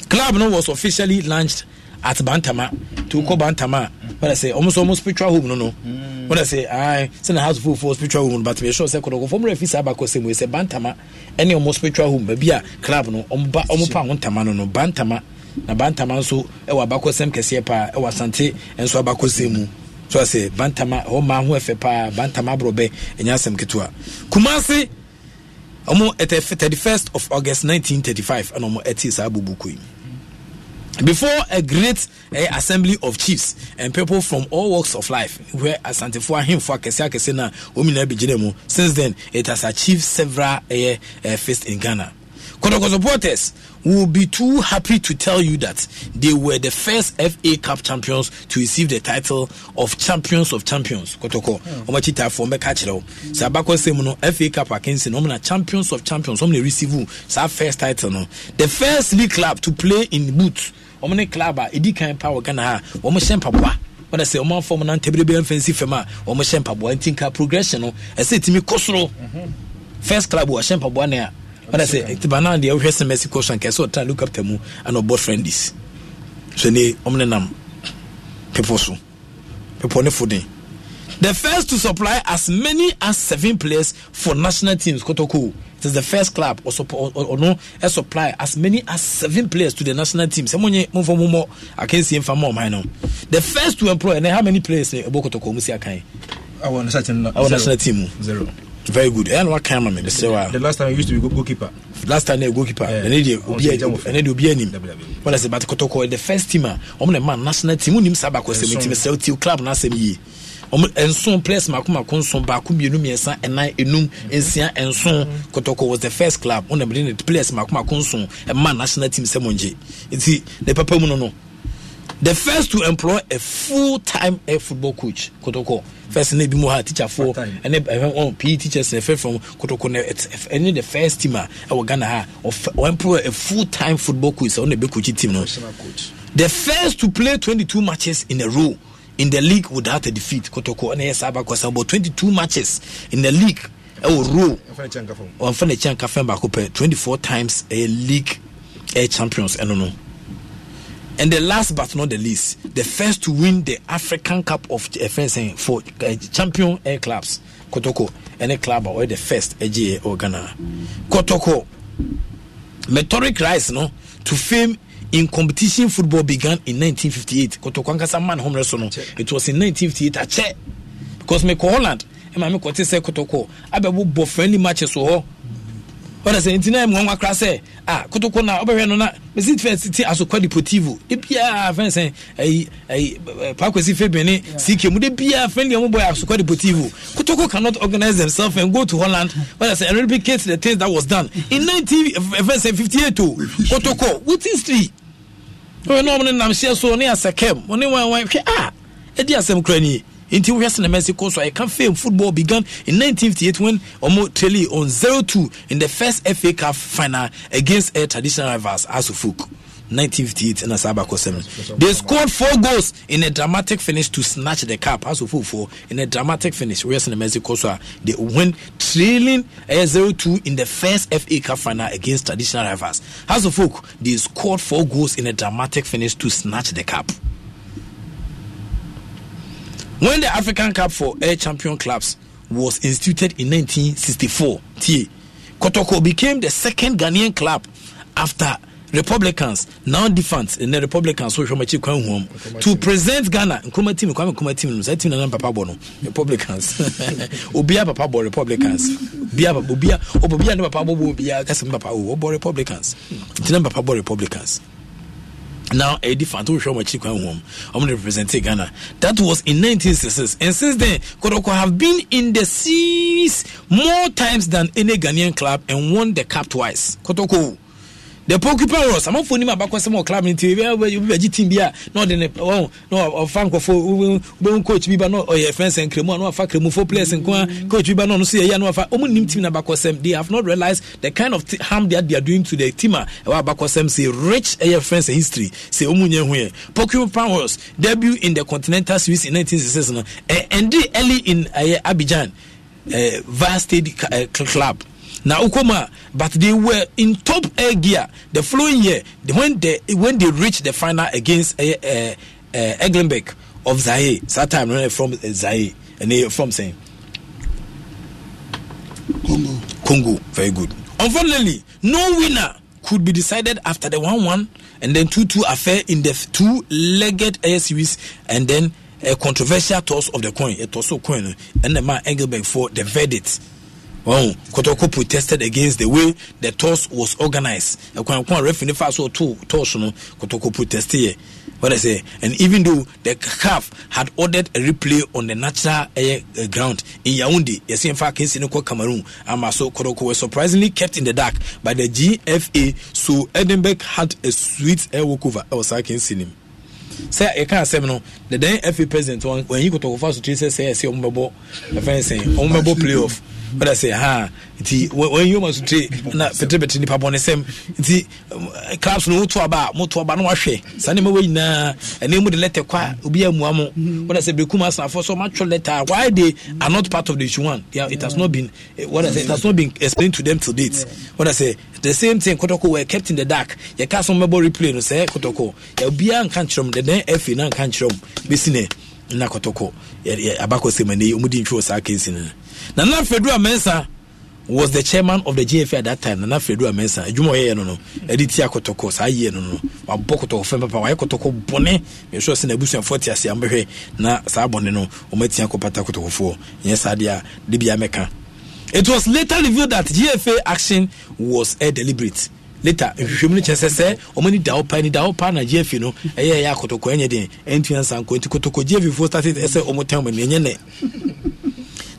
club no was officially launched at bantama to kɔ bantama wɔn I say almost, almost spiritual home no no mm. When I wɔn sɛ ayi a house full for spiritual home but be sure sɛ go kɔfɔ mo rɛ fi saa baako sɛ mo sɛ bantama any almost spiritual home baabi a club no ɔmo ba ɔmo pa ɔmo ntama no no bantama na bantama nso ɛwɔ abakɔsɛm kɛseɛ paa ɛwɔ asante nso abakɔsɛm mu so ase bantama hɔ maa ho ɛfɛ paa bantama aborɔbɛ enya asɛm ketewa kumase ɔmo ɛtɛ thirty first of august nineteen thirty five ɛna ɔmo ɛte saa bubu koyi before a great uh, assembly of chiefs and people from all walks of life where asantefo ahemfo akɛse akɛse na wɔn bi gyina mu since then it has achieved several uh, uh, feasts in ghana Kotoko supporters will be too happy to tell you that they were the first FA Cup champions to receive the title of Champions of Champions. Kotoko, omachita hmm. for me catch law. Sabako semuno FA Cup against nomina Champions of Champions. Omne receive sa first title no. The first league club to play in boots. Omne club a edi kan power Ghana ha. Omo shem papa. When I say omo form na ntebere be fancy fema. Omo shem papa. Ntinka progression no. I say timi kosoro. Mhm. First club wa shem papa na ɔda sɛ eh, tiba deɛ wohwɛ sɛ mɛsi kɔsan kɛ sɛ ɔtena look after mu ana ɔbɔ friendis so ne ɔm ne nam pepɔ so pepɔ ne foden the first to supply as many as seven players for national teams kotoko it is the first club ɔno ɛ eh, supply as many as seven players to the national team sɛ monye momfa momɔ akansie mfa ma ɔman no the first to employ ɛnɛ how many players ɛbɔ kotoko mu si akan awɔ national team mu zero very good ɛyɛ na waka ama mi ne the last time he used to be goalkeeper. last time ne goalkeeper ɛne de obi ɛne de obi anim wala sɛ bati kɔtɔkɔ the first team a wɔn na ma national team nim saa baako sɛ mi ti mi sɛ ti club n'asɛm yie wɔn nson players mako mako nson baako mmienu mmiɛnsa ɛnan enum nsia nson Kotoko was the first club wɔn na mi de ne players mako mako nson ɛma national team sɛ mo n gye nti ne papa mu no no the first to employ a full time a football coach kotoko first ne bi mu ha teacher fo ɛne ɛfɛ ɔn PE teachers na ɛfɛ from kotoko na ɛne eh, eh, the first team a eh, ɛwɔ Ghana ha ɔ employ a full time football coach ɔno ɛbɛ coach team no the first to play twenty two matches in a row in the league without a defeat kotoko ɛna yɛ saa about twenty two matches in the league ɛwɔ row ɔnfɛn ne kyɛn kafɛn baako pɛ twenty four times ɛyɛ league ɛyɛ champions ɛno no. And the last but not the least, the first to win the African Cup of eh, fencing eh, for uh, champion air clubs, Kotoko, any club or the first AGA or Ghana. Kotoko, Metoric rise no to fame in competition football began in 1958. Kotoko ankasa man home no. It was in 1958 ache because me Holland, e ma me kote se Kotoko, abebo bo friendly matches so oh, ɔna sɛ nti na mu wɔn akora sɛ a ah, kotoko na ɔbɛhwɛ no na mesi fɛ ti asokwa deportivo de biara fɛn sɛn ayi ayi eh, pakwesi febien ne sike mu de biara fɛn deɛ ɔmo bɔ asokwa deportivo kotoko cannot organize themselves and go to holland ɔna sɛ eradicate the things that was done in nineteen eh, fɛn sɛn fifty eight o kotoko with history ɔyɛ na ɔmo ne nam hyɛ so ne asɛ kɛm ɔne wɔn wɔn hwɛ ah, a ɛdi asɛm kura nie nti wohwɛ sɛ namɛsi kɔ so a yɛka fam football began in 1958 when ɔmo trele on 0-2 in the first fa cup final against air traditional rivals asofok 1958 ɛna saa baakɔ eh, they scored four goals in a dramatic finish to snatch the cup four in a dramatic finish woyɛ sɛ namɛsi kɔ so a they went trailing 0-2 in the first FA Cup final against traditional rivals. House of Folk, they scored four goals in a dramatic finish to snatch the cup. when the African Cup for Air Champion Clubs was instituted in 1964, Kotoko became the second Ghanaian club after Republicans, now defense in the Republicans, social media home to present Ghana. Nkuma team, Kwame Nkuma team, Musa team, Nana Papa Bono, Republicans. Obia Papa Bono, Republicans. Obia, Obia, Obia, Papa Bono, Obia, Kasim Papa Bono, Republicans. Tina Papa Bono, Republicans. now Eddie Fanto Shaw Machikwa home. I'm going representing Ghana. That was in 1966. And since then, Kodoko have been in the series more times than any Ghanaian club and won the cup twice. Kotoko the poki power samanfoɔ nim abakɔsɛm wɔ club no nti wobɛgye tim bi a na ɔde ne ɔn na ɔfa nkɔfoɔ wobɛhu coach bi ba na ɔyɛ fɛn sɛ nkrɛmu a na wafa krɛmufoɔ players nko a coach bi ba na ɔno so yɛyɛ na wafa ɔmu nim team no abakɔsɛm they have not realised the kind of harm that they are doing to the team a ɛwɔ abakɔsɛm sɛ rich ɛyɛ fɛn history sɛ ɔmu nyɛ ho yɛ poki debut in the continental series in 1966 no ɛnde early in ɛyɛ abidjan uh, vast state club Now, Ukoma, but they were in top air gear the following year when they when they reached the final against uh, uh, uh Eglenbeck of Zaire. That time from uh, Zaire and they from saying Congo. Congo, very good. Unfortunately, no winner could be decided after the one-one and then two-two affair in the two-legged air series and then a controversial toss of the coin, a toss of coin, and the man Engelberg for the verdict wọn Kotoko protested against the way the toss was organised ẹkwan kwan referee nifa so to toss no Kotoko protested yẹ what I say and even though the CAF had ordered a replay on the natural uh, ground in Yaoundé yẹsi nfa kesi ne kọ Cameroon ama so Kotoko were surprisingly kept in the dark by the GFA so Edinburgh had a sweet air walkover ẹ wọ saa kesi nim sɛ ɛka asɛm no the then FA president wɔn wɔn yi Kotoko fa so tiri sɛ sɛ ɛsɛ ɔmo bɛbɔ ɛfɛn sɛn ɔmo bɛbɔ playoff wọ́n dà sẹ́ ha nti wọ́n yíyọ́ ma so tire na pẹ̀tẹ̀pẹ̀tẹ̀ nípa bọ̀ ne sẹ́m nti clubs no wotu ba, motu ba no wahwɛ saa nneɛma wɔn nyinaa ɛnna emu de lɛtɛ kɔ a obi amua mo wọ́n dà sẹ́ bekum so ɔmo atwere lɛtɛ a why they are not part of the issue one yeah, it has not been wọ́n dà sẹ́ it has not been explained to them till date wọ́n dà sẹ́ the same thing kotoko were kept in the dark yɛ kaa so mɛbɔ replay no sɛ kotoko yɛ obiara nka nkyerɛm dɛdɛn ɛfɛ na nka nkyerɛm besi nɛ na kotoko yɛ abakɔ sɛmɛ ne yi ɔmo di ntwi wɔ saa kesi no nana fedua mensa was the chairman of the gfa at that time nana fedua mensa adwuma ɔyɛyɛ no no ɛde ti akɔtɔkɔ saa yie no no wabɔ kɔtɔkɔ fɛn papa wayɛ kɔtɔkɔ bɔne mɛsɔ sɛ na abusuafoɔ te ase ambɛhwɛ na saa bɔne no wɔmatia kɔpata kɔtɔkɔfoɔ nyɛ saa deɛ a de it was later revealed that gfa action was a eh, deliberate later nhwehwɛmu no kyerɛ sɛ sɛ ɔma ni dawo pa ni dawo pa na GFA. no ɛyɛ ɛyɛ akɔtɔkɔ ɛnyɛ den ɛntua nsanko nti kɔtɔkɔ gyeafifoɔ started ɛsɛ eh, ɔmo tɛn ɔmo ɛnyɛ nɛ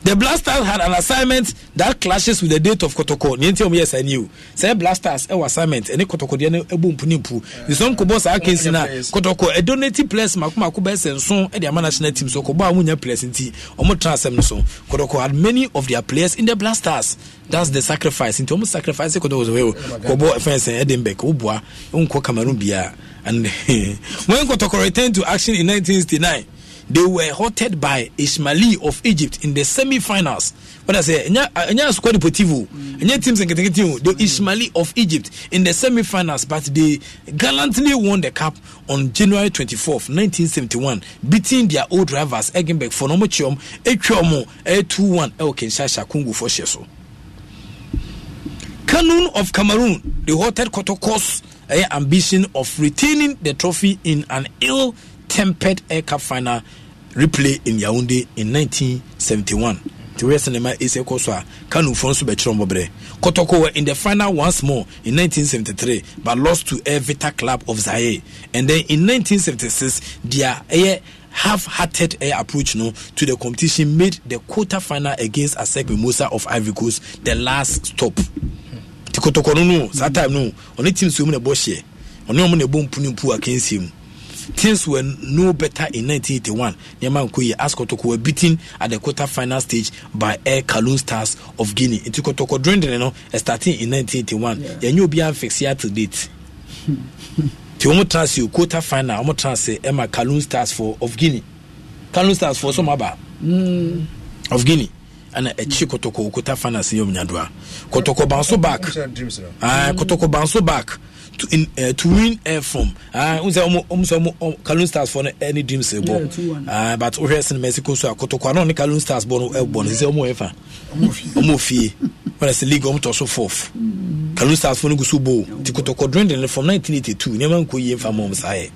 the blasters had an assignment that clashes with the date of kotoko ní ẹni tí wọn yẹ sani o sẹ blasters ẹ wọ assignment ẹni kotoko deɛ ẹ bọ mpunimpu nsọm kò bọ saa kẹnsi na kotoko ẹ donate players makomako bẹẹ e sẹ nson ẹ de ama national team so kò bọ àwọn nya players nti wọn tẹ asẹm no kotoko had many of their players in the blasters that's the sacrifice nti wọn sacrifice e kotoko sọ kò bọ fẹnsẹ ẹ de mbẹ kò bọ nkọ cameroon bia and when kotoko returned to action in 1969 they were halted by Ismaili of Egypt in the semi-finals. What I say, Enya uh, squad Deportivo, Enya mm. teams in Keteketio, the mm. Ismaili of Egypt in the semi-finals, but they gallantly won the cup on January 24 1971, beating their old rivals Eggenberg for Nomochiom, Echomo, A21, El Kinshasa, Kungu for Sheso. Canoon of Cameroon, the halted Kotoko's eh, ambition of retaining the trophy in an ill tempered Air Cup final replay in Yaoundé in 1971. tiwɛ sinima ese kɔ so a kano fɔ nso bɛkyerɛ wɔn bɔbrɛ were in the final once more in 1973 but lost to air vita club of zaire and then in 1976 their ɛyɛ half-hearted air approach no to the competition made the quarter final against asec mimosa of ivory coast the last stop ti kɔtɔkɔ no no saa time no ɔne team so mu na ɛbɔ hyɛ ɔne wɔn bomb ɛbɔ mpunimpu against mu things were no better in 1981. Nyama Nkoye asked Kotoko were beaten at the quarter final stage by Air Kaloon Stars of Guinea. Into Kotoko during the no, eh, starting in 1981. Yeah. Yanyu Obian fix here to date. Ti omo quarter final, omo trans eh, Emma Kaloon Stars for of Guinea. Kaloon Stars for Somaba mm. of Guinea. ana ɛkyi eh, kotoko okuta finance yɛ omnyadua kotoko banso back ah, kotoko banso back to, in, uh, to win uh, from uh, ah, Kalun Stars for any dreams uh, uh, but wohwɛ in mexico so akotokwa na ɔne Kalun Stars bɔ no ɛbɔ no sɛ ɔmɔ ɛfa ɔmɔ fie wɔn ɛsɛ league ɔmɔ tɔ so fourth Kalun Stars for no gu so bowl ti kotokwa during the from 1982 nneɛma nkɔ yie nfa mɔm saa yɛ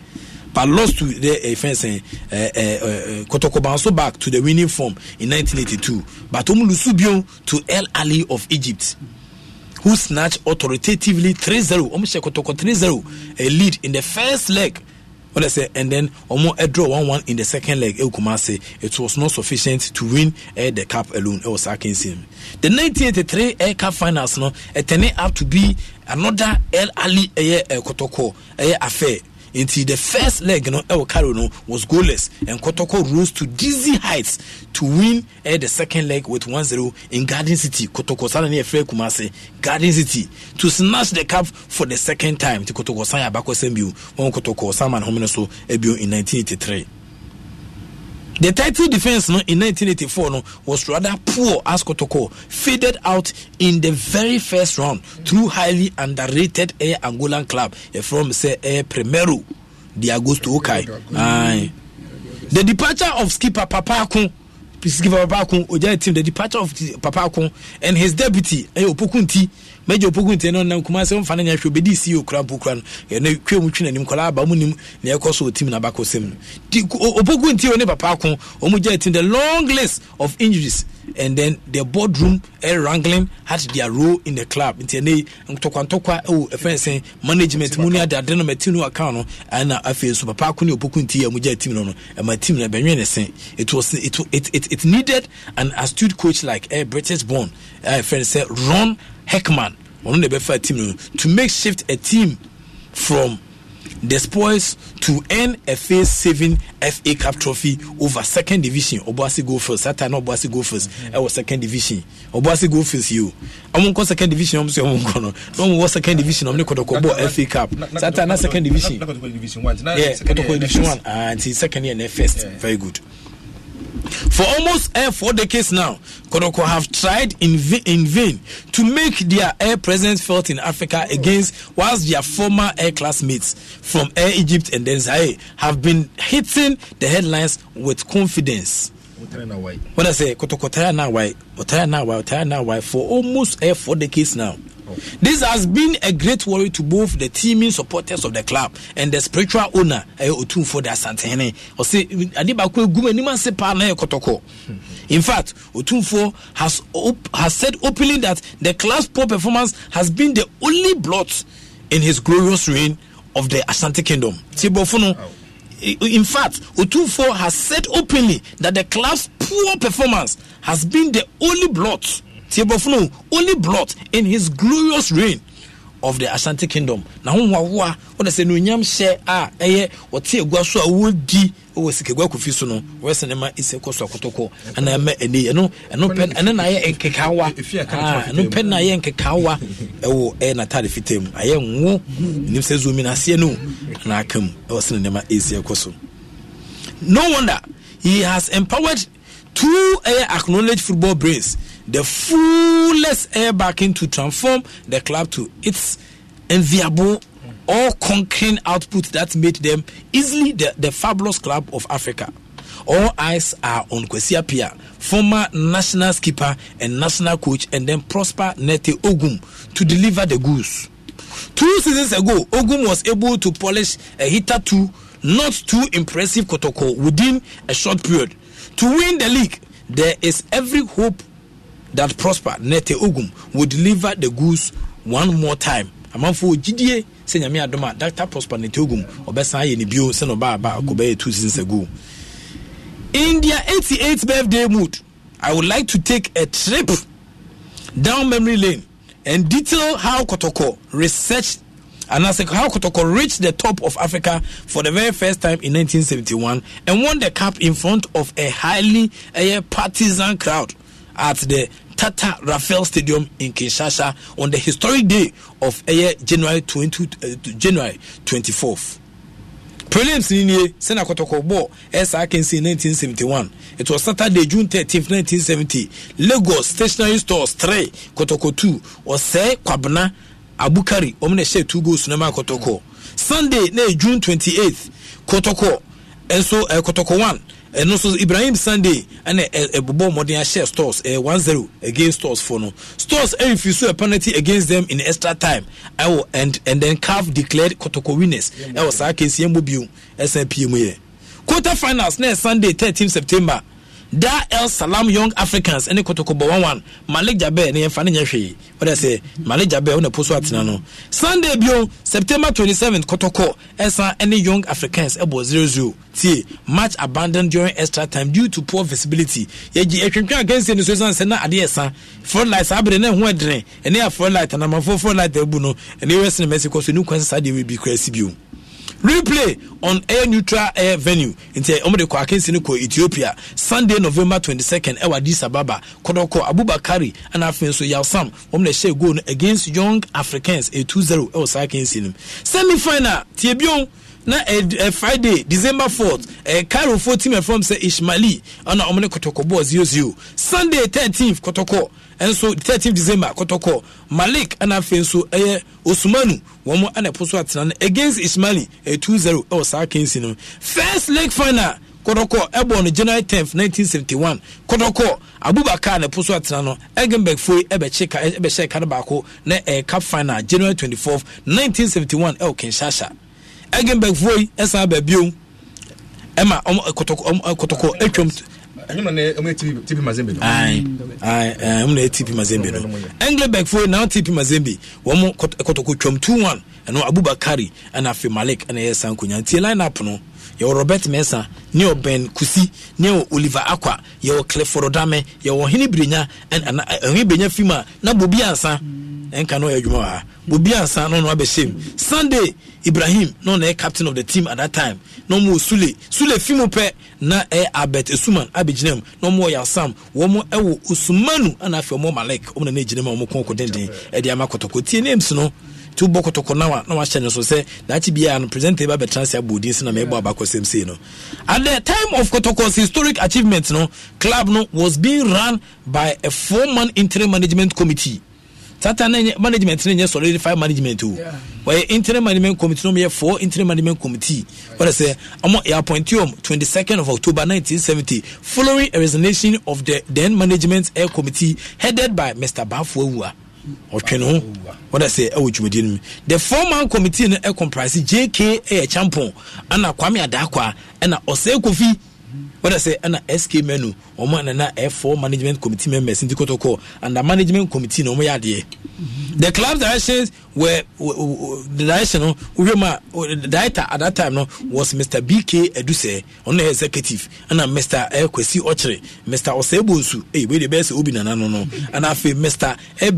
but lost to the uh, fence uh, uh, uh, Kotoko bounced back to the winning form in 1982 but omu lusu bion to El Ali of Egypt. Mm -hmm who snatched authoritatively 3-0 wɔn hyɛ kɔtɔkɔ 3-0 a lead in the first leg what I say, and then Omo um, e draw one one in the second leg. Ekumase, it was not sufficient to win uh, the cup alone. It was against him. The 1983 Air Cup finals, no, it turned out to be another El Ali Air uh, eh, eh, Kotoko uh, affair nti the first leg no ɛwɔ carrow no was goalless and kotoko rose to dizzy heights to win eh, the second leg with 1-0 in garden city kotoko sana ne yɛfrɛ kumase garden city to snatch the cup for the second time nti kotoko san yɛ abakɔsɛm bio wɔn kotoko san ma ne homene so eh, bio in 1983 The title defense no, in 1984 no, was rather poor as Kotoko faded out in the very first round through highly underrated Air Angolan club from say, Air Primero the Agosto Okai. Aye. The departure of skipper Papakun skipper Papakun Ojai team the departure of Papakun and his deputy Opokunti mɛgya opoku ntiɛ no nam kuma sɛ mfa no nyɛ hwɛ bɛdi si okura mpo kura no ɛno twa mu twi nanim kɔla aba mu nim na ɛkɔ so ɔtim no abakɔ sɛm no opoku ntiɛ ne papa ako ɔmu atim the long list of injuries and then the boardroom air eh, wrangling had their role in the club nti ɛnɛ ntɔkwantɔkwa ɛwɔ ɛfɛn sɛn management mu ni adade no mɛti no account no ɛna afei so papa ako ne opoku ntiɛ ɔmu gya atim no no ɛma atim no ɛbɛnwɛn ne sɛn it was it it it, it needed an astute coach like a eh, british born eh, ɛfɛn sɛ ron heckman ɔno na ɛbɛfa team no to make shift a team from the spoils to earn a phase seven FA Cup trophy over second division Obuasi Gophers that time Obuasi Gophers mm-hmm. ɛwɔ second division Obuasi Gophers yi o ɔmo nkɔ second division ɔmo sɛ ɔmo nkɔ no na wɔ second division ɔmo ne kɔtɔkɔ bɔ FA Cup that time na second division yeah kɔtɔkɔ division one ah nti second year na first very good. Yeah. For almost uh, four decades now, Kodoko have tried in, vi- in vain to make their air presence felt in Africa against whilst their former air classmates from Air Egypt and then Zaire have been hitting the headlines with confidence. What I say, Kotoko Taya why? Otaya Nawai, Otaya Why? for almost uh, four decades now. This has been a great worry to both the teaming supporters of the club and the spiritual owner, ɛyɛ eh, Otumfo de Asantehene. Ɔsɛ ade baako egu mu anim ase paa na eh, yɛ kɔtɔkɔ. Hmm. In fact, Otumfo has has said openly that the club's poor performance has been the only blot in his glorious reign of the Asante Kingdom. Hmm. Tibofo in fact, Otunfo has said openly that the club's poor performance has been the only blot Tiebofuno only brought in his glorious reign of the Ashanti Kingdom. Na ho wawa wo de sɛ no nyam hyɛ a ɛyɛ wɔte agua so a wodi wɔ sikagua kofi so no wɔsɛ ne ma ɛsɛ kɔ so akotokɔ ana ɛma ɛni ɛno ɛno pɛ ɛno na ayɛ nkekaawa ah, ɛno pɛ na ayɛ nkekaawa ɛwɔ ɛyɛ n'ataade fitaa mu ayɛ ngo nim sɛ zomi n'aseɛ no ana aka mu ɛwɔ sɛ ne ma ɛsɛ kɔ so no wonder he has empowered two ɛyɛ acknowledged football brains the fullest air backing to transform the club to its enviable all conquering output that made them easily the, the fabulous club of Africa. All eyes are on Kwesi Apia, former national skipper and national coach, and then Prosper Nete Ogum to deliver the goose. Two seasons ago, Ogum was able to polish a hitter to not too impressive Kotoko within a short period. To win the league, there is every hope that prosper nete ogum will deliver the goods one more time amanfo gyidie sɛ nyame adom a dr prosper nete ogum ɔbɛsan ayɛ ne bio sɛ na ɔbaaba akɔbɛyɛ two seasons ago in their 88th birthday mood i would like to take a trip down memory lane and detail how kotoko researched and as how Kotoko reached the top of Africa for the very first time in 1971 and won the cup in front of a highly a partisan crowd at the Tata Rafael Stadium in Kinshasa on the historic day of uh, January 20, uh, January 24th. prelims ni nie sɛna kɔtɔkɔ bɔ ɛsaa kɛnsi 1971 it was saturday june 13 1970 lagos stationary stores 3 kɔtɔkɔ 2 ɔsɛe kwabena abukari ɔmo na ɛhyɛ two goals nama kɔtɔkɔ sunday na june 28 kɔtɔkɔ ɛnso ɛɛ kɔtɔkɔ 1 ɛno nso ibrahim sunday ɛna ɛbobɔ mmɔden ahyɛ stores ɛyɛ one zero against stores for no stores ɛnfi so a penalty against them in extra time ɛwɔ and and then caf declared kotoko winners ɛwɔ saa kesi ɛmɔ bio ɛsan pie mu yɛ quarter finals na sunday thirteen september da el salam young africans ne kotokobɔ 11 malik jabɛ ne yɛmfa ne nyɛ hwee wɔdɛ sɛ malik jabe wo na po so atena no sunday bio september 27 kotoko ɛsan ne young africans ɛbɔ e 00 tie match abandoned during extra time due to poor visibility yɛgye atwentwɛn e akansie no so ɛsiane sɛ na adeɛ ɛsa frolight saa bere ne ho ɛdene ɛne a frolight anamanfoɔ frolight abu e no ɛne wɛsene mɛsi kɔ so ne kwan sɛ saa deɛ wɔbi kora si bio replay on air neutral air venue nti wɔn eh, de kɔ akansi no kɔ ethiopia sunday november twenty second ɛwɔ addis ababa kɔdɔkɔ abubakari ɛna afei nso yalsam wɔn na ɛhyɛ goal no against young africans a two zero ɛwɔ saa akansi no semi final tie biom na ɛ eh, eh, friday december fourth ɛ karofoɔ team ɛfam sɛ ishmaeli ɛna wɔn de kɔtɔkɔ bɔɔl zero zero sunday thirteenth kɔtɔkɔ nso 13 december kɔtɔkɔ malik ɛna afei nso ɛyɛ osumanu wɔn mo ɛna ɛpo so atena no against ismaili ɛyɛ 2-0 ɛwɔ saa kensi no first leg final kɔtɔkɔ ɛbɔ no january 10th 1971 kɔtɔkɔ abubakar na ɛpo so atena no egenberg foyi ɛbɛkye ka ɛbɛhyɛ eh, ka no baako na ɛyɛ eh, cup final january 24th 1971 ɛwɔ kinshasa egenberg foyi ɛsan baabiom ɛma kɔtɔkɔ atwam ɛnyɛmɛ ne ɔmo yɛ tp tp mazembe no. ayi na yɛ mazembe no engleberg fo na tp mazembe wɔn kɔtɔkɔ twɛm two one ɛno abubakari ɛna afei malik ɛna yɛ san konya ntie line up no yɛwɔ robert mensa ne yɛwɔ ben kusi ne yɛwɔ oliver akwa yɛwɔ clifford dame yɛwɔ hene birenya ɛna hene eh, birenya film a na bobi ansa ɛnka no yɛ adwuma wɔ ha bobi ansa no no abɛhyɛ mu sunday ibrahim no na yɛ captain of the team at that time na ɔmo wɔ sule sule fimu pɛ na ɛyɛ Abet, esuman abɛgyina mu na ɔmo wɔ yasam wɔn ɛwɔ osumanu ana afei ɔmo malek ɔmo na ne gyina mu a ɔmo kɔn kɔ denden ɛde ama kɔtɔkɔ tie names no nti wobɔ kɔtɔkɔ na na wahyɛ no so sɛ daakye biaa no presente ba bɛtena se abɔ odin se na mɛbɔ abakɔsɛm sei no at the time of Kotoko's historic achievement no club no was being run by a four man interim management committee tata ne management ne nyɛ solidified management o wɔyɛ interim management committee no yɛ four interim management committee wɔde sɛ ɔmo yɛ e appointee om twenty second of october nineteen seventy following a resignation of the then management air committee headed by mr bafoa ɔtwe ne ho wɔda sɛ ɛwɔ dwumadie no mu the four committee no ɛcomprise jk ɛyɛ champion ana kwame adaakwa ɛna ɔsɛe kofi wọ́n sẹ́ ẹ̀na sk menu ọmọ ẹ̀nana ẹ̀fọ́ management committee members ndí kótó kọ́ and management committee na ọmọ yà adìyẹ. the club directions were the direction no wíwẹ́ mu a the director at that time no was mr bk edusẹ ọ̀nà executive ẹ̀na mr kwesi ọ̀kyerẹ mr ọ̀sẹ̀bọ̀nsu ẹ̀yẹ wẹ́ẹ́ de bẹ́ẹ̀ sẹ́ obi nana no no ẹ̀na afẹ́ mr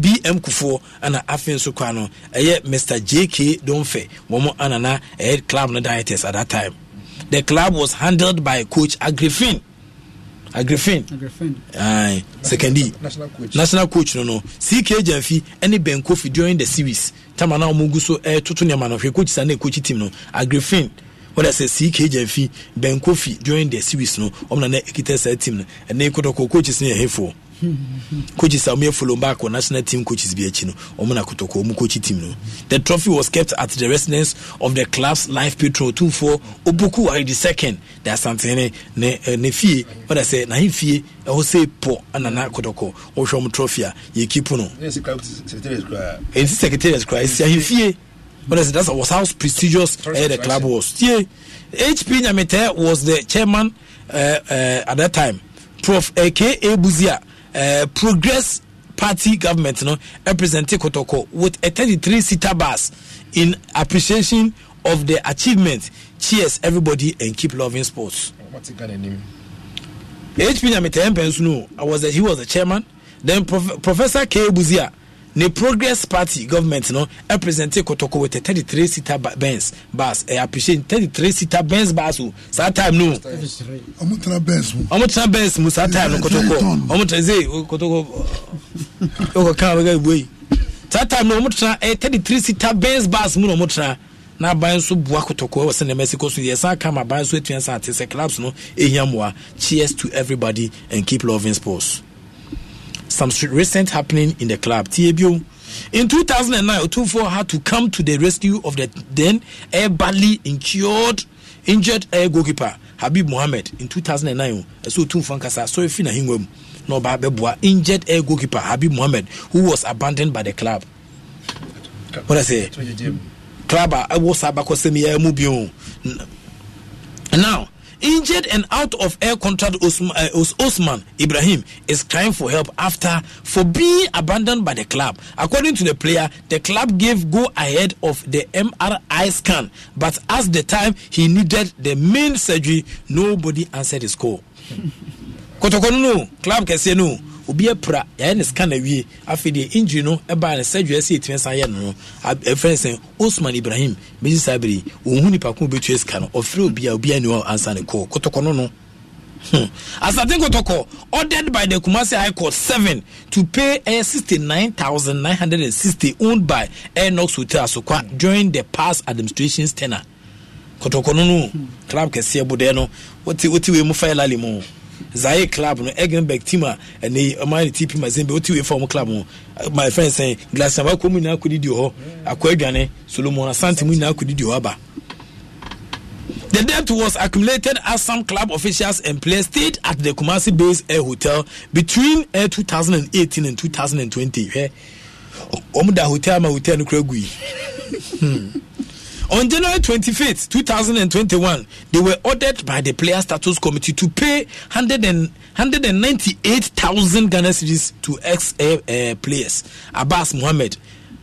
bm kufuọ ẹ̀na afẹ́ nso kwan no ẹ̀yẹ eh, mr jk donfẹ wọ́n mu ẹ̀nana ẹ̀yẹ eh, club no directors at that time the club was handled by coach agrifin agrifin aye Secondly. national coach national coach no no ck jamfi ɛne ben kofi during the series tama na ɔmo gu so ɛɛtoto nneɛma na hwɛ coach sa ne coach team no agrifin wɔde sɛ ck jamfi ben kofi during the series no ɔmo na na ekita saa team no ɛne kotoko coaches ne yɛ hefoɔ coaches a wɔyɛ follow back wɔ national team coaches bi akyi no wɔn na kotoko wɔn coach team no the trophy was kept at the residence of the club's life patron otumfoɔ obuku ayi the second de asantene ne ne fie eh, ɔda sɛ n'ahen fie ɛhɔ eh, sɛ pɔ anana kotoko wɔhwɛ wɔn trophy a yɛ kipu no nti secretariat kura esi ahen fie ɔda sɛ That was how prestigious ɛyɛ eh, the club was tie hp nyamitɛ was the chairman uh, uh, at that time prof aka buzia. Eh, progress party government no representing kotoko with a 33 seater bus in appreciation of the achievement cheers everybody and keep loving sports hp nyamitɛ mpɛnsu no he was the chairman then Prof- professor k buzia ne progress party government no ɛpresente kɔtɔkɔ with a thirty three seater benz bus ɛ appreciate thirty three seater benz bus o saa time no. ɔmu tena benz mu. ɔmu tena benz mu saa time no kɔtɔkɔ ɔmu tena ze kɔtɔkɔ ɔkɔ kan abɛka ibu yi saa time no ɔmu tena ɛ thirty three seater benz bus mu na ɔmu tena na aban nso bua kotoko wɔ sɛ nɛɛma si kɔ so yɛ san kama aban nso etua san ate sɛ clubs no ehia mua cheers to everybody and keep loving sports some recent happening in the club. TABU. In 2009, Otufo had to come to the rescue of the then air badly injured, injured air goalkeeper Habib Mohammed in 2009. So Otufo Nkasa, sorry, Fina Hingwem, no Babebua, injured air goalkeeper Habib Mohammed, who was abandoned by the club. What I say? Club, I was abakosemi air mubion. Now, Injured and out of air contract Osman, uh, Osman Ibrahim is crying for help after for being abandoned by the club. According to the player, the club gave go ahead of the MRI scan, but at the time he needed the main surgery, nobody answered his call. Kotoko no, club kese no. obi apira yɛayɛ ne scan awie afei deɛ injury no ɛbaa ne surgery ɛsɛ yɛtumi san yɛ no no ɛfrɛ sɛ osman ibrahim bɛsi saa bere ɔhu nipa ko bɛtua sika no ɔfrɛ obi a obi ani hɔ ansa ne kɔɔ kɔtɔkɔ no no Hmm. Asatin ordered by the Kumasi High Court Seven to pay uh, 69,960 owned by Enox Hotel Asokwa during the past administration tenure. Kotoko no no, club kɛseɛ bɔ dɛ no, wɔte wɔte wɔ mu fa lali mu zaire club no eggenberg team a ɛnɛ ɔma ne tp mazin bɛ wotiwe fa ɔmo club no my friend sɛn eh, glasiaba kɔ mu nyinaa kɔdidi hɔ akɔ adwane solomon asante mu nyinaa kɔdidi hɔ aba The debt was accumulated as some club officials and players stayed at the Kumasi Base Air Hotel between eh, air 2018 and 2020. Wɔn da hotel ma hotel no kura On January 25th, 2021, they were ordered by the Player Status Committee to pay 100 and, 198,000 Ghana cedis to ex uh, eh, players Abbas Mohamed,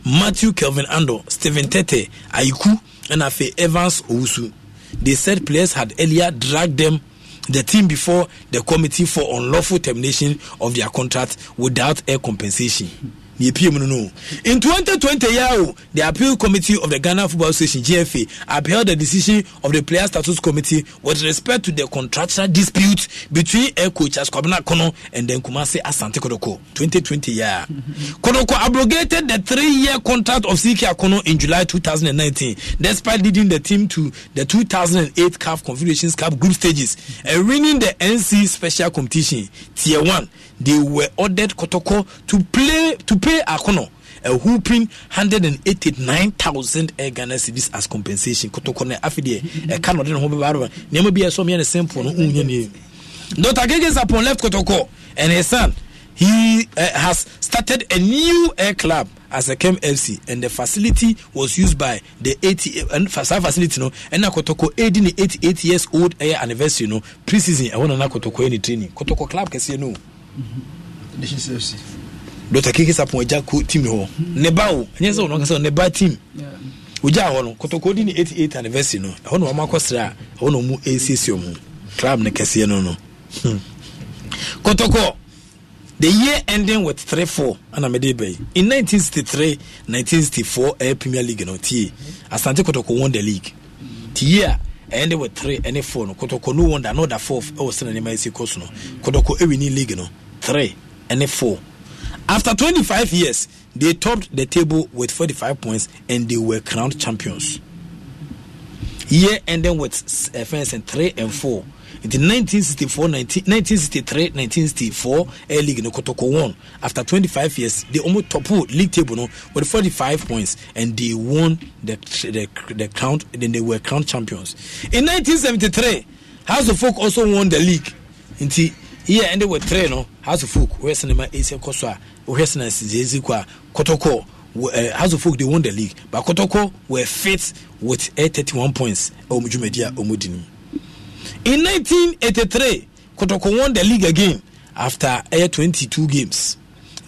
Matthew Kelvin Ando, Stephen Tete, Aiku, and Afe Evans Owusu. They said players had earlier dragged them the team before the committee for unlawful termination of their contract without a compensation deɛ no no in 2020 year the appeal committee of the ghana football association gfa upheld the decision of the player status committee with respect to the contractual dispute between air coach askwabena kono and then Kumasi asante kodoko 2020 year kodoko abrogated the three-year contract of ck akono in july 2019 despite leading the team to the 2008 caf confederations cup group stages and winning the nc special competition tier one they were ordered Kotoko to play to pay Akono a whooping 189,000 Ghana cedis as compensation. Kotoko na Afide a canoe no home barber. Nemo be a so many simple no union. Dr. Gagas upon left Kotoko and his son. He uh, has started a new air club as a Kem and the facility was used by the 80 and for facility no and Kotoko 88 years old air anniversary no preseason. I want to Kotoko any training. Kotoko club can no nations fc dr kiki sapon agya ko team hɔ hmm. ne ba wo ɛnyɛ sɛ wɔn kasa ne ba team ogya hɔ no kotoko di ne 88 anniversary no ɛhɔ na wɔn akɔ sra ɛhɔ na wɔn esiesie wɔn club ne kɛseɛ no no hmm. kotoko the year ending with three four ɛna mɛ de bɛyi in 1963, 1964, ɛyɛ premier league no tie asante kotoko won the league tie a ɛne wɔ three ɛne four no kotoko no wonda no da four ɛwɔ sena nneɛma esi kɔ so no kotoko ewi ni league no three ɛne four after twenty five years they topped the table with forty five points and they were crowned champions year ending with uh, fence three and four nti 1964 1963 1964 air league no kotoko won after 25 years they almost topple league table no with 45 points and they won the the, the crown then they were crown champions in 1973 house of folk also won the league nti year they were three no house of folk where cinema is a kosoa where cinema is a kotoko uh, House of Folk they won the league, but Kotoko were fifth with 831 points. Omujumedi Omudini. In 1983, Kotoko won the league again after 22 games.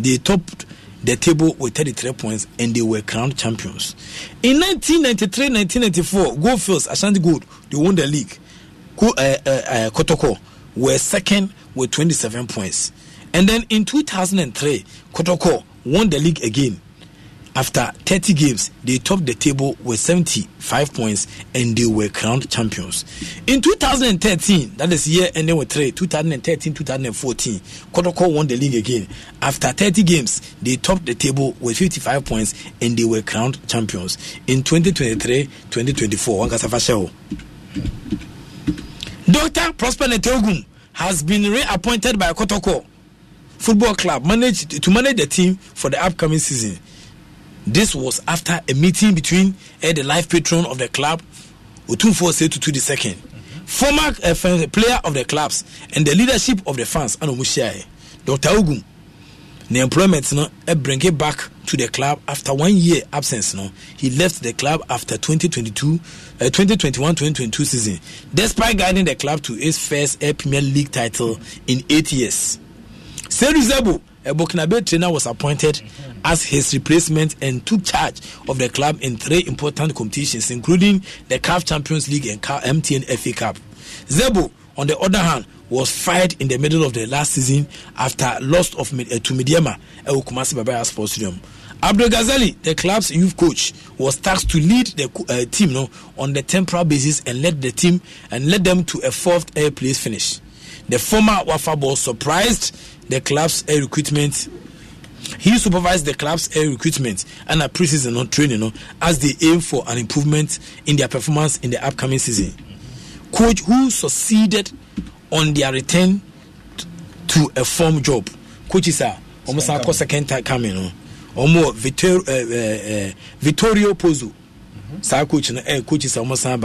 They topped the table with 33 points and they were crowned champions. In 1993-1994, Goldfields, Ashanti Gold, they won the league. Uh, uh, uh, Kotoko were second with 27 points. And then in 2003, Kotoko won the league again after 30 games, they topped the table with 75 points and they were crowned champions. In 2013, that is year ending with three, 2013 2014, Kotoko won the league again. After 30 games, they topped the table with 55 points and they were crowned champions. In 2023 2024, Dr. Prosper Netogum has been reappointed by Kotoko Football Club managed to manage the team for the upcoming season. This was after a meeting between uh, the life patron of the club, Otunfo Setutu II, mm former uh, fan, player of the clubs, and the leadership of the fans, Anomushiae, Dr. Ogun. The employment no, uh, bring it back to the club after one year absence. No, he left the club after 2022, 2021-2022 season, despite guiding the club to its first Premier League title in eight years. Seru Zebo uh, Burkinabe trainer was appointed as his replacement and took charge of the club in three important competitions, including the CAF Champions League and MTN FA Cup. Zebo, on the other hand, was fired in the middle of the last season after loss of uh, to Midiama at uh, Kumasi Babaya Sports Stadium. Abdul Ghazali, the club's youth coach, was tasked to lead the uh, team no, on the temporary basis and led the team and led them to a fourth place finish. The former Wafa was surprised the club's air recruitment. He supervised the club's air recruitment and a preseason training you know, as they aim for an improvement in their performance in the upcoming season. Coach who succeeded on their return to a form job. Coaches are almost a second time coming. You know. ɔmo Vitor, uh, uh, uh, Vittorio Pozzo mm-hmm. coach no eh, coach is almost san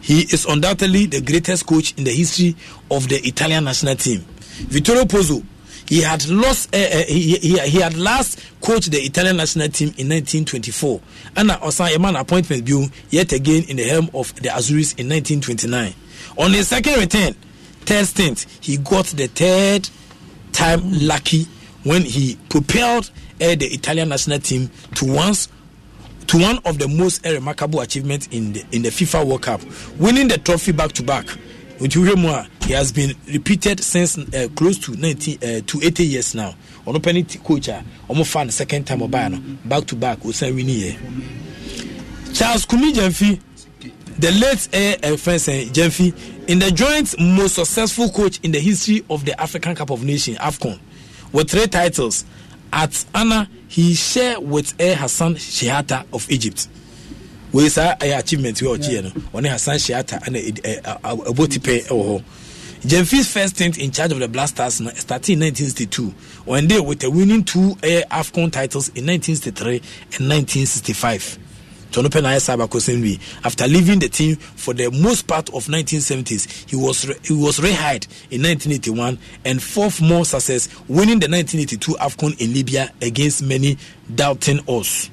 he is undoubtedly the greatest coach in the history of the Italian national team Vittorio Pozzo He had lost. Uh, uh, he, he, he, had last coached the Italian national team in 1924. And Osan Eman appointment bill yet again in the helm of the Azuris in 1929. On his second return, third stint, he got the third time lucky when he propelled uh, the Italian national team to once to one of the most remarkable achievements in the, in the FIFA World Cup, winning the trophy back to back ɔtiwohwɛ mu a he has been repeated since uh, close to 19 uh, to 80 years now ɔno pɛ ne coach a ɔmo fa no second time ɔbaa no back to back ɔsan wini yɛ charles kumi gyamfi the late uh, uh, fɛnsɛn gyamfi in the joint most successful coach in the history of the african cup of nations afcon with three titles at Anna, he share with air hassan shehata of egypt wei saa ɛyɛ achievement wei ɔkyeɛ no ɔne hasan shiata ana abotipɛ wɔ hɔ Jemfi's first stint in charge of the Black Stars started in 1962 when they with a winning two uh, AFCON titles in 1963 and 1965. Tonope Nayasaba Kosenwi, after leaving the team for the most part of 1970s, he was re- he was rehired in 1981 and fourth more success, winning the 1982 AFCON in Libya against many doubting us.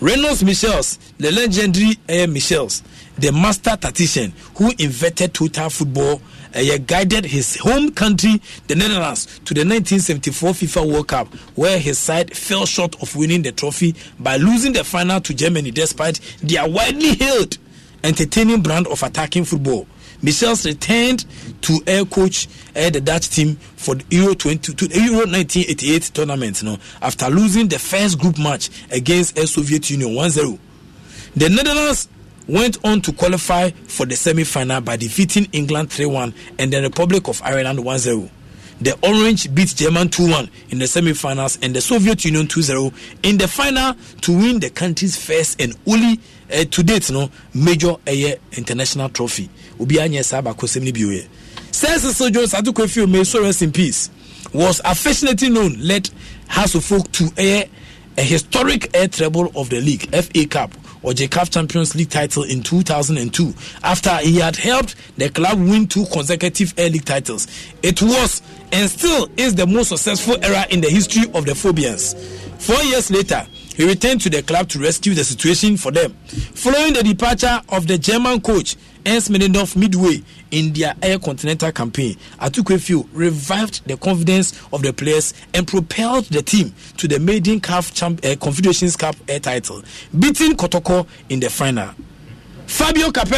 Reynolds Michels, the legendary uh, Michels, the master tactician who invented total football, uh, guided his home country, the Netherlands, to the 1974 FIFA World Cup, where his side fell short of winning the trophy by losing the final to Germany despite their widely hailed entertaining brand of attacking football. Michels returned to air coach uh, the Dutch team for the Euro 20, Euro 1988 tournament You know, after losing the first group match against the Soviet Union 1 0. The Netherlands went on to qualify for the semi final by defeating England 3 1 and the Republic of Ireland 1 0. The Orange beat German 2 1 in the semi finals and the Soviet Union 2 0 in the final to win the country's first and only uh, to date you know, major uh, international trophy obiara nyɛ saa baako sɛm no bio yɛ sɛ cecil jones atokɔ fio may so rest in peace was affectionately known led house of folk to a a historic air treble of the league fa cup or the Cup Champions League title in 2002 after he had helped the club win two consecutive Air League titles. It was and still is the most successful era in the history of the Phobians. Four years later, he returned to the club to rescue the situation for them. Following the departure of the German coach ends minute of midway in their air continental campaign. field revived the confidence of the players and propelled the team to the maiden CAF Champ- uh, Confederations Cup air title, beating Kotoko in the final. Fabio Capello